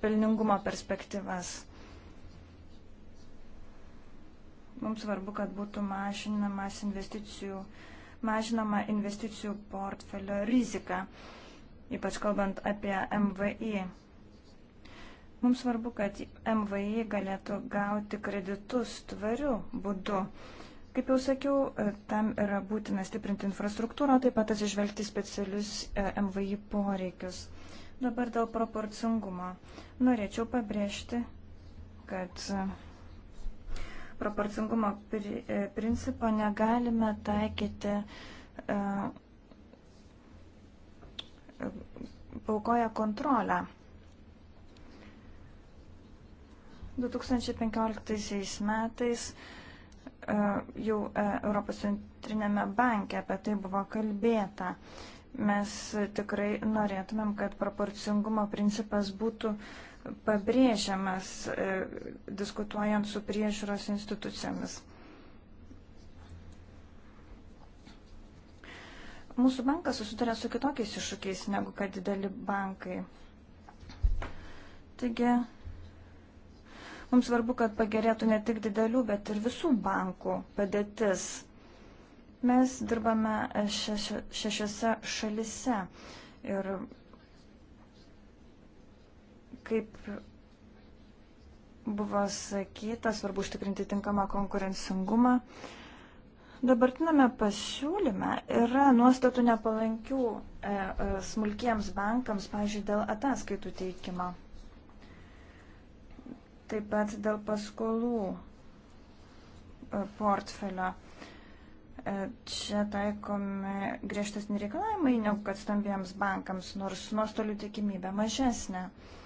pelningumo perspektyvas. Mums svarbu, kad būtų mažinamas investicijų, mažinama investicijų portfelio rizika, ypač kalbant apie MVI. Mums svarbu, kad MVI galėtų gauti kreditus tvariu būdu. Kaip jau sakiau, tam yra būtina stiprinti infrastruktūrą, taip pat atsižvelgti specialius e, MVI poreikius. Dabar dėl proporcingumo. Norėčiau pabrėžti, kad proporcingumo e, principo negalime taikyti e, paukoja kontrolę. 2015 metais e, jau Europos centrinėme banke apie tai buvo kalbėta. Mes tikrai norėtumėm, kad proporcingumo principas būtų uh, pabrėžiamas e, diskutuojant su priežiūros institucijomis. Mūsų bankas susiduria su kitokiais iššūkiais negu kad dideli bankai. Taigi, mums svarbu, kad pagerėtų ne tik didelių, bet ir visų bankų padėtis. Mes dirbame šešiose šalise ir Kaip buvo sakyta, svarbu užtikrinti tinkamą konkurencingumą. Dabartiname pasiūlyme yra nuostatų nepalankių e, e, smulkiems bankams, pažiūrėjau, dėl ataskaitų teikimo. Taip pat dėl paskolų e, portfelio. E, čia taikomi griežtesni reikalavimai, negu kad stambiems bankams, nors nuostolių tikimybė mažesnė. E,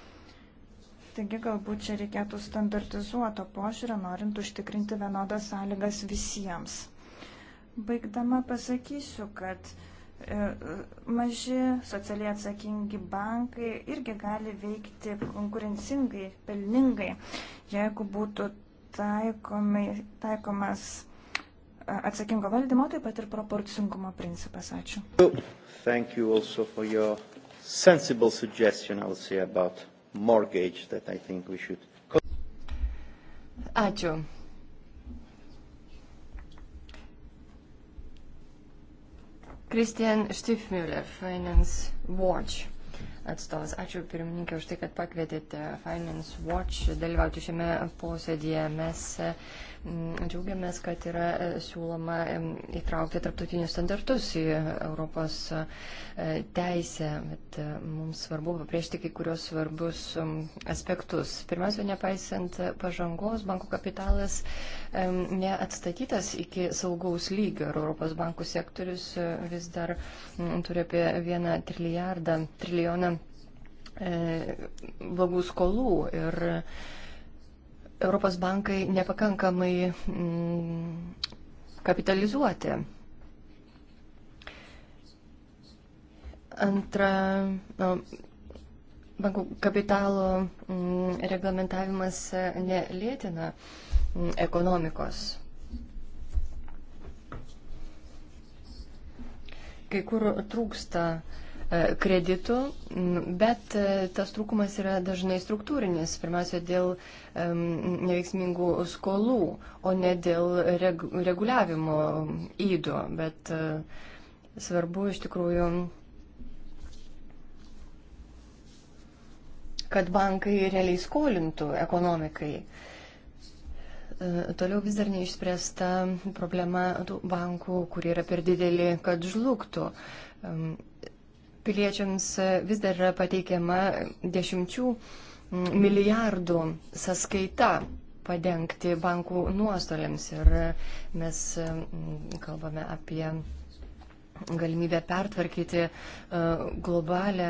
Taigi galbūt čia reikėtų standartizuoto požiūrio, norint užtikrinti vienodas sąlygas visiems. Baigdama pasakysiu, kad e, maži socialiai atsakingi bankai irgi gali veikti konkurencingai, pelningai, jeigu būtų taikomai, taikomas e, atsakingo valdymo, taip pat ir proporcingumo principas. Ačiū. Thank you also for your sensible suggestion, I'll say, about mortgage that I think we should. Ačiū. Christian Stifmüller, Finance Watch atstovas. Ačiū pirmininkė už tai, kad pakvietėte Finance Watch dalyvauti šiame posėdėje. Mes Džiaugiamės, kad yra e, siūloma įtraukti tarptautinius standartus į Europos e, teisę, bet e, mums svarbu papriešti kai kurios svarbus aspektus. Pirmiausia, nepaisant pažangos, bankų kapitalas neatstatytas iki saugaus lygio ir Europos bankų sektorius vis dar turi apie vieną trilijardą, trilijoną blogų skolų. Ir Europos bankai nepakankamai mm, kapitalizuoti. Antra, no, bankų kapitalo mm, reglamentavimas nelėtina mm, ekonomikos. Kai kur trūksta uh, E, kreditų, bet e, tas trūkumas yra dažnai struktūrinis, pirmiausia dėl neveiksmingų skolų, o ne dėl reguliavimo įdo, bet e, svarbu iš tikrųjų, kad bankai realiai skolintų ekonomikai. Toliau vis dar neišspręsta problema tų bankų, kurie yra per dideli, kad žlugtų piliečiams vis dar yra pateikiama dešimčių milijardų sąskaita padengti bankų nuostoliams. Ir mes mm, kalbame apie galimybę pertvarkyti e, globalę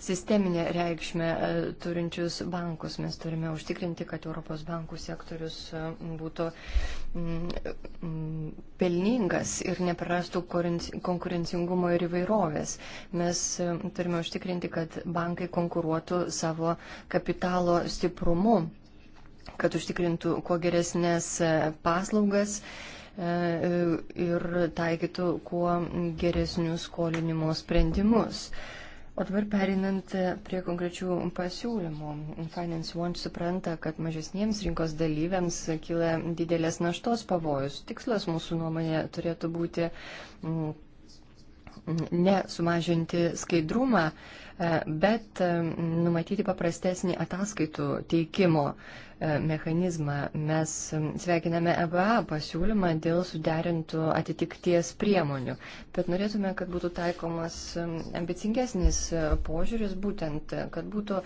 sisteminę reikšmę e, turinčius bankus. Mes turime užtikrinti, kad Europos bankų sektorius e, būtų mm, mm, pelningas ir neprarastų konkurencingumo ir įvairovės. Mes e, turime užtikrinti, kad bankai konkuruotų savo kapitalo stiprumu, kad užtikrintų kuo geresnės paslaugas ir taikytų kuo geresnius skolinimo sprendimus. O dabar perinant prie konkrečių pasiūlymų. Finance One supranta, kad mažesniems rinkos dalyviams kyla didelės naštos pavojus. Tikslas mūsų nuomonė turėtų būti mm, mm, ne sumažinti skaidrumą, e, bet e, numatyti paprastesnį ataskaitų teikimo E, mechanizmą. Mes sveikiname EBA pasiūlymą dėl suderintų atitikties priemonių, bet norėtume, kad būtų taikomas ambicingesnis e, požiūris, būtent, e, kad būtų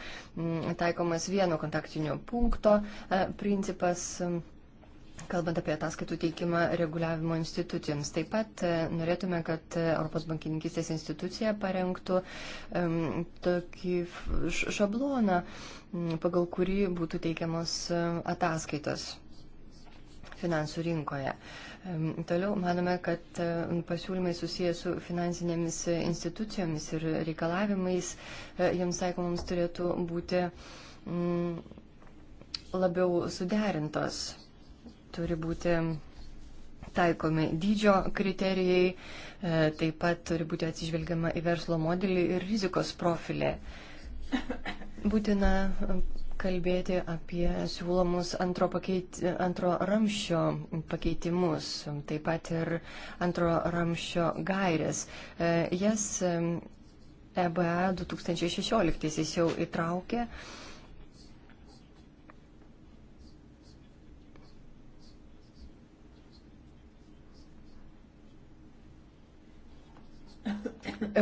taikomas vieno kontaktinio punkto principas kalbant apie ataskaitų teikimą reguliavimo institucijoms. Taip pat e, norėtume, kad e, Europos bankininkistės institucija parengtų um, tokį šabloną, pagal kurį būtų teikiamos e, ataskaitos finansų rinkoje. Toliau manome, kad pasiūlymai susijęs su finansinėmis institucijomis ir reikalavimais jiems taikomams turėtų būti labiau suderintos turi būti taikomi dydžio kriterijai, e, taip pat turi būti atsižvelgiama į verslo modelį ir rizikos profilį. Būtina e, kalbėti apie siūlomus antro, pakeit, antro ramščio pakeitimus, taip pat ir antro ramščio gairės. E, jas EBA 2016 jau įtraukė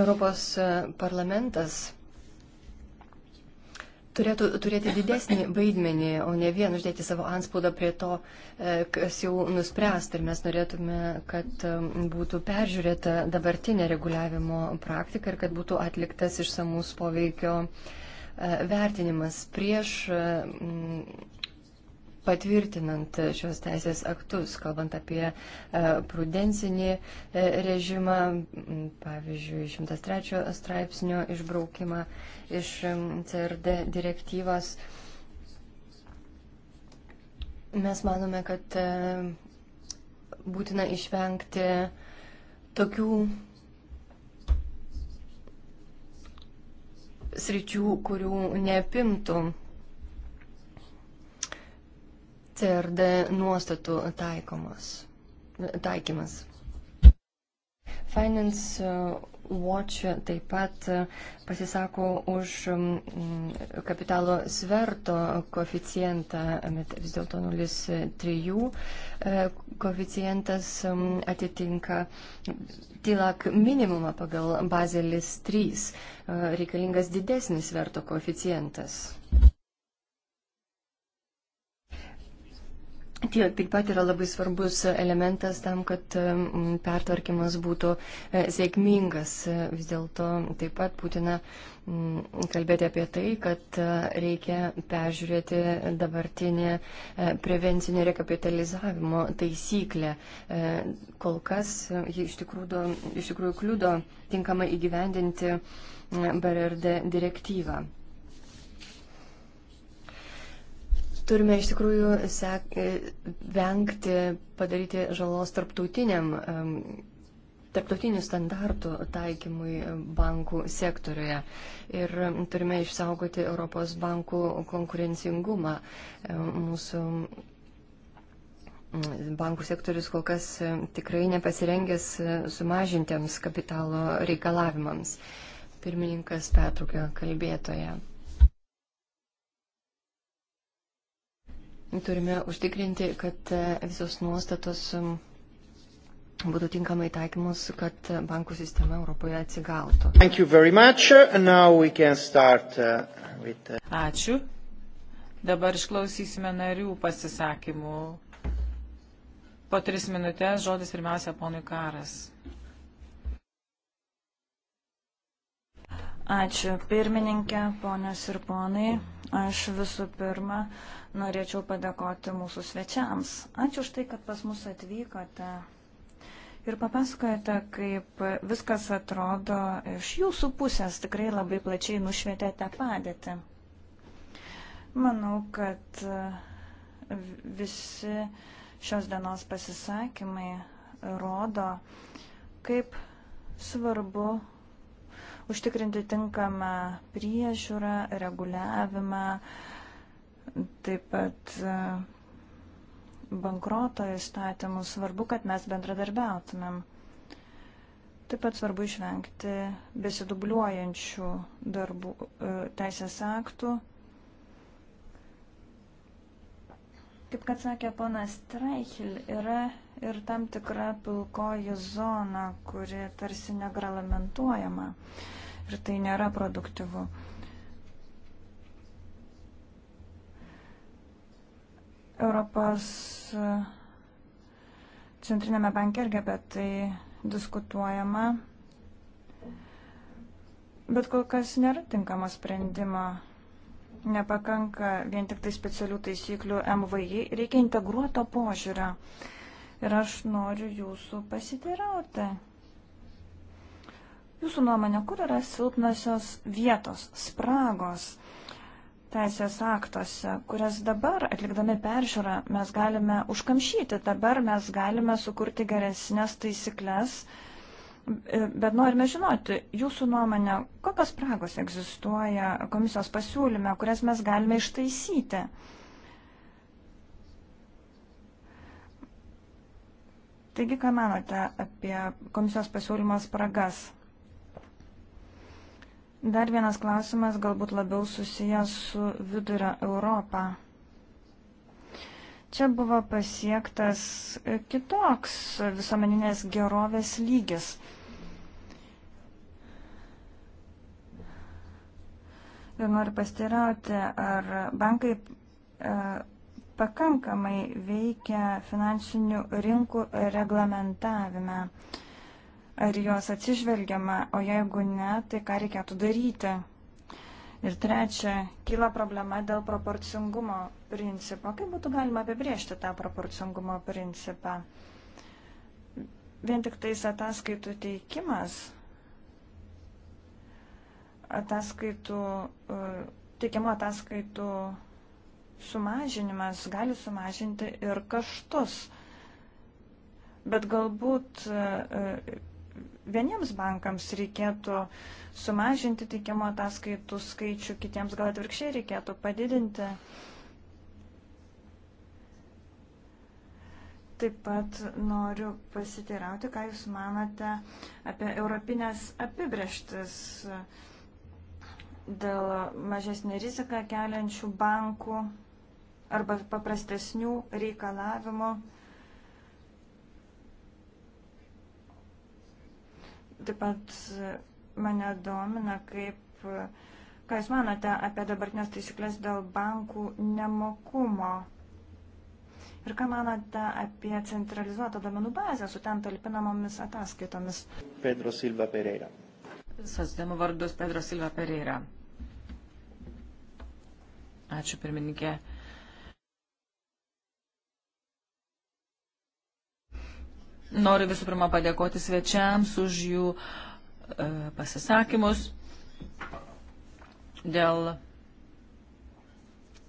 Europos e, parlamentas turėtų turėti didesnį vaidmenį, o ne vien uždėti savo anspaudą prie to, e, kas jau nuspręsta. Ir mes norėtume, kad e, būtų peržiūrėta dabartinė reguliavimo praktika ir kad būtų atliktas išsamus poveikio vertinimas prieš patvirtinant šios teisės aktus, kalbant apie e, prudensinį e, režimą, pavyzdžiui, 103 straipsnio išbraukimą iš CRD direktyvos. Mes manome, kad e, būtina išvengti tokių sričių, kurių neapimtų CRD nuostatų taikomas, taikymas. Finance uh, Watch taip pat uh, pasisako už um, kapitalo sverto koficijantą, bet vis dėlto 0,3 uh, koficijantas um, atitinka tilak minimumą pagal bazelis 3, reikalingas didesnis sverto koficijantas. Tie taip pat yra labai svarbus elementas tam, kad pertvarkymas būtų e, sėkmingas. Vis dėlto taip pat būtina kalbėti apie tai, kad e, reikia peržiūrėti dabartinį e, prevencinį rekapitalizavimo taisyklę. Kol kas ji iš tikrųjų, iš tikrųjų kliudo tinkamai įgyvendinti BRD direktyvą. Turime iš tikrųjų sek, e, vengti padaryti žalos tarptautiniam, tarptautinių standartų taikymui bankų sektoriuje. Ir turime išsaugoti Europos bankų konkurencingumą. E, mūsų bankų sektorius kol kas e, tikrai nepasirengęs sumažintiems kapitalo reikalavimams. Pirmininkas pertraukė kalbėtoje. Turime užtikrinti, kad e, visos nuostatos būtų tinkamai taikymus, kad e, bankų sistema Europoje atsigautų. Start, uh, with... Uh, Ačiū. Dabar išklausysime narių pasisakymų. Po tris minutės žodis pirmiausia ponui Karas. Ačiū pirmininkė, ponios ir ponai. Aš visų pirma norėčiau padėkoti mūsų svečiams. Ačiū už tai, kad pas mus atvykote ir papasakojate, kaip viskas atrodo iš jūsų pusės, tikrai labai plačiai nušvietėte padėtį. Manau, kad visi šios dienos pasisakymai rodo, kaip svarbu užtikrinti tinkamą priežiūrą, reguliavimą, taip pat e, bankroto įstatymų. Svarbu, kad mes bendradarbiautumėm. Taip pat svarbu išvengti besidubliuojančių darbų e, teisės aktų. Kaip kad sakė ponas Streichil, yra ir tam tikra pilkoji zona, kuri tarsi negralamentuojama. Uh, ir tai nėra produktyvu. Europos e, centrinėme banke irgi apie tai diskutuojama, bet kol kas nėra tinkamo sprendimo. Nepakanka vien tik tai specialių taisyklių MVI, reikia integruoto požiūrio. Ir aš noriu jūsų pasiteirauti Jūsų nuomonė, kur yra silpnosios vietos, spragos teisės aktuose, kurias dabar atlikdami peržiūrą mes galime užkamšyti, dabar mes galime sukurti geresnės taisyklės, bet norime žinoti, jūsų nuomonė, kokios spragos egzistuoja komisijos pasiūlyme, kurias mes galime ištaisyti. Taigi, ką manote apie komisijos pasiūlymas spragas? Dar vienas klausimas galbūt labiau susijęs su vidurio Europą. Čia buvo pasiektas kitoks visuomeninės gerovės lygis. Ir noriu pastirauti, ar bankai e, pakankamai veikia finansinių rinkų reglamentavime. E, ar juos atsižvelgiama, o jeigu ne, tai ką reikėtų daryti. Ir trečia, kyla problema dėl proporcingumo principo. Kaip būtų galima apibriežti tą proporcingumo principą? Vien tik tais ataskaitų teikimas, ataskaitų, e, teikiamo ataskaitų sumažinimas gali sumažinti ir kaštus. Bet galbūt e, Vieniems bankams reikėtų sumažinti teikimo ataskaitų skaičių, kitiems gal atvirkščiai reikėtų padidinti. Taip pat noriu pasiteirauti, ką Jūs manate apie europinės apibrieštis dėl mažesnį riziką keliančių bankų arba paprastesnių reikalavimų. Taip pat mane domina, kaip, ką Jūs manote apie dabartinės taisyklės dėl bankų nemokumo. Ir ką manote apie centralizuotą domenų bazę su ten talpinamomis ataskaitomis? Pedro Silva Pereira. Sosdemų vardus Pedro Silva Pereira. Ačiū pirmininkė. Noriu visų pirma padėkoti svečiams už jų e, pasisakymus dėl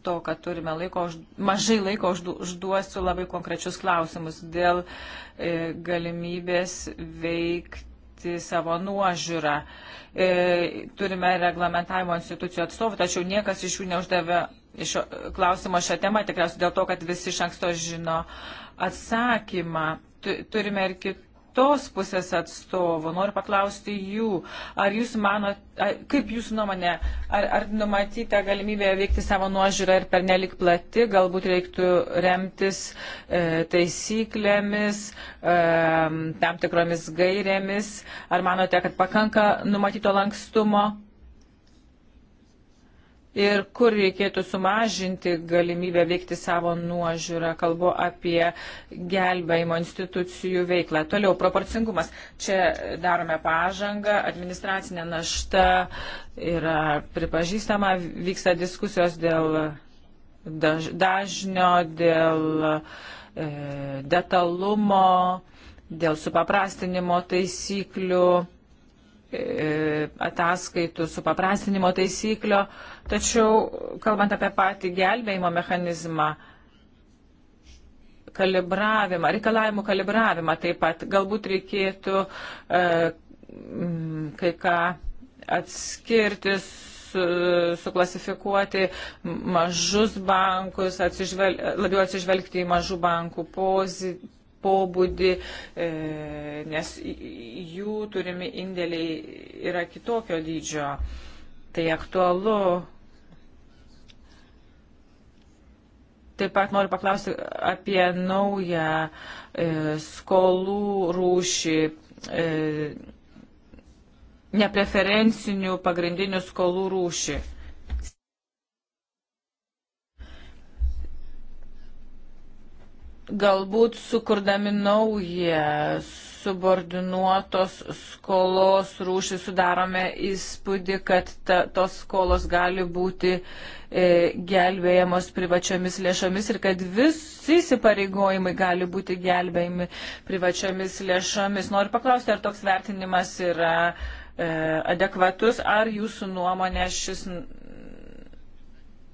to, kad turime laiko, mažai laiko užduosiu labai konkrečius klausimus dėl e, galimybės veikti savo nuožiūrą. E, turime reglamentavimo institucijų atstovų, tačiau niekas iš jų neuždavė iš klausimo šią temą, tikriausiai dėl to, kad visi iš anksto žino atsakymą turime ir kitos pusės atstovų. Noriu paklausti jų, ar jūs mano, ar, kaip jūsų nuomonė, ar, ar numatyta galimybė veikti savo nuožiūrą ir pernelik plati, galbūt reiktų remtis e, taisyklėmis, e, tam tikromis gairėmis, ar manote, kad pakanka numatyto lankstumo? ir kur reikėtų sumažinti galimybę veikti savo nuožiūrą. Kalbu apie gelbėjimo institucijų veiklą. Toliau, proporcingumas. Čia darome pažangą, administracinė našta yra pripažįstama, vyksta diskusijos dėl daž, dažnio, dėl e, detalumo, dėl supaprastinimo taisyklių E, ataskaitų supaprastinimo taisyklio, tačiau kalbant apie patį gelbėjimo mechanizmą, kalibravimą, reikalavimų kalibravimą taip pat, galbūt reikėtų e, kai ką atskirti, su, suklasifikuoti mažus bankus, atsižvel, labiau atsižvelgti į mažų bankų poziciją pobūdį, e, nes jų turimi indėliai yra kitokio dydžio. Tai aktualu. Taip pat noriu paklausti apie naują e, skolų rūšį e, nepreferencinių pagrindinių skolų rūšį. galbūt sukurdami naują subordinuotos skolos rūšį sudarome įspūdį, kad ta, tos skolos gali būti e, gelbėjamos privačiomis lėšomis ir kad visi įsipareigojimai gali būti gelbėjami privačiomis lėšomis. Noriu paklausti, ar toks vertinimas yra e, adekvatus, ar jūsų nuomonė šis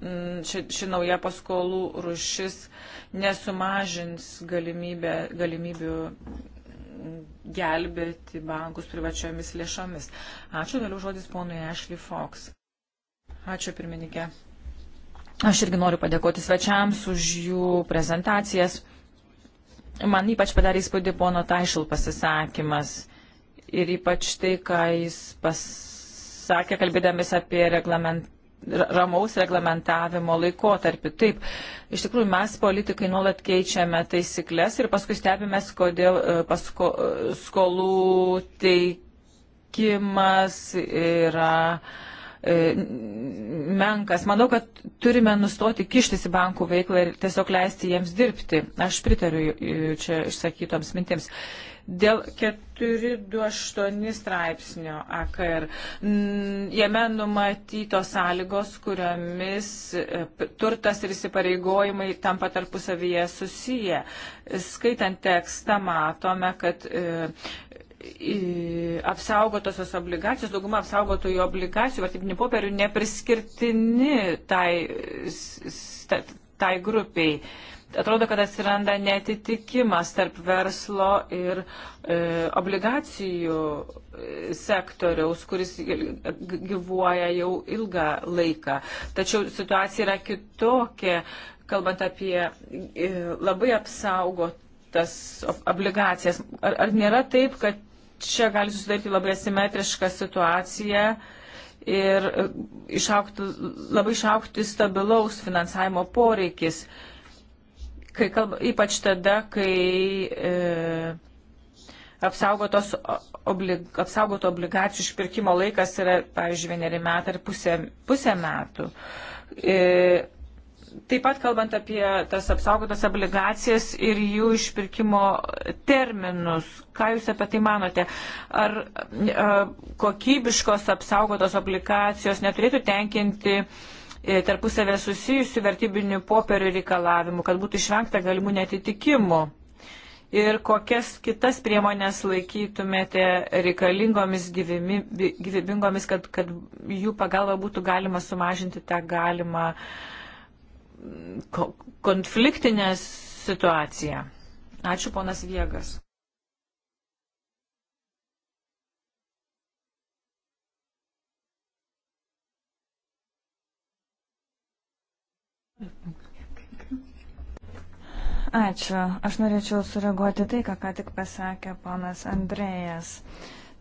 Mm, ši, ši nauja paskolų rušis nesumažins galimybę, galimybių gelbėti bankus privačiomis lėšomis. Ačiū, vėliau žodis ponui Ashley Fox. Ačiū, pirmininkė. Aš irgi noriu padėkoti svečiams už jų prezentacijas. Man ypač padarė įspūdį pono Taišil pasisakymas ir ypač tai, ką jis pasakė, kalbėdamis apie reglamentą ramaus reglamentavimo laikotarpį. Taip, iš tikrųjų mes politikai nuolat keičiame taisyklės ir paskui stebimės, kodėl e, pasko, e, skolų teikimas yra e, menkas. Manau, kad turime nustoti kištis į bankų veiklą ir tiesiog leisti jiems dirbti. Aš pritariu čia išsakytoms mintims. Dėl 428 straipsnio AKR jame numatytos sąlygos, kuriomis e, turtas ir įsipareigojimai tampa tarpusavyje susiję. Skaitant tekstą matome, kad e, apsaugotosios obligacijos, dauguma apsaugotojų obligacijų, vertybinių popierių nepriskirtini tai, tai grupiai atrodo, kad atsiranda netitikimas tarp verslo ir e, obligacijų e, sektoriaus, kuris gyvuoja jau ilgą laiką. Tačiau situacija yra kitokia, kalbant apie e, labai apsaugotas obligacijas. Ar, ar nėra taip, kad čia gali susidaryti labai asimetriška situacija? ir e, išaukti, labai išaukti stabilaus finansavimo poreikis. E, kai kalba, ypač tada, kai e, apsaugotos, oblig, apsaugoto obligacijų išpirkimo laikas yra, pavyzdžiui, vieneri metai ar pusė, pusė metų. E, Taip pat kalbant apie tas apsaugotas obligacijas ir jų išpirkimo terminus, ką Jūs apie tai manote? Ar e, kokybiškos apsaugotos obligacijos neturėtų tenkinti e, E, tarpusavę susijusių vertybinių popierių reikalavimų, kad būtų išvengta galimų netitikimų. Ir kokias kitas priemonės laikytumėte reikalingomis gyvimi, gyvybingomis, kad, kad jų pagalba būtų galima sumažinti tą galimą mm, konfliktinę situaciją. Ačiū, ponas Viegas. Ačiū. Aš norėčiau sureaguoti tai, ką ką tik pasakė ponas Andrėjas.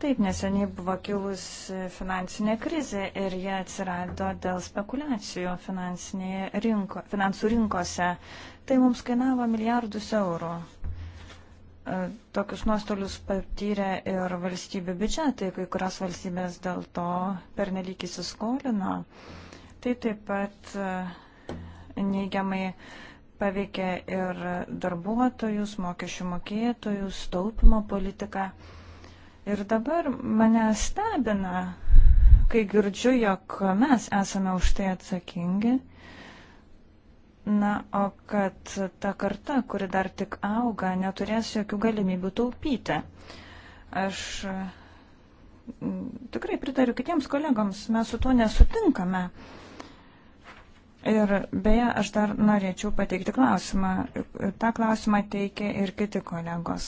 Taip, neseniai buvo kilus finansinė krizė ir jie atsirado dėl spekulacijų rinko, finansų rinkose. Tai mums kainavo milijardus eurų. E, tokius nuostolius patyrė ir valstybių biudžetai, kai kurios valstybės dėl to pernelyg įsiskolino. Tai taip pat e, neigiamai paveikė ir darbuotojus, mokesčių mokėtojus, taupimo politiką. Ir dabar mane stebina, kai girdžiu, jog mes esame už tai atsakingi. Na, o kad ta karta, kuri dar tik auga, neturės jokių galimybių taupyti. Aš mm, tikrai pritariu kitiems kolegoms, mes su tuo nesutinkame. Uh, Ir beje, aš dar norėčiau pateikti klausimą. Ta klausimą teikia ir kiti kolegos.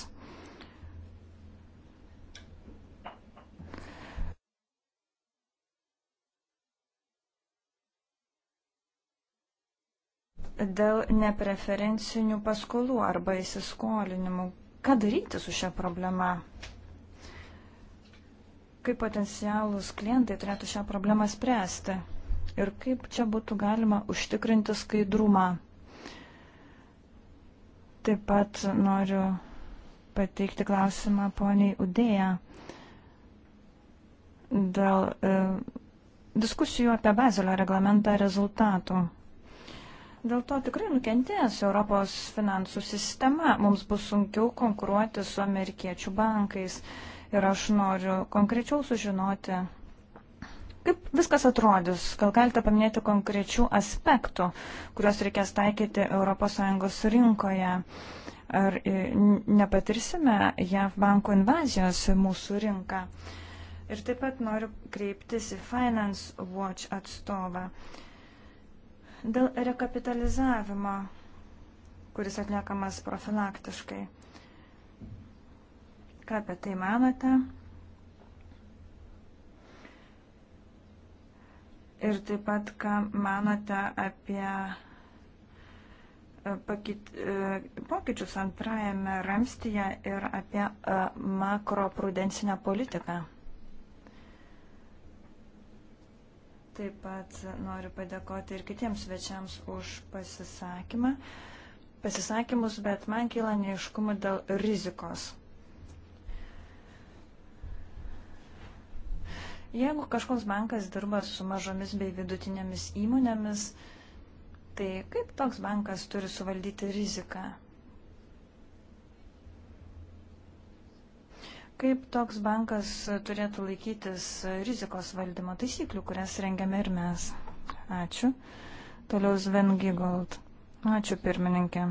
Dėl nepreferencinių paskolų arba įsiskolinimų. Ką daryti su šia problema? Kaip potencialūs klientai turėtų šią problemą spręsti? ir kaip čia būtų galima užtikrinti skaidrumą. Taip pat noriu pateikti klausimą poniai Udėja dėl e, diskusijų apie Bazilio reglamentą rezultatų. Dėl to tikrai nukentės Europos finansų sistema. Mums bus sunkiau konkuruoti su amerikiečių bankais. Ir aš noriu konkrečiau sužinoti, Kaip viskas atrodys? Gal galite paminėti konkrečių aspektų, kuriuos reikės taikyti ES rinkoje? Ar e, nepatirsime JAV banko invazijos į mūsų rinką? Ir taip pat noriu kreiptis į Finance Watch atstovą. Dėl rekapitalizavimo, kuris atliekamas profilaktiškai. Ką apie tai manote? ir taip pat, ką manote apie e, pakeit, e, pokyčius antrajame ramstyje ir apie e, makroprudencinę politiką. Taip pat noriu padėkoti ir kitiems svečiams už pasisakymą. Pasisakymus, bet man kyla neiškumų dėl rizikos. Jeigu kažkoks bankas dirba su mažomis bei vidutinėmis įmonėmis, tai kaip toks bankas turi suvaldyti riziką? Kaip toks bankas turėtų laikytis rizikos valdymo taisyklių, kurias rengiame ir mes? Ačiū. Toliau Sven Gigold. Ačiū pirmininkė.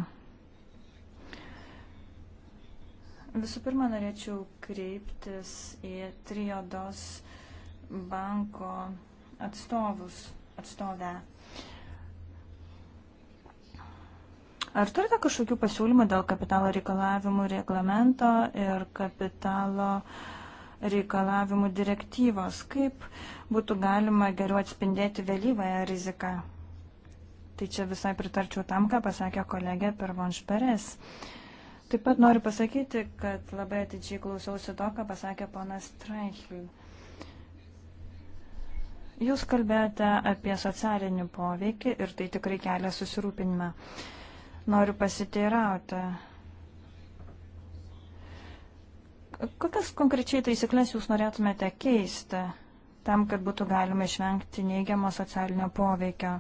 Visų pirma, norėčiau kreiptis į triodos banko atstovus, atstovę. Ar turite kažkokių pasiūlymų dėl kapitalo reikalavimų reglamento ir kapitalo reikalavimų direktyvos? Kaip būtų galima geriau atspindėti vėlyvąją riziką? Tai čia visai pritarčiau tam, ką pasakė kolegė Pervonš Peres. Taip pat noriu pasakyti, kad labai atidžiai klausiausi to, ką pasakė ponas Treichl. Jūs kalbėjote apie socialinį poveikį ir tai tikrai kelia susirūpinimą. Noriu pasiteirauti. Kokias konkrečiai taisyklės jūs norėtumėte keisti tam, kad būtų galima išvengti neigiamo socialinio poveikio?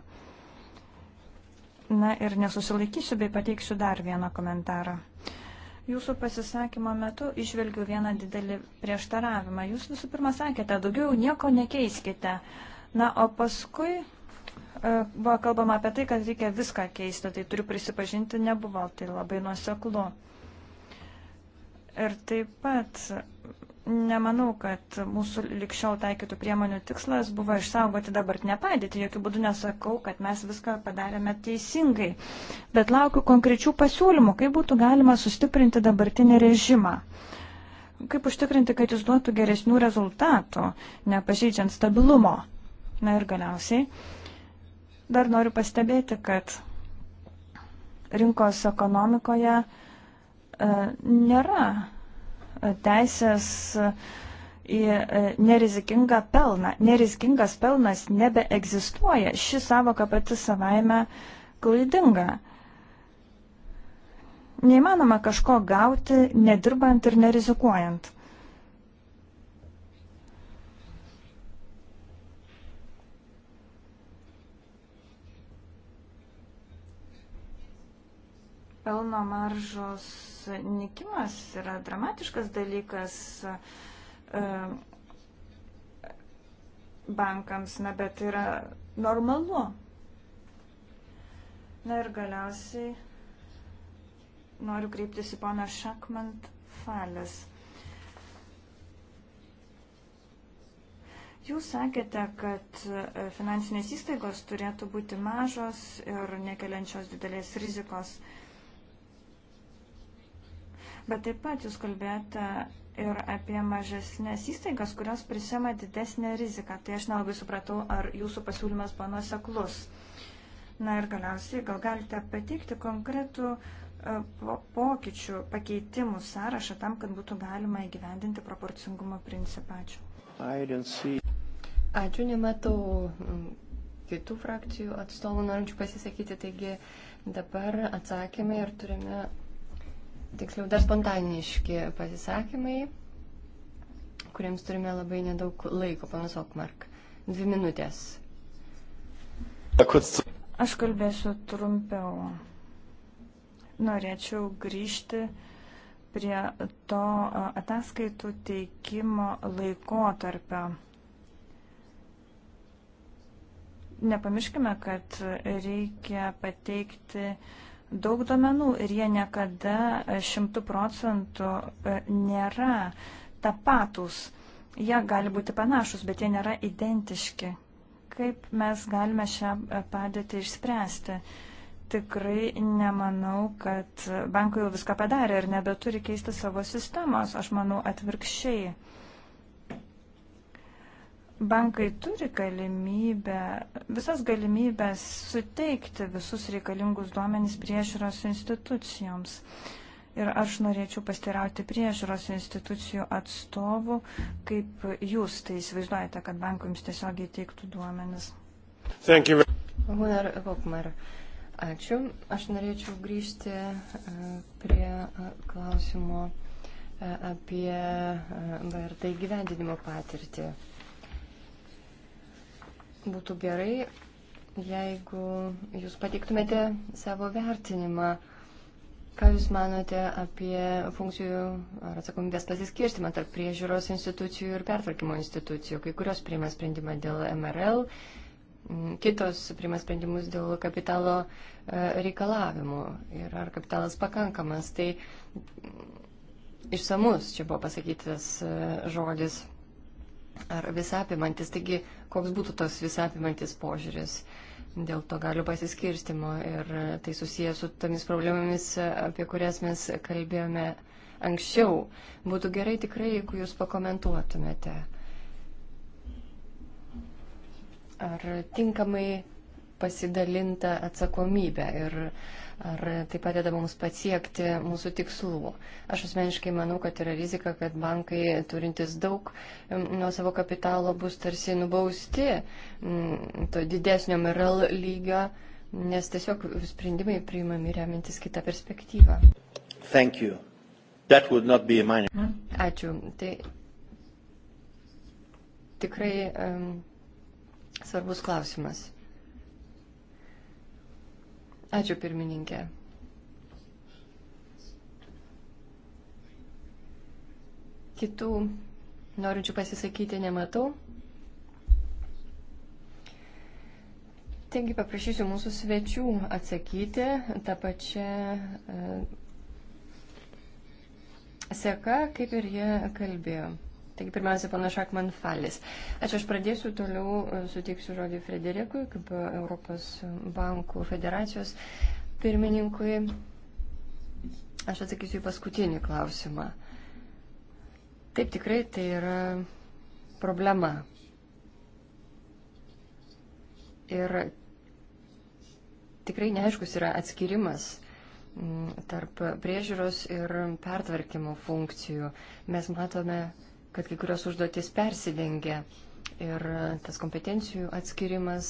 Na ir nesusilaikysiu, bei pateiksiu dar vieną komentarą. Jūsų pasisakymo metu išvelgiu vieną didelį prieštaravimą. Jūs visų pirma sakėte, daugiau nieko nekeiskite. Na, o paskui e, buvo kalbama apie tai, kad reikia viską keisti, tai turiu prisipažinti, nebuvo tai labai nuoseklu. Ir taip pat Nemanau, kad mūsų likščiau taikytų priemonių tikslas buvo išsaugoti dabartinę padėtį. Jokių būdų nesakau, kad mes viską padarėme teisingai. Bet laukiu konkrečių pasiūlymų, kaip būtų galima sustiprinti dabartinį režimą. Kaip užtikrinti, kad jis duotų geresnių rezultatų, nepažeidžiant stabilumo. Na ir galiausiai dar noriu pastebėti, kad rinkos ekonomikoje e, nėra teisės į e, nerizikingą pelną. Nerizikingas pelnas nebeegzistuoja. Ši savoka pati savaime klaidinga. Neįmanoma kažko gauti, nedirbant ir nerizikuojant. Pelno maržos nikimas yra dramatiškas dalykas e, bankams, na, bet tai yra normalu. Na ir galiausiai noriu kreiptis į poną Šakmant Falės. Jūs sakėte, kad e, finansinės įstaigos turėtų būti mažos ir nekeliančios didelės rizikos. Bet taip pat jūs kalbėjote ir apie mažesnės įstaigas, kurios prisima didesnę riziką. Tai aš nelabai supratau, ar jūsų pasiūlymas buvo nuoseklus. Na ir galiausiai, gal galite pateikti konkretų e, pokyčių, pakeitimų sąrašą tam, kad būtų galima įgyvendinti proporcingumo principą. Ačiū. Ačiū, nematau kitų frakcijų atstovų norinčių pasisakyti, taigi dabar atsakymai ir turime tiksliau dar spontaniški pasisakymai, kuriems turime labai nedaug laiko, panas Okmark. Dvi minutės. Aš kalbėsiu trumpiau. Norėčiau grįžti prie to ataskaitų teikimo laikotarpio. Nepamirškime, kad reikia pateikti uh, daug duomenų ir jie niekada šimtų procentų e, nėra tapatus. Jie gali būti panašus, bet jie nėra identiški. Kaip mes galime šią e, padėtį išspręsti? Tikrai nemanau, kad bankai jau viską padarė ir nebeturi keisti savo sistemos. Aš manau atvirkščiai bankai turi galimybę, visas galimybės suteikti visus reikalingus duomenys priežiūros institucijoms. Ir aš norėčiau pastirauti priežiūros institucijų atstovų, kaip jūs tai įsivaizduojate, kad bankai jums tiesiogiai teiktų duomenis. Hunar Vokmar, ačiū. Aš norėčiau grįžti e, prie e, klausimo e, apie BRT gyvendinimo patirtį būtų gerai, jeigu jūs patiktumėte savo vertinimą. Ką Jūs manote apie funkcijų ar atsakomybės pasiskirstimą tarp priežiūros institucijų ir pertvarkymo institucijų? Kai kurios priima sprendimą dėl MRL, kitos priima sprendimus dėl kapitalo e, reikalavimų ir ar kapitalas pakankamas. Tai išsamus čia buvo pasakytas e, žodis ar visapimantis. Taigi, koks būtų tas visapimantis požiūris. Dėl to galių pasiskirstimo ir tai susijęs su tomis problemomis, apie kurias mes kalbėjome anksčiau. Būtų gerai tikrai, jeigu jūs pakomentuotumėte. Ar tinkamai pasidalinta atsakomybė ir uh, ar tai padeda mums pasiekti mūsų tikslų. Aš asmeniškai manau, kad yra rizika, kad bankai turintys daug nuo savo kapitalo bus tarsi nubausti to didesnio MRL lygio, nes tiesiog sprendimai priimami remintis kitą perspektyvą. Ačiū. Tai tikrai um, svarbus klausimas. Ačiū pirmininkė. Kitų norinčių pasisakyti nematau. Taigi paprašysiu mūsų svečių atsakyti tą pačią e, seką, kaip ir jie kalbėjo. Taigi pirmiausia, pana Šakman Falis. Ačiū, aš pradėsiu toliau, e, suteiksiu žodį Frederikui, kaip e, Europos bankų federacijos pirmininkui. Aš atsakysiu į paskutinį klausimą. Taip tikrai tai yra problema. Ir tikrai neaiškus yra atskirimas tarp priežiūros ir pertvarkymo funkcijų. Mes matome kad kai kurios užduotis persidengia ir tas kompetencijų atskirimas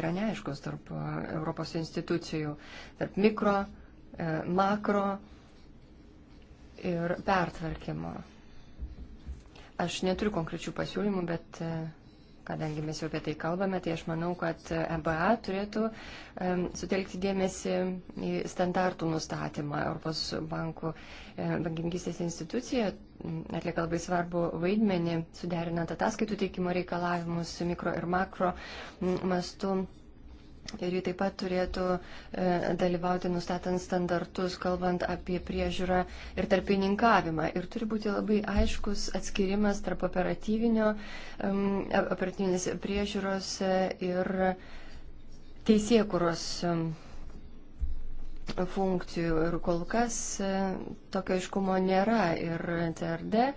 yra neaiškus tarp e, Europos institucijų, tarp mikro, e, makro ir pertvarkymo. Aš neturiu konkrečių pasiūlymų, bet e, kadangi mes jau apie tai kalbame, tai aš manau, kad EBA turėtų sutelkti dėmesį į standartų nustatymą. Europos bankų e, bankininkistės institucija atlieka labai svarbu vaidmenį, suderinant ataskaitų teikimo reikalavimus mikro ir makro mastu. Ir jie taip pat turėtų e, dalyvauti nustatant standartus, kalbant apie priežiūrą ir tarpininkavimą. Ir turi būti labai aiškus atskirimas tarp operatyvinio, operatyvinės priežiūros e, ir teisėkuros funkcijų. Ir kol kas e, tokio aiškumo nėra. Ir CRD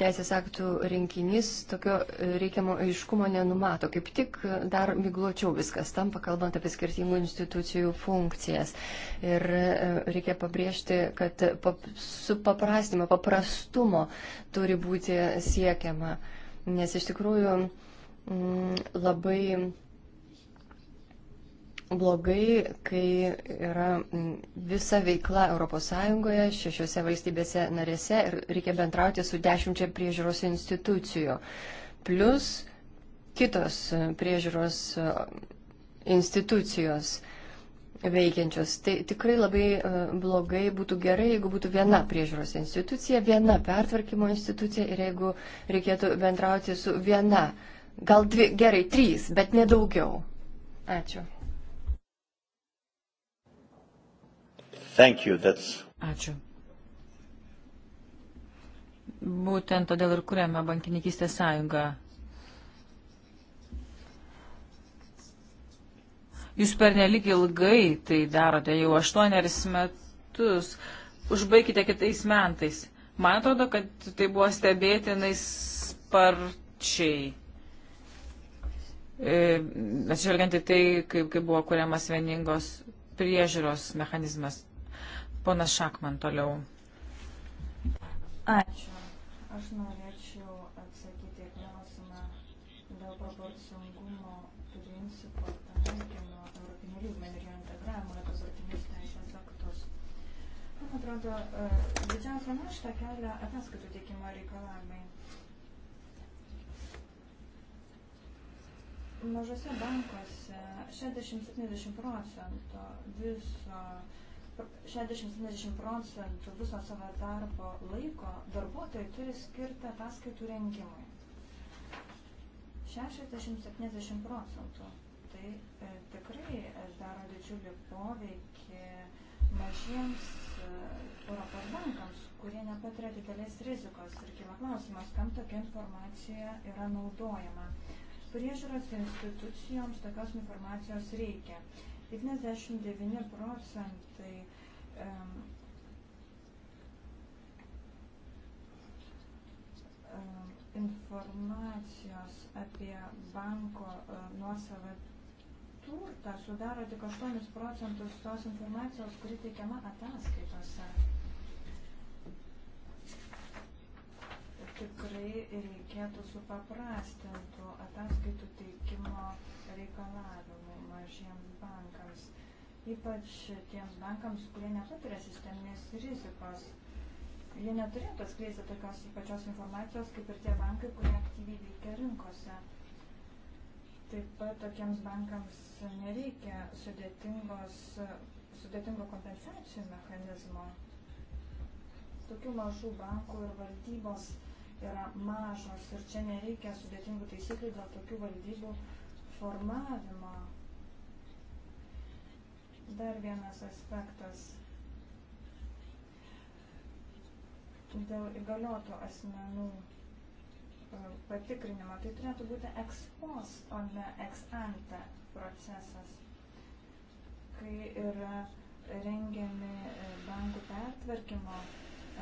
teisės aktų rinkinys tokio e, reikiamo aiškumo nenumato. Kaip tik e, dar migločiau viskas tampa, kalbant apie skirtingų institucijų funkcijas. Ir e, reikia pabrėžti, kad pap, su paprastimo, paprastumo turi būti siekiama. Nes iš tikrųjų m, mm, labai blogai, kai yra visa veikla ES, šešiose valstybėse narėse ir reikia bendrauti su dešimčia priežiūros institucijų. Plus kitos priežiūros e, institucijos veikiančios. Tai tikrai labai e, blogai būtų gerai, jeigu būtų viena priežiūros institucija, viena pertvarkymo institucija ir jeigu reikėtų bendrauti su viena, gal dvi, gerai, trys, bet nedaugiau. Ačiū. Thank you, that's... Ačiū. Būtent todėl ir kuriame bankininkystės sąjungą. Jūs per nelik ilgai tai darote, jau aštuoneris metus. Užbaikite kitais metais. Man atrodo, kad tai buvo stebėtinai sparčiai. E, Atsižvelgiant į tai, kaip, kaip buvo kuriamas vieningos priežiūros mechanizmas. Ponas Šakman toliau. Ačiū. Aš norėčiau atsakyti klausimą dėl proporcingumo principo taikymo Europinio lygmenį ir jo integravimo į dabartinius teisės aktus. Man atrodo, e, didžiausia našta kelia ataskaitų teikimo reikalavimai. Mažose bankuose 60-70 procentų viso 60-70 procentų viso savo darbo laiko darbuotojai turi skirtą ataskaitų rengimui. 60-70 procentų. Tai e, tikrai e, daro didžiulį poveikį mažiems e, Europos bankams, kurie nepatiria didelės rizikos. Ir kyla klausimas, kam tokia informacija yra naudojama. Priežiūros institucijoms tokios informacijos reikia. E, 99 procentai um, informacijos apie banko e, nuosavą turtą sudaro tik 8 procentus tos informacijos, kuri teikiama ataskaitose. Tikrai reikėtų supaprastintų ataskaitų teikimo reikalavimų šiems bankams, ypač tiems bankams, kurie nepatiria sisteminės rizikos. Jie neturėtų atskleisti tokios pačios informacijos, kaip ir tie bankai, kurie aktyviai veikia rinkose. Taip pat tokiems bankams nereikia sudėtingo kompensacijų mechanizmo. Tokių mažų bankų ir valdybos yra mažos ir čia nereikia sudėtingų taisyklių dėl tokių valdybų formavimo. Dar vienas aspektas dėl įgaliotų asmenų e, patikrinimo. Tai turėtų būti ekspos, o ne eksante procesas, kai yra rengiami e, bankų pertvarkymo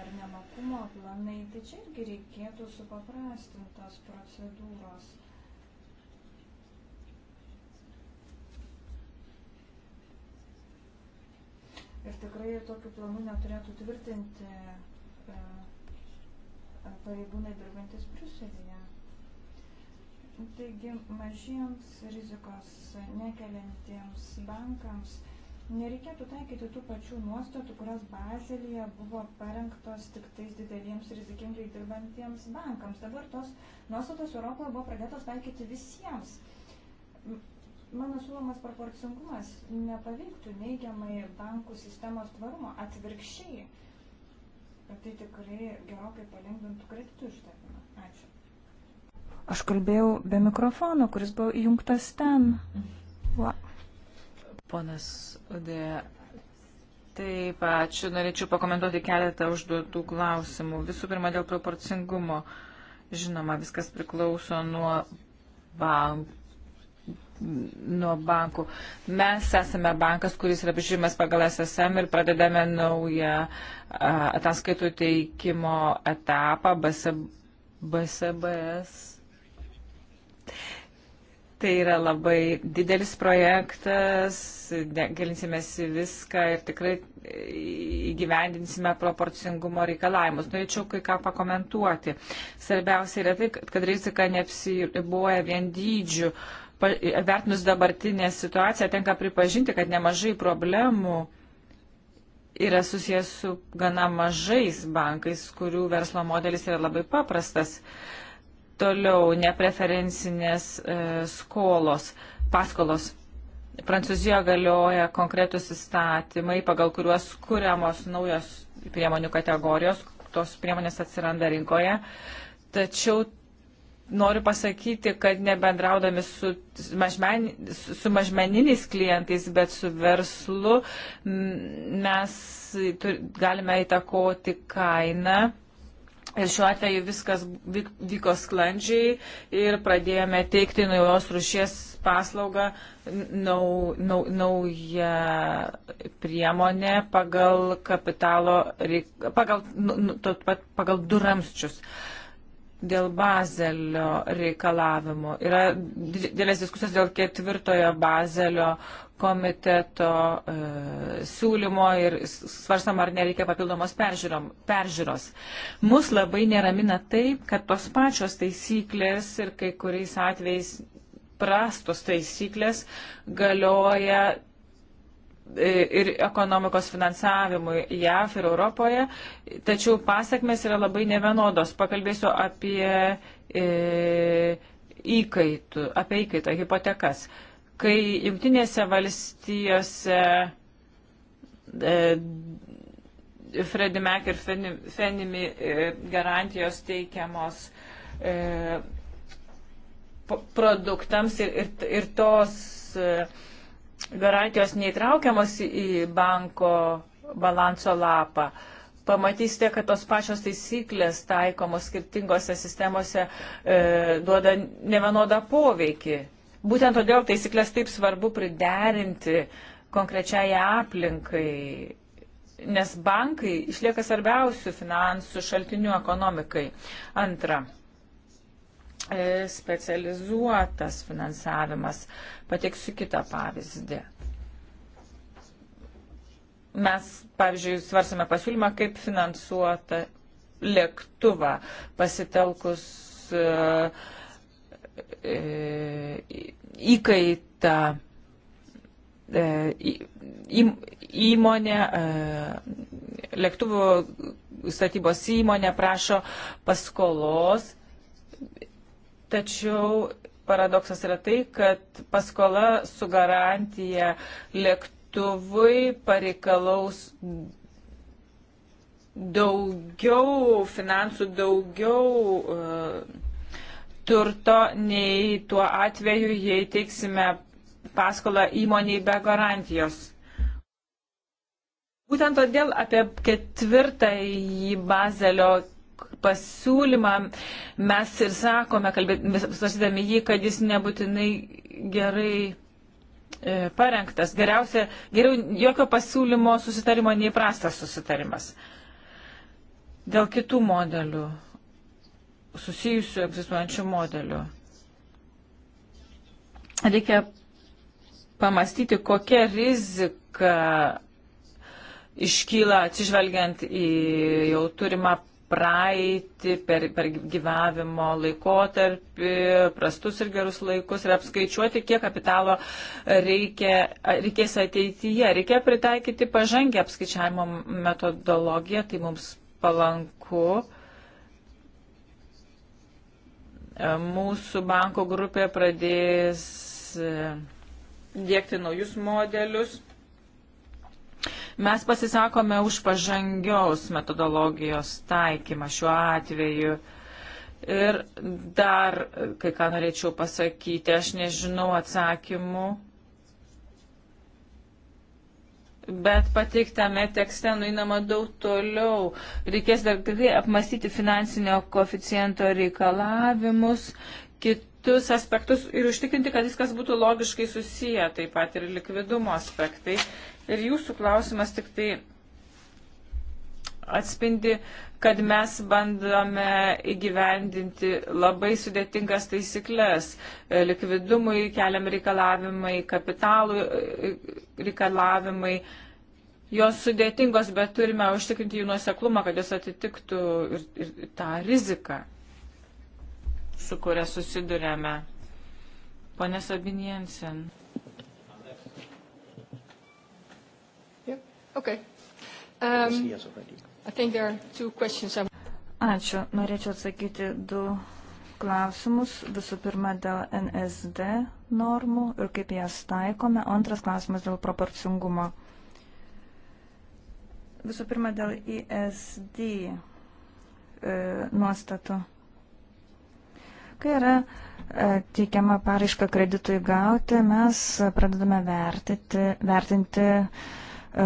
ar nemokumo planai, tai čia irgi reikėtų supaprastintos procedūros. Ir tikrai tokių planų neturėtų tvirtinti e, pareigūnai dirbantis Briuselėje. Taigi mažiems rizikos nekeliantiems bankams nereikėtų taikyti tų pačių nuostatų, kurios Bazelėje buvo parengtos tik tais dideliems rizikingai dirbantiems bankams. Dabar tos nuostatos Europoje buvo pradėtos taikyti visiems. Mano siūlomas proporcingumas nepaveiktų neigiamai bankų sistemos tvarumo, atvirkščiai. Tai tikrai gerokai palengvintų kreditų išdavimą. Ačiū. Aš kalbėjau be mikrofono, kuris buvo įjungtas ten. Va. Ponas Udė. Taip, ačiū. Norėčiau pakomentuoti keletą užduotų klausimų. Visų pirma, dėl proporcingumo. Žinoma, viskas priklauso nuo bankų nuo bankų. Mes esame bankas, kuris yra prižiūrimas pagal SSM ir pradedame naują ataskaitų teikimo etapą BSBS. Tai yra labai didelis projektas, gilinsimės į viską ir tikrai įgyvendinsime proporcingumo reikalavimus. Norėčiau kai ką pakomentuoti. Svarbiausia yra tai, kad rizika neapsiriboja vien dydžių. Uh, vertinus dabartinę situaciją, tenka pripažinti, kad nemažai problemų yra susijęs su gana mažais bankais, kurių verslo modelis yra labai paprastas. Toliau nepreferencinės e, skolos, paskolos. Prancūzijoje galioja konkretus įstatymai, pagal kuriuos kuriamos naujos priemonių kategorijos, tos priemonės atsiranda rinkoje. Tačiau noriu pasakyti, kad nebendraudami su, mažmen, su mažmeniniais klientais, bet su verslu, mes tur, galime įtakoti kainą. Ir šiuo atveju viskas vyko sklandžiai ir pradėjome teikti naujos rušies paslaugą, nau, nau, naują priemonę pagal kapitalo, pagal, nu, nu pagal du ramščius. Uh, dėl bazelio reikalavimo. Yra didelės diskusijos dėl ketvirtojo bazelio komiteto e, siūlymo ir svarstam, ar nereikia papildomos peržiūrom, peržiūros. Mus labai neramina taip, kad tos pačios taisyklės ir kai kuriais atvejais prastos taisyklės galioja E, ir ekonomikos finansavimui JAF ir Europoje, tačiau pasiekmes yra labai nevienodos. Pakalbėsiu apie e, įkaitų, apie įkaitą, hipotekas. Kai jungtinėse valstijose e, Freddy Mac ir Fenimi e, garantijos teikiamos e, produktams ir, ir, ir tos e, garantijos neįtraukiamos į banko balanso lapą. Pamatysite, kad tos pačios taisyklės taikomos skirtingose sistemose e, duoda nevienodą poveikį. Būtent todėl taisyklės taip svarbu priderinti konkrečiai aplinkai, nes bankai išlieka svarbiausių finansų šaltinių ekonomikai. Antra, E, specializuotas finansavimas. Pateiksiu kitą pavyzdį. Mes, pavyzdžiui, svarsime pasiūlymą, kaip finansuota lėktuvą pasitelkus e, e, įkaitą įmonė, lėktuvų statybos įmonė prašo paskolos Tačiau paradoksas yra tai, kad paskola su garantija lėktuvui pareikalaus daugiau finansų, daugiau uh, turto nei tuo atveju, jei teiksime paskolą įmoniai be garantijos. Būtent todėl apie ketvirtąjį Bazelio pasiūlymą mes ir sakome, svarstydami jį, kad jis nebūtinai gerai e, parengtas. Geriausia, geriau jokio pasiūlymo susitarimo nei prastas susitarimas. Dėl kitų modelių, susijusių egzistuojančių modelių, reikia pamastyti, kokia rizika iškyla atsižvelgiant į jau turimą praeitį, per, per gyvavimo laikotarpį, prastus ir gerus laikus ir apskaičiuoti, kiek kapitalo reikia, reikės ateityje. Reikia pritaikyti pažangę apskaičiavimo metodologiją, tai mums palanku. Mūsų banko grupė pradės dėkti naujus modelius Mes pasisakome už pažangios metodologijos taikymą šiuo atveju. Ir dar, kai ką norėčiau pasakyti, aš nežinau atsakymų, bet patiktame tekste nuinama daug toliau. Reikės dar apmastyti finansinio koficijento reikalavimus, kitus aspektus ir užtikrinti, kad viskas būtų logiškai susiję, taip pat ir likvidumo aspektai. Ir jūsų klausimas tik tai atspindi, kad mes bandome įgyvendinti labai sudėtingas taisyklės. E, likvidumui keliam reikalavimai, kapitalų e, reikalavimai. Jos sudėtingos, bet turime užtikrinti jų nuoseklumą, kad jos atitiktų ir, ir tą riziką, su kuria susidurėme. Pane Sabiniensen. Okay. Um, I think there are two questions. Ačiū. Norėčiau atsakyti du klausimus. Visų pirma, dėl NSD normų ir kaip jas taikome. Antras klausimas dėl proporcingumo. Visų pirma, dėl ISD e, nuostatų. Kai yra e, teikiama paraiška kreditui gauti, mes pradedame vertinti, vertinti e, E,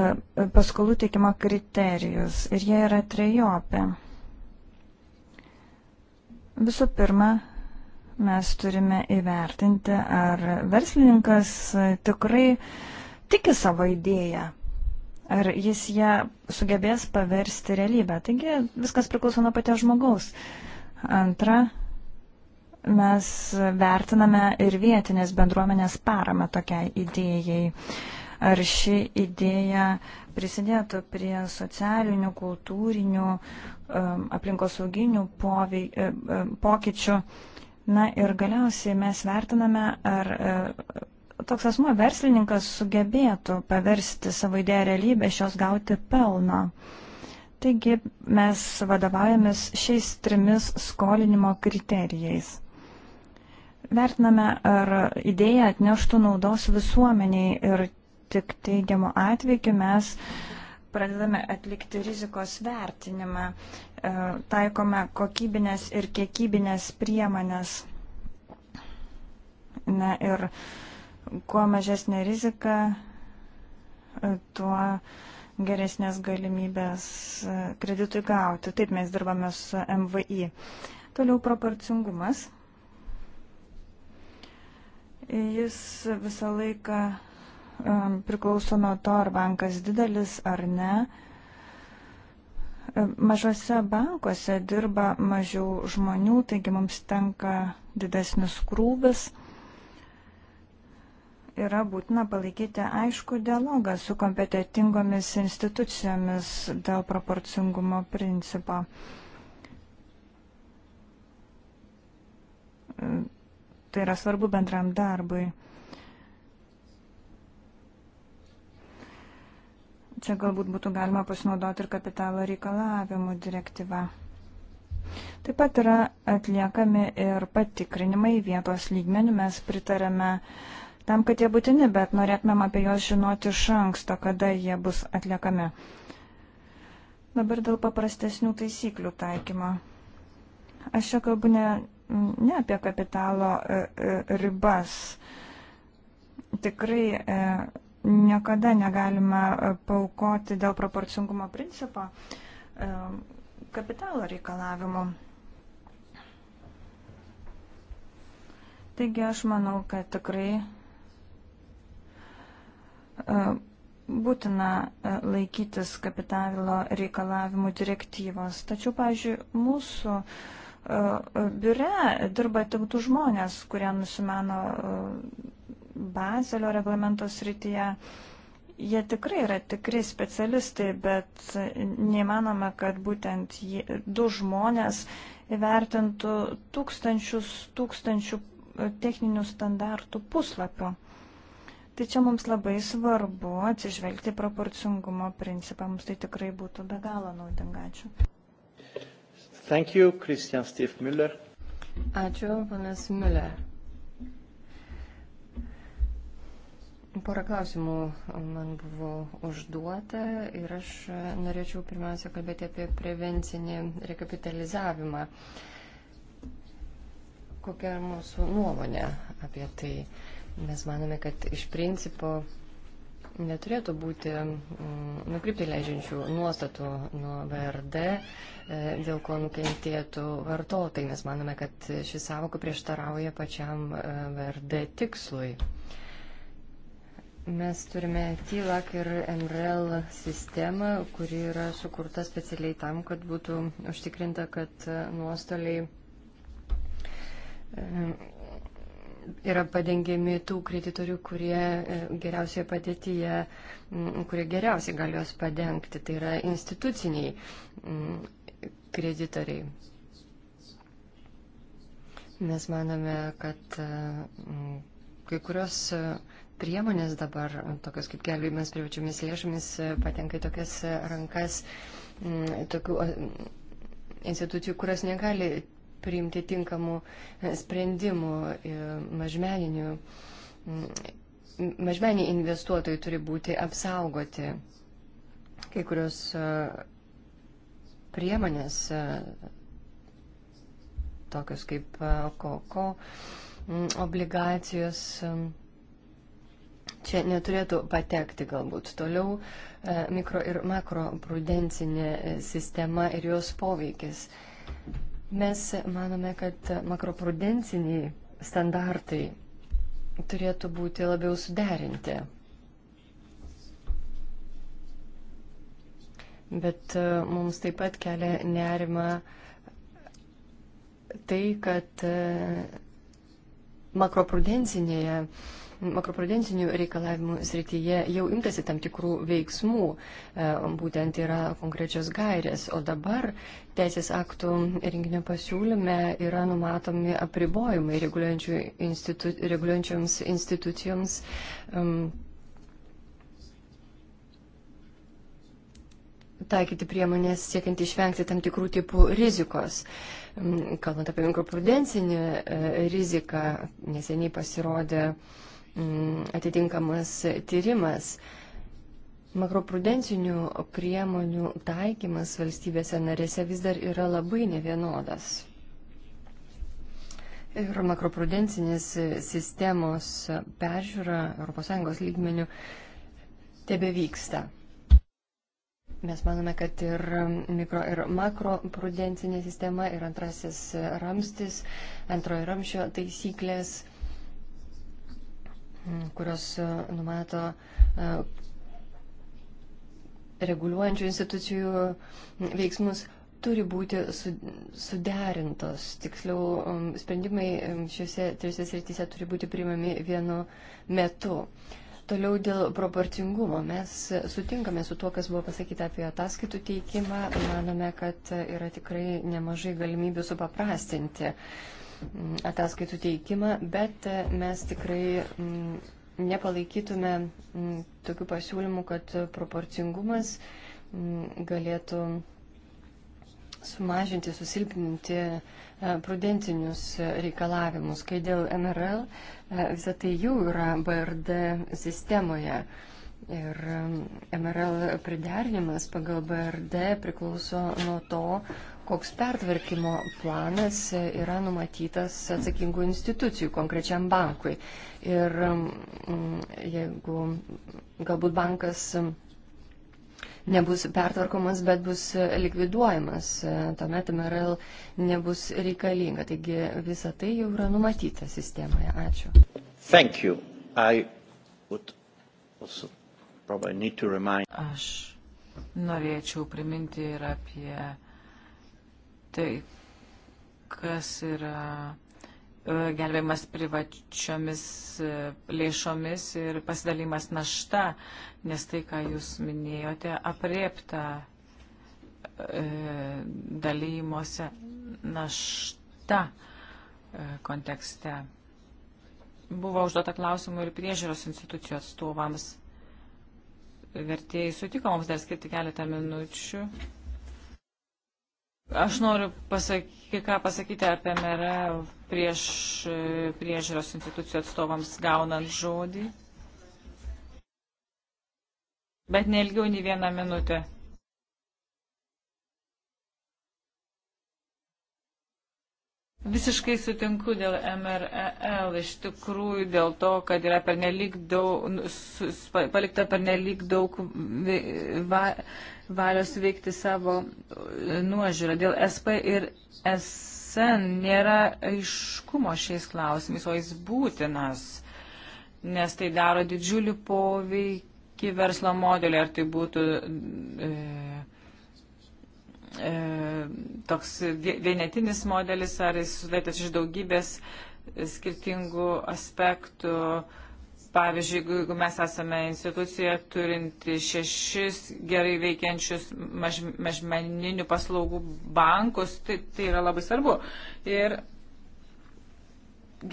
paskolų teikimo kriterijus ir jie yra trejopė. Visų pirma, mes turime įvertinti, ar verslininkas tikrai tiki savo idėją, ar jis ją sugebės paversti realybę. Taigi viskas priklauso nuo paties žmogaus. Antra, mes vertiname ir vietinės bendruomenės paramą tokiai idėjai. Uh, ar ši idėja prisidėtų prie socialinių, kultūrinių, um, aplinkosauginių um, um, pokyčių. Na ir galiausiai mes vertiname, ar uh, toks asmuo verslininkas sugebėtų paversti savo idėją realybę, iš jos gauti pelną. Taigi mes vadovaujamės šiais trimis skolinimo kriterijais. Vertiname, ar idėja atneštų naudos visuomeniai ir tik teigiamų atveju mes pradedame atlikti rizikos vertinimą, e, taikome kokybinės ir kiekybinės priemonės. Na ir kuo mažesnė rizika, e, tuo geresnės galimybės e, kreditui gauti. Taip mes dirbame su MVI. Toliau proporcingumas. Jis visą laiką priklauso nuo to, ar bankas didelis ar ne. Mažose bankuose dirba mažiau žmonių, taigi mums tenka didesnis krūvis. Yra būtina palaikyti aišku dialogą su kompetitingomis institucijomis dėl proporcingumo principo tai yra svarbu bendram darbui. Čia galbūt būtų galima pasinaudoti ir kapitalo reikalavimų direktyva. Taip pat yra atliekami ir patikrinimai vietos lygmenių. Mes pritarėme tam, kad jie būtini, bet norėtumėm apie juos žinoti iš anksto, kada jie bus atliekami. Dabar dėl paprastesnių taisyklių taikymo. Aš čia kalbu ne, ne apie kapitalo e, e, ribas. Tikrai e, niekada negalime paukoti dėl proporcingumo principo e, kapitalo reikalavimų. Taigi aš manau, kad tikrai e, būtina e, laikytis kapitalo reikalavimų direktyvos. Tačiau, pavyzdžiui, mūsų biure dirba tik du žmonės, kurie nusimeno Bazelio reglamentos rytyje. Jie tikrai yra tikri specialistai, bet neįmanoma, kad būtent jie, du žmonės įvertintų tūkstančius, tūkstančių e, techninių standartų puslapio. Tai čia mums labai svarbu atsižvelgti proporcingumo principą, mums tai tikrai būtų be galo naudinga. Ačiū. Thank you, Christian Steve Müller. Ačiū, panas Müller. Porą klausimų man buvo užduota ir aš norėčiau pirmiausia kalbėti apie prevencinį rekapitalizavimą. Kokia mūsų nuomonė apie tai? Mes manome, kad iš principo neturėtų būti mm, nukrypti leidžiančių nuostatų nuo VRD, e, dėl ko nukentėtų vartotojai. Mes manome, kad ši savoka prieštarauja pačiam e, VRD tikslui. Mes turime TILAC ir MRL sistemą, kuri yra sukurta specialiai tam, kad būtų užtikrinta, kad e, nuostoliai e, yra padengiami tų kreditorių, kurie e, geriausioje padėtyje, kurie geriausiai gali juos padengti. Tai yra instituciniai kreditoriai. Mes manome, kad kai kurios priemonės dabar, tokios kaip gelbėjimas privačiomis lėšomis, e, patenka į tokias e, rankas mm, tokių institucijų, kurios negali priimti tinkamų e, sprendimų mažmeninių. Mm, Mažmeniai investuotojai turi būti apsaugoti. Kai kurios priemonės, tokios kaip koko, mm, obligacijos, čia neturėtų patekti galbūt. Toliau e, mikro ir makro prudencinė e, sistema ir jos poveikis. Mes manome, kad makroprudenciniai standartai turėtų būti labiau suderinti. Bet e, mums taip pat kelia nerima tai, kad makroprudencinėje uh, makroprudencinių reikalavimų srityje jau imtasi tam tikrų veiksmų, e, būtent yra konkrečios gairės, o dabar teisės aktų rinkinio pasiūlyme yra numatomi apribojimai institu, reguliuojančioms institucijoms. Um, taikyti priemonės siekiant išvengti tam tikrų tipų rizikos. Kalbant apie mikroprudencinį e, riziką, neseniai pasirodė uh, Mm, atitinkamas tyrimas. Makroprudencinių priemonių taikymas valstybėse narėse vis dar yra labai nevienodas. Ir makroprudencinės sistemos peržiūra ES lygmenių tebe vyksta. Mes manome, kad ir mikro ir makro prudencinė sistema ir antrasis ramstis, antrojo ramšio taisyklės kurios e, numato e, reguliuojančių institucijų veiksmus, turi būti suderintos. Tiksliau, sprendimai šiuose trijose srityse turi būti priimami vienu metu. Toliau dėl proporcingumo. Mes sutinkame su tuo, kas buvo pasakyta apie ataskaitų teikimą. Manome, kad yra tikrai nemažai galimybių supaprastinti uh, ataskaitų teikimą, bet e, mes tikrai mm, nepalaikytume mm, tokių pasiūlymų, kad proporcingumas mm, galėtų sumažinti, susilpninti e, prudencinius reikalavimus, kai dėl MRL e, visą tai jau yra BRD sistemoje. Ir MRL priderinimas pagal BRD priklauso nuo to, koks pertvarkymo planas yra numatytas atsakingų institucijų konkrečiam bankui. Ir mm, jeigu galbūt bankas nebus pertvarkomas, bet bus likviduojamas, tuomet MRL nebus reikalinga. Taigi visa tai jau yra numatyta sistemoje. Ačiū. Remind... Aš norėčiau priminti ir apie tai, kas yra e, gelbėjimas privačiomis e, lėšomis ir pasidalimas našta, nes tai, ką jūs minėjote, apriepta e, dalymuose našta kontekste. Buvo užduota klausimų ir priežiūros institucijų atstovams. Vertėjai sutiko mums dar skirti keletą minučių. Aš noriu pasakyti, ką pasakyti apie merą prieš priežiūros institucijų atstovams gaunant žodį. Bet nelgiau nei vieną minutę. Visiškai sutinku dėl MREL, iš tikrųjų dėl to, kad yra pernelyg daug, nu, palikta pernelyg daug va, valios veikti savo e, nuožiūrą. Dėl SP ir SN nėra aiškumo šiais klausimais, o jis būtinas, nes tai daro didžiulį poveikį verslo modelį, ar tai būtų. E, e, toks vienetinis modelis, ar jis sudėtas iš daugybės skirtingų aspektų. Pavyzdžiui, jeigu mes esame institucija turinti šešis gerai veikiančius maž, mažmeninių paslaugų bankus, tai, tai yra labai svarbu. Ir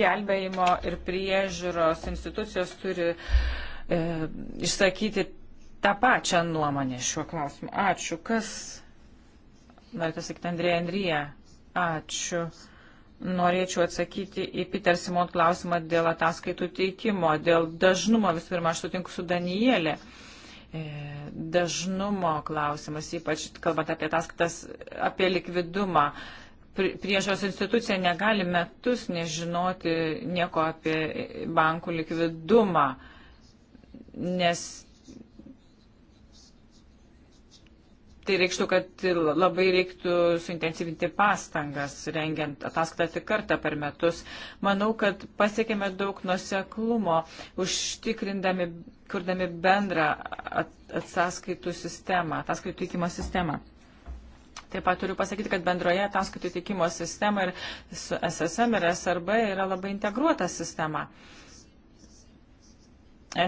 gelbėjimo ir priežiūros institucijos turi e, išsakyti tą pačią nuomonę šiuo klausimu. Ačiū. Kas Norite sakyti, Andrėja Andrija. Ačiū. Norėčiau atsakyti į Peter Simon klausimą dėl ataskaitų teikimo, dėl dažnumo. Visų pirma, aš sutinku su Danielė. E, dažnumo klausimas, ypač kalbant apie ataskaitas, apie likvidumą priežios institucija negali metus nežinoti nieko apie bankų likvidumą, nes tai reikštų, kad labai reiktų suintensyvinti pastangas, rengiant ataskaitą tik kartą per metus. Manau, kad pasiekėme daug nuseklumo, užtikrindami, kurdami bendrą ataskaitų sistemą, ataskaitų teikimo sistemą. Taip pat turiu pasakyti, kad bendroje ataskaitų teikimo sistema ir SSM ir SRB yra labai integruota sistema.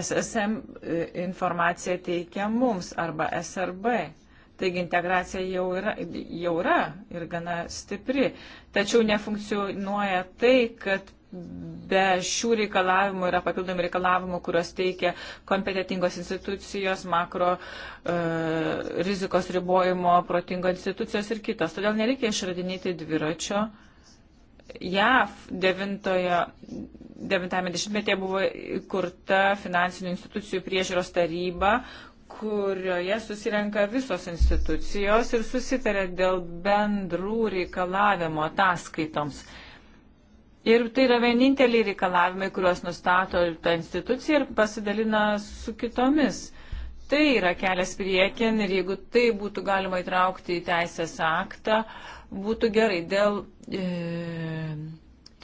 SSM e, informacija teikia mums arba SRB Taigi integracija jau yra, jau yra ir gana stipri. Tačiau nefunkcionuoja tai, kad be šių reikalavimų yra papildomų reikalavimų, kuriuos teikia kompetitingos institucijos, makro e, rizikos ribojimo, protingo institucijos ir kitos. Todėl nereikia išradinėti dviračio. JAV 90-metyje buvo įkurta finansinių institucijų priežiūros taryba, kurioje susirenka visos institucijos ir susitarė dėl bendrų reikalavimų ataskaitoms. Ir tai yra vieninteliai reikalavimai, kuriuos nustato ta institucija ir pasidalina su kitomis. Tai yra kelias priekin ir jeigu tai būtų galima įtraukti į teisės aktą, būtų gerai dėl e,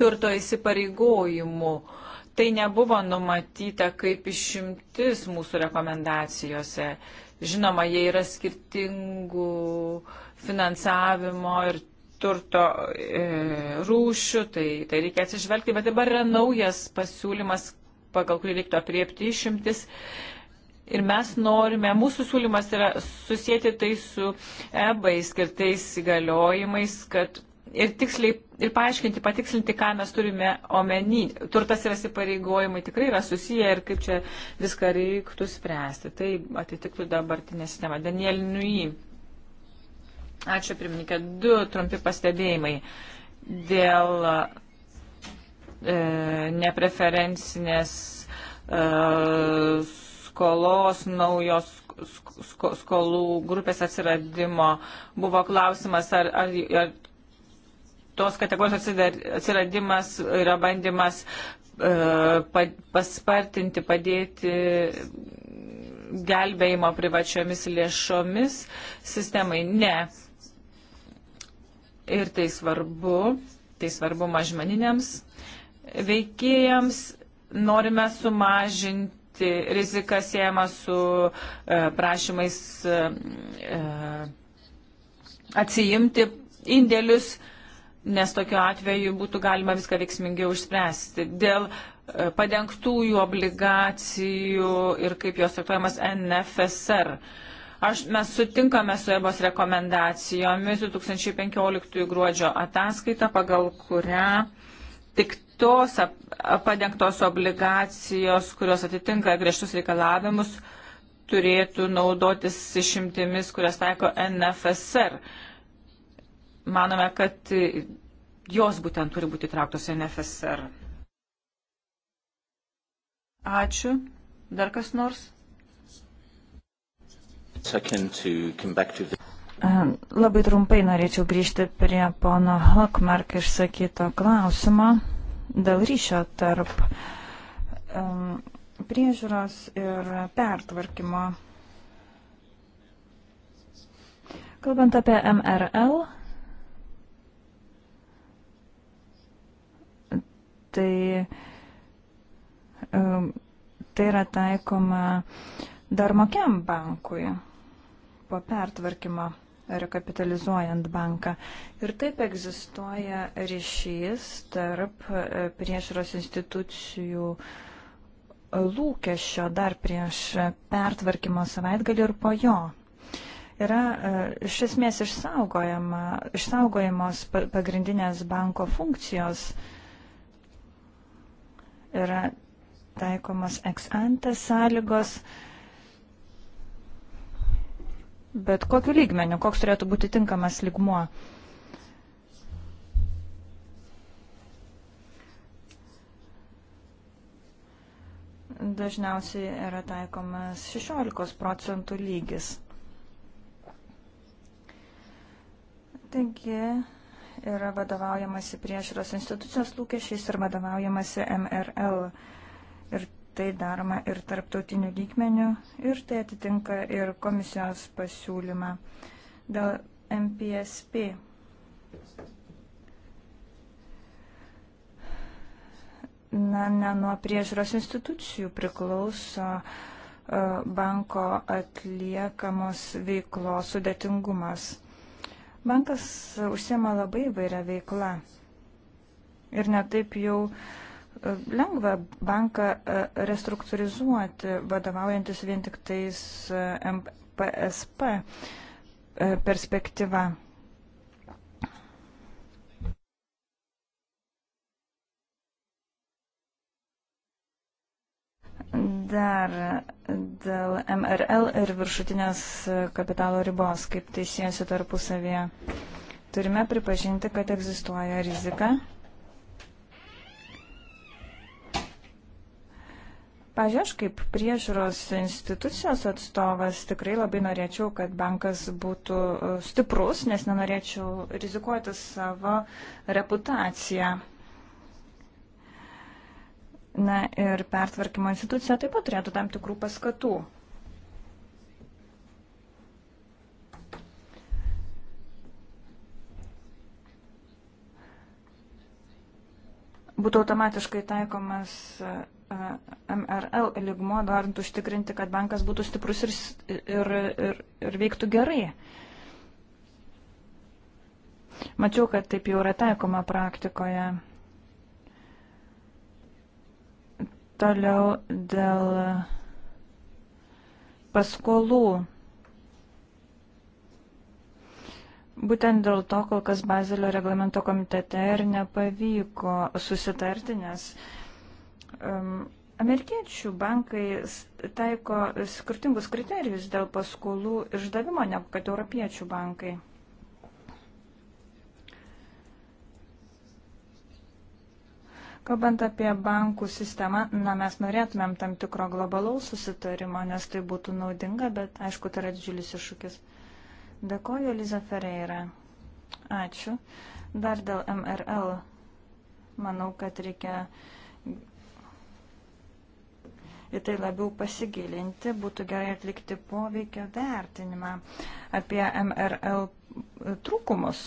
turto įsipareigojimų. E, tai nebuvo numatyta kaip išimtis mūsų rekomendacijose. Žinoma, jie yra skirtingų finansavimo ir turto e, rūšių, tai, tai reikia atsižvelgti, bet dabar yra naujas pasiūlymas, pagal kurį reiktų apriepti išimtis. Ir mes norime, mūsų siūlymas yra susijęti tai su EBA skirtais įgaliojimais, kad ir tiksliai ir paaiškinti, patikslinti, ką mes turime omeny. Turtas ir įsipareigojimai tikrai yra susiję ir kaip čia viską reiktų spręsti. Tai atitiktų dabartinę sistemą. Daniel Nui. Ačiū, pirmininkė. Du trumpi pastebėjimai dėl e, nepreferencinės e, skolos naujos skolų grupės atsiradimo. Buvo klausimas, ar, ar, ar tos kategorijos atsiradimas yra bandymas e, paspartinti, padėti gelbėjimo privačiomis lėšomis sistemai. Ne. Ir tai svarbu, tai svarbu mažmeniniams veikėjams. Norime sumažinti mažinti riziką siejama su e, prašymais e, atsijimti indėlius nes tokiu atveju būtų galima viską veiksmingiau išspręsti. Dėl e, padengtųjų obligacijų ir kaip jos traktuojamas NFSR. Aš, mes sutinkame su EBOS rekomendacijomis 2015 gruodžio ataskaita, pagal kurią tik tos ap, padengtos obligacijos, kurios atitinka griežtus reikalavimus, turėtų naudotis išimtimis, kurias taiko NFSR. Uh, manome, kad jos būtent turi būti trauktos į NFSR. Ačiū. Dar kas nors? Labai trumpai norėčiau grįžti prie pono Hokmark išsakyto klausimo dėl ryšio tarp um, priežiūros ir pertvarkymo. Kalbant apie MRL, tai, um, tai yra taikoma dar mokiam bankui po pertvarkymo rekapitalizuojant banką. Ir taip egzistuoja ryšys tarp e, priežiūros institucijų lūkesčio dar prieš pertvarkymo savaitgalį ir po jo. Yra e, iš esmės išsaugojamos pagrindinės banko funkcijos yra taikomos ex-antes sąlygos, bet kokiu lygmeniu, koks turėtų būti tinkamas lygmuo. Dažniausiai yra taikomas 16 procentų lygis. Taigi, yra vadovaujamasi priežiūros institucijos lūkesčiais ir vadovaujamasi MRL. Ir tai daroma ir tarptautiniu lygmeniu, ir tai atitinka ir komisijos pasiūlymą dėl MPSP. Na, ne nuo priežiūros institucijų priklauso e, banko atliekamos veiklos sudėtingumas. Bankas užsiema labai vairia veikla. Ir netaip jau e, lengva banką e, restruktūrizuoti, vadovaujantis vien tik tais PSP e, perspektyva. Dar dėl MRL ir viršutinės kapitalo ribos, kaip tai siejasi tarpusavėje. Turime pripažinti, kad egzistuoja rizika. Pavyzdžiui, aš kaip priežiūros institucijos atstovas tikrai labai norėčiau, kad bankas būtų stiprus, nes nenorėčiau rizikuoti savo reputaciją. Na ir pertvarkymo institucija taip pat turėtų tam tikrų paskatų. Būtų automatiškai taikomas MRL lygmo, norint užtikrinti, kad bankas būtų stiprus ir, ir, ir, ir veiktų gerai. Mačiau, kad taip jau yra taikoma praktikoje. Toliau dėl paskolų. Būtent dėl to kol kas Bazilio reglamento komitete ir nepavyko susitarti, nes um, amerikiečių bankai taiko skirtingus kriterijus dėl paskolų išdavimo negu kad europiečių bankai. Kalbant apie bankų sistemą, na, mes norėtumėm tam tikro globalaus susitarimo, nes tai būtų naudinga, bet aišku, tai yra didžiulis iššūkis. Dėkoju, Liza Ferreira. Ačiū. Dar dėl MRL. Manau, kad reikia į tai labiau pasigilinti, būtų gerai atlikti poveikio vertinimą apie MRL trūkumus.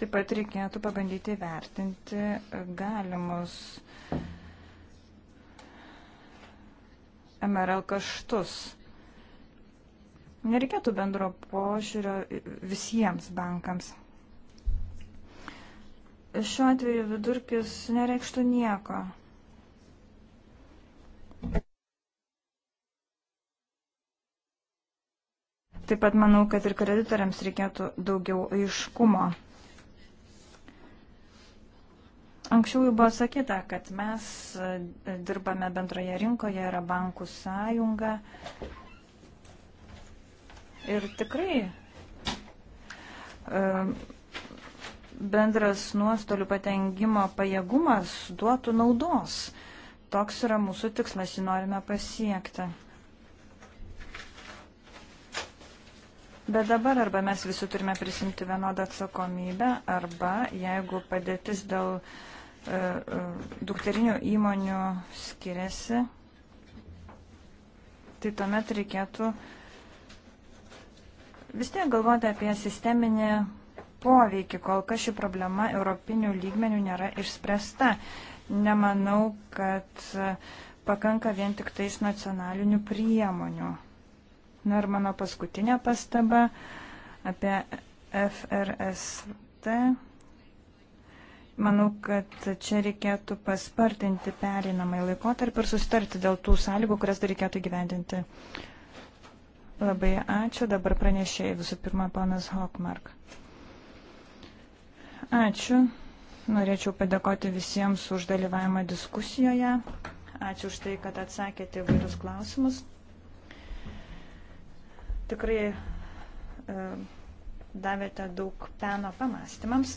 Taip pat reikėtų pabandyti vertinti galimus MRL kaštus. Nereikėtų bendro požiūrio visiems bankams. Šiuo atveju vidurkis nereikštų nieko. Taip pat manau, kad ir kreditoriams reikėtų daugiau aiškumo. Anksčiau jau buvo sakyta, kad mes e, dirbame bendroje rinkoje, yra bankų sąjunga. Ir tikrai e, bendras nuostolių patengimo pajėgumas duotų naudos. Toks yra mūsų tikslas, jį norime pasiekti. Bet dabar arba mes visi turime prisimti vienodą atsakomybę, arba jeigu padėtis dėl uh, E, e, dukterinių įmonių skiriasi, tai tuomet reikėtų vis tiek galvoti apie sisteminį poveikį, kol kas ši problema europinių lygmenių nėra išspręsta. Nemanau, kad e, pakanka vien tik tais nacionalinių priemonių. Na ir mano paskutinė pastaba apie FRST Manau, kad čia reikėtų paspartinti perinamai laikotarpį ir susitarti dėl tų sąlygų, kurias dar reikėtų gyvendinti. Labai ačiū. Dabar pranešėjai visų pirma ponas Hokmark. Ačiū. Norėčiau padėkoti visiems už dalyvavimą diskusijoje. Ačiū už tai, kad atsakėte vairius klausimus. Tikrai e, davėte daug peno pamastymams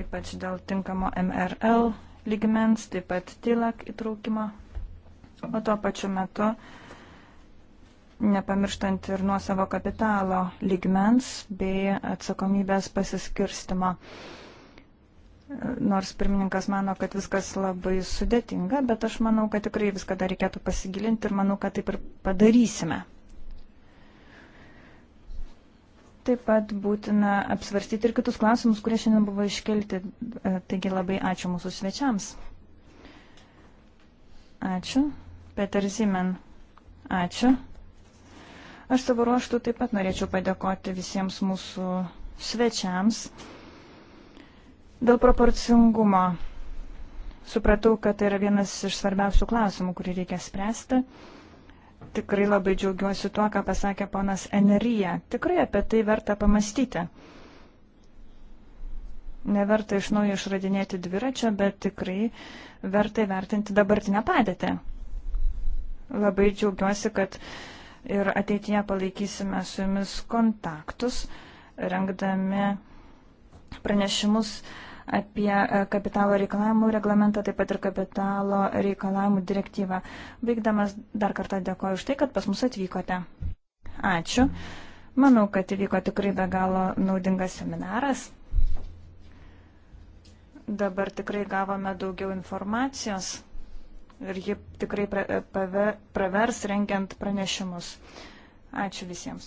ypač dėl tinkamo MRL lygmens, taip pat TILAK įtraukimo, o tuo pačiu metu nepamirštant ir nuo savo kapitalo lygmens bei atsakomybės pasiskirstimo. Nors pirmininkas mano, kad viskas labai sudėtinga, bet aš manau, kad tikrai viską dar reikėtų pasigilinti ir manau, kad taip ir padarysime. Taip pat būtina apsvarstyti ir kitus klausimus, kurie šiandien buvo iškelti. E, taigi labai ačiū mūsų svečiams. Ačiū. Peter Zimen. Ačiū. Aš savo ruoštų taip pat norėčiau padėkoti visiems mūsų svečiams dėl proporcingumo. Supratau, kad tai yra vienas iš svarbiausių klausimų, kurį reikia spręsti tikrai labai džiaugiuosi tuo, ką pasakė ponas Enerija. Tikrai apie tai verta pamastyti. Neverta iš naujo išradinėti dviračio, bet tikrai verta įvertinti dabartinę padėtį. Labai džiaugiuosi, kad ir ateityje palaikysime su jumis kontaktus, rengdami pranešimus apie e, kapitalo reikalavimų reglamentą, taip pat ir kapitalo reikalavimų direktyvą. Baigdamas dar kartą dėkoju už tai, kad pas mus atvykote. Ačiū. Manau, kad įvyko tikrai be galo naudingas seminaras. Dabar tikrai gavome daugiau informacijos ir ji tikrai pravers rengiant pranešimus. Ačiū visiems.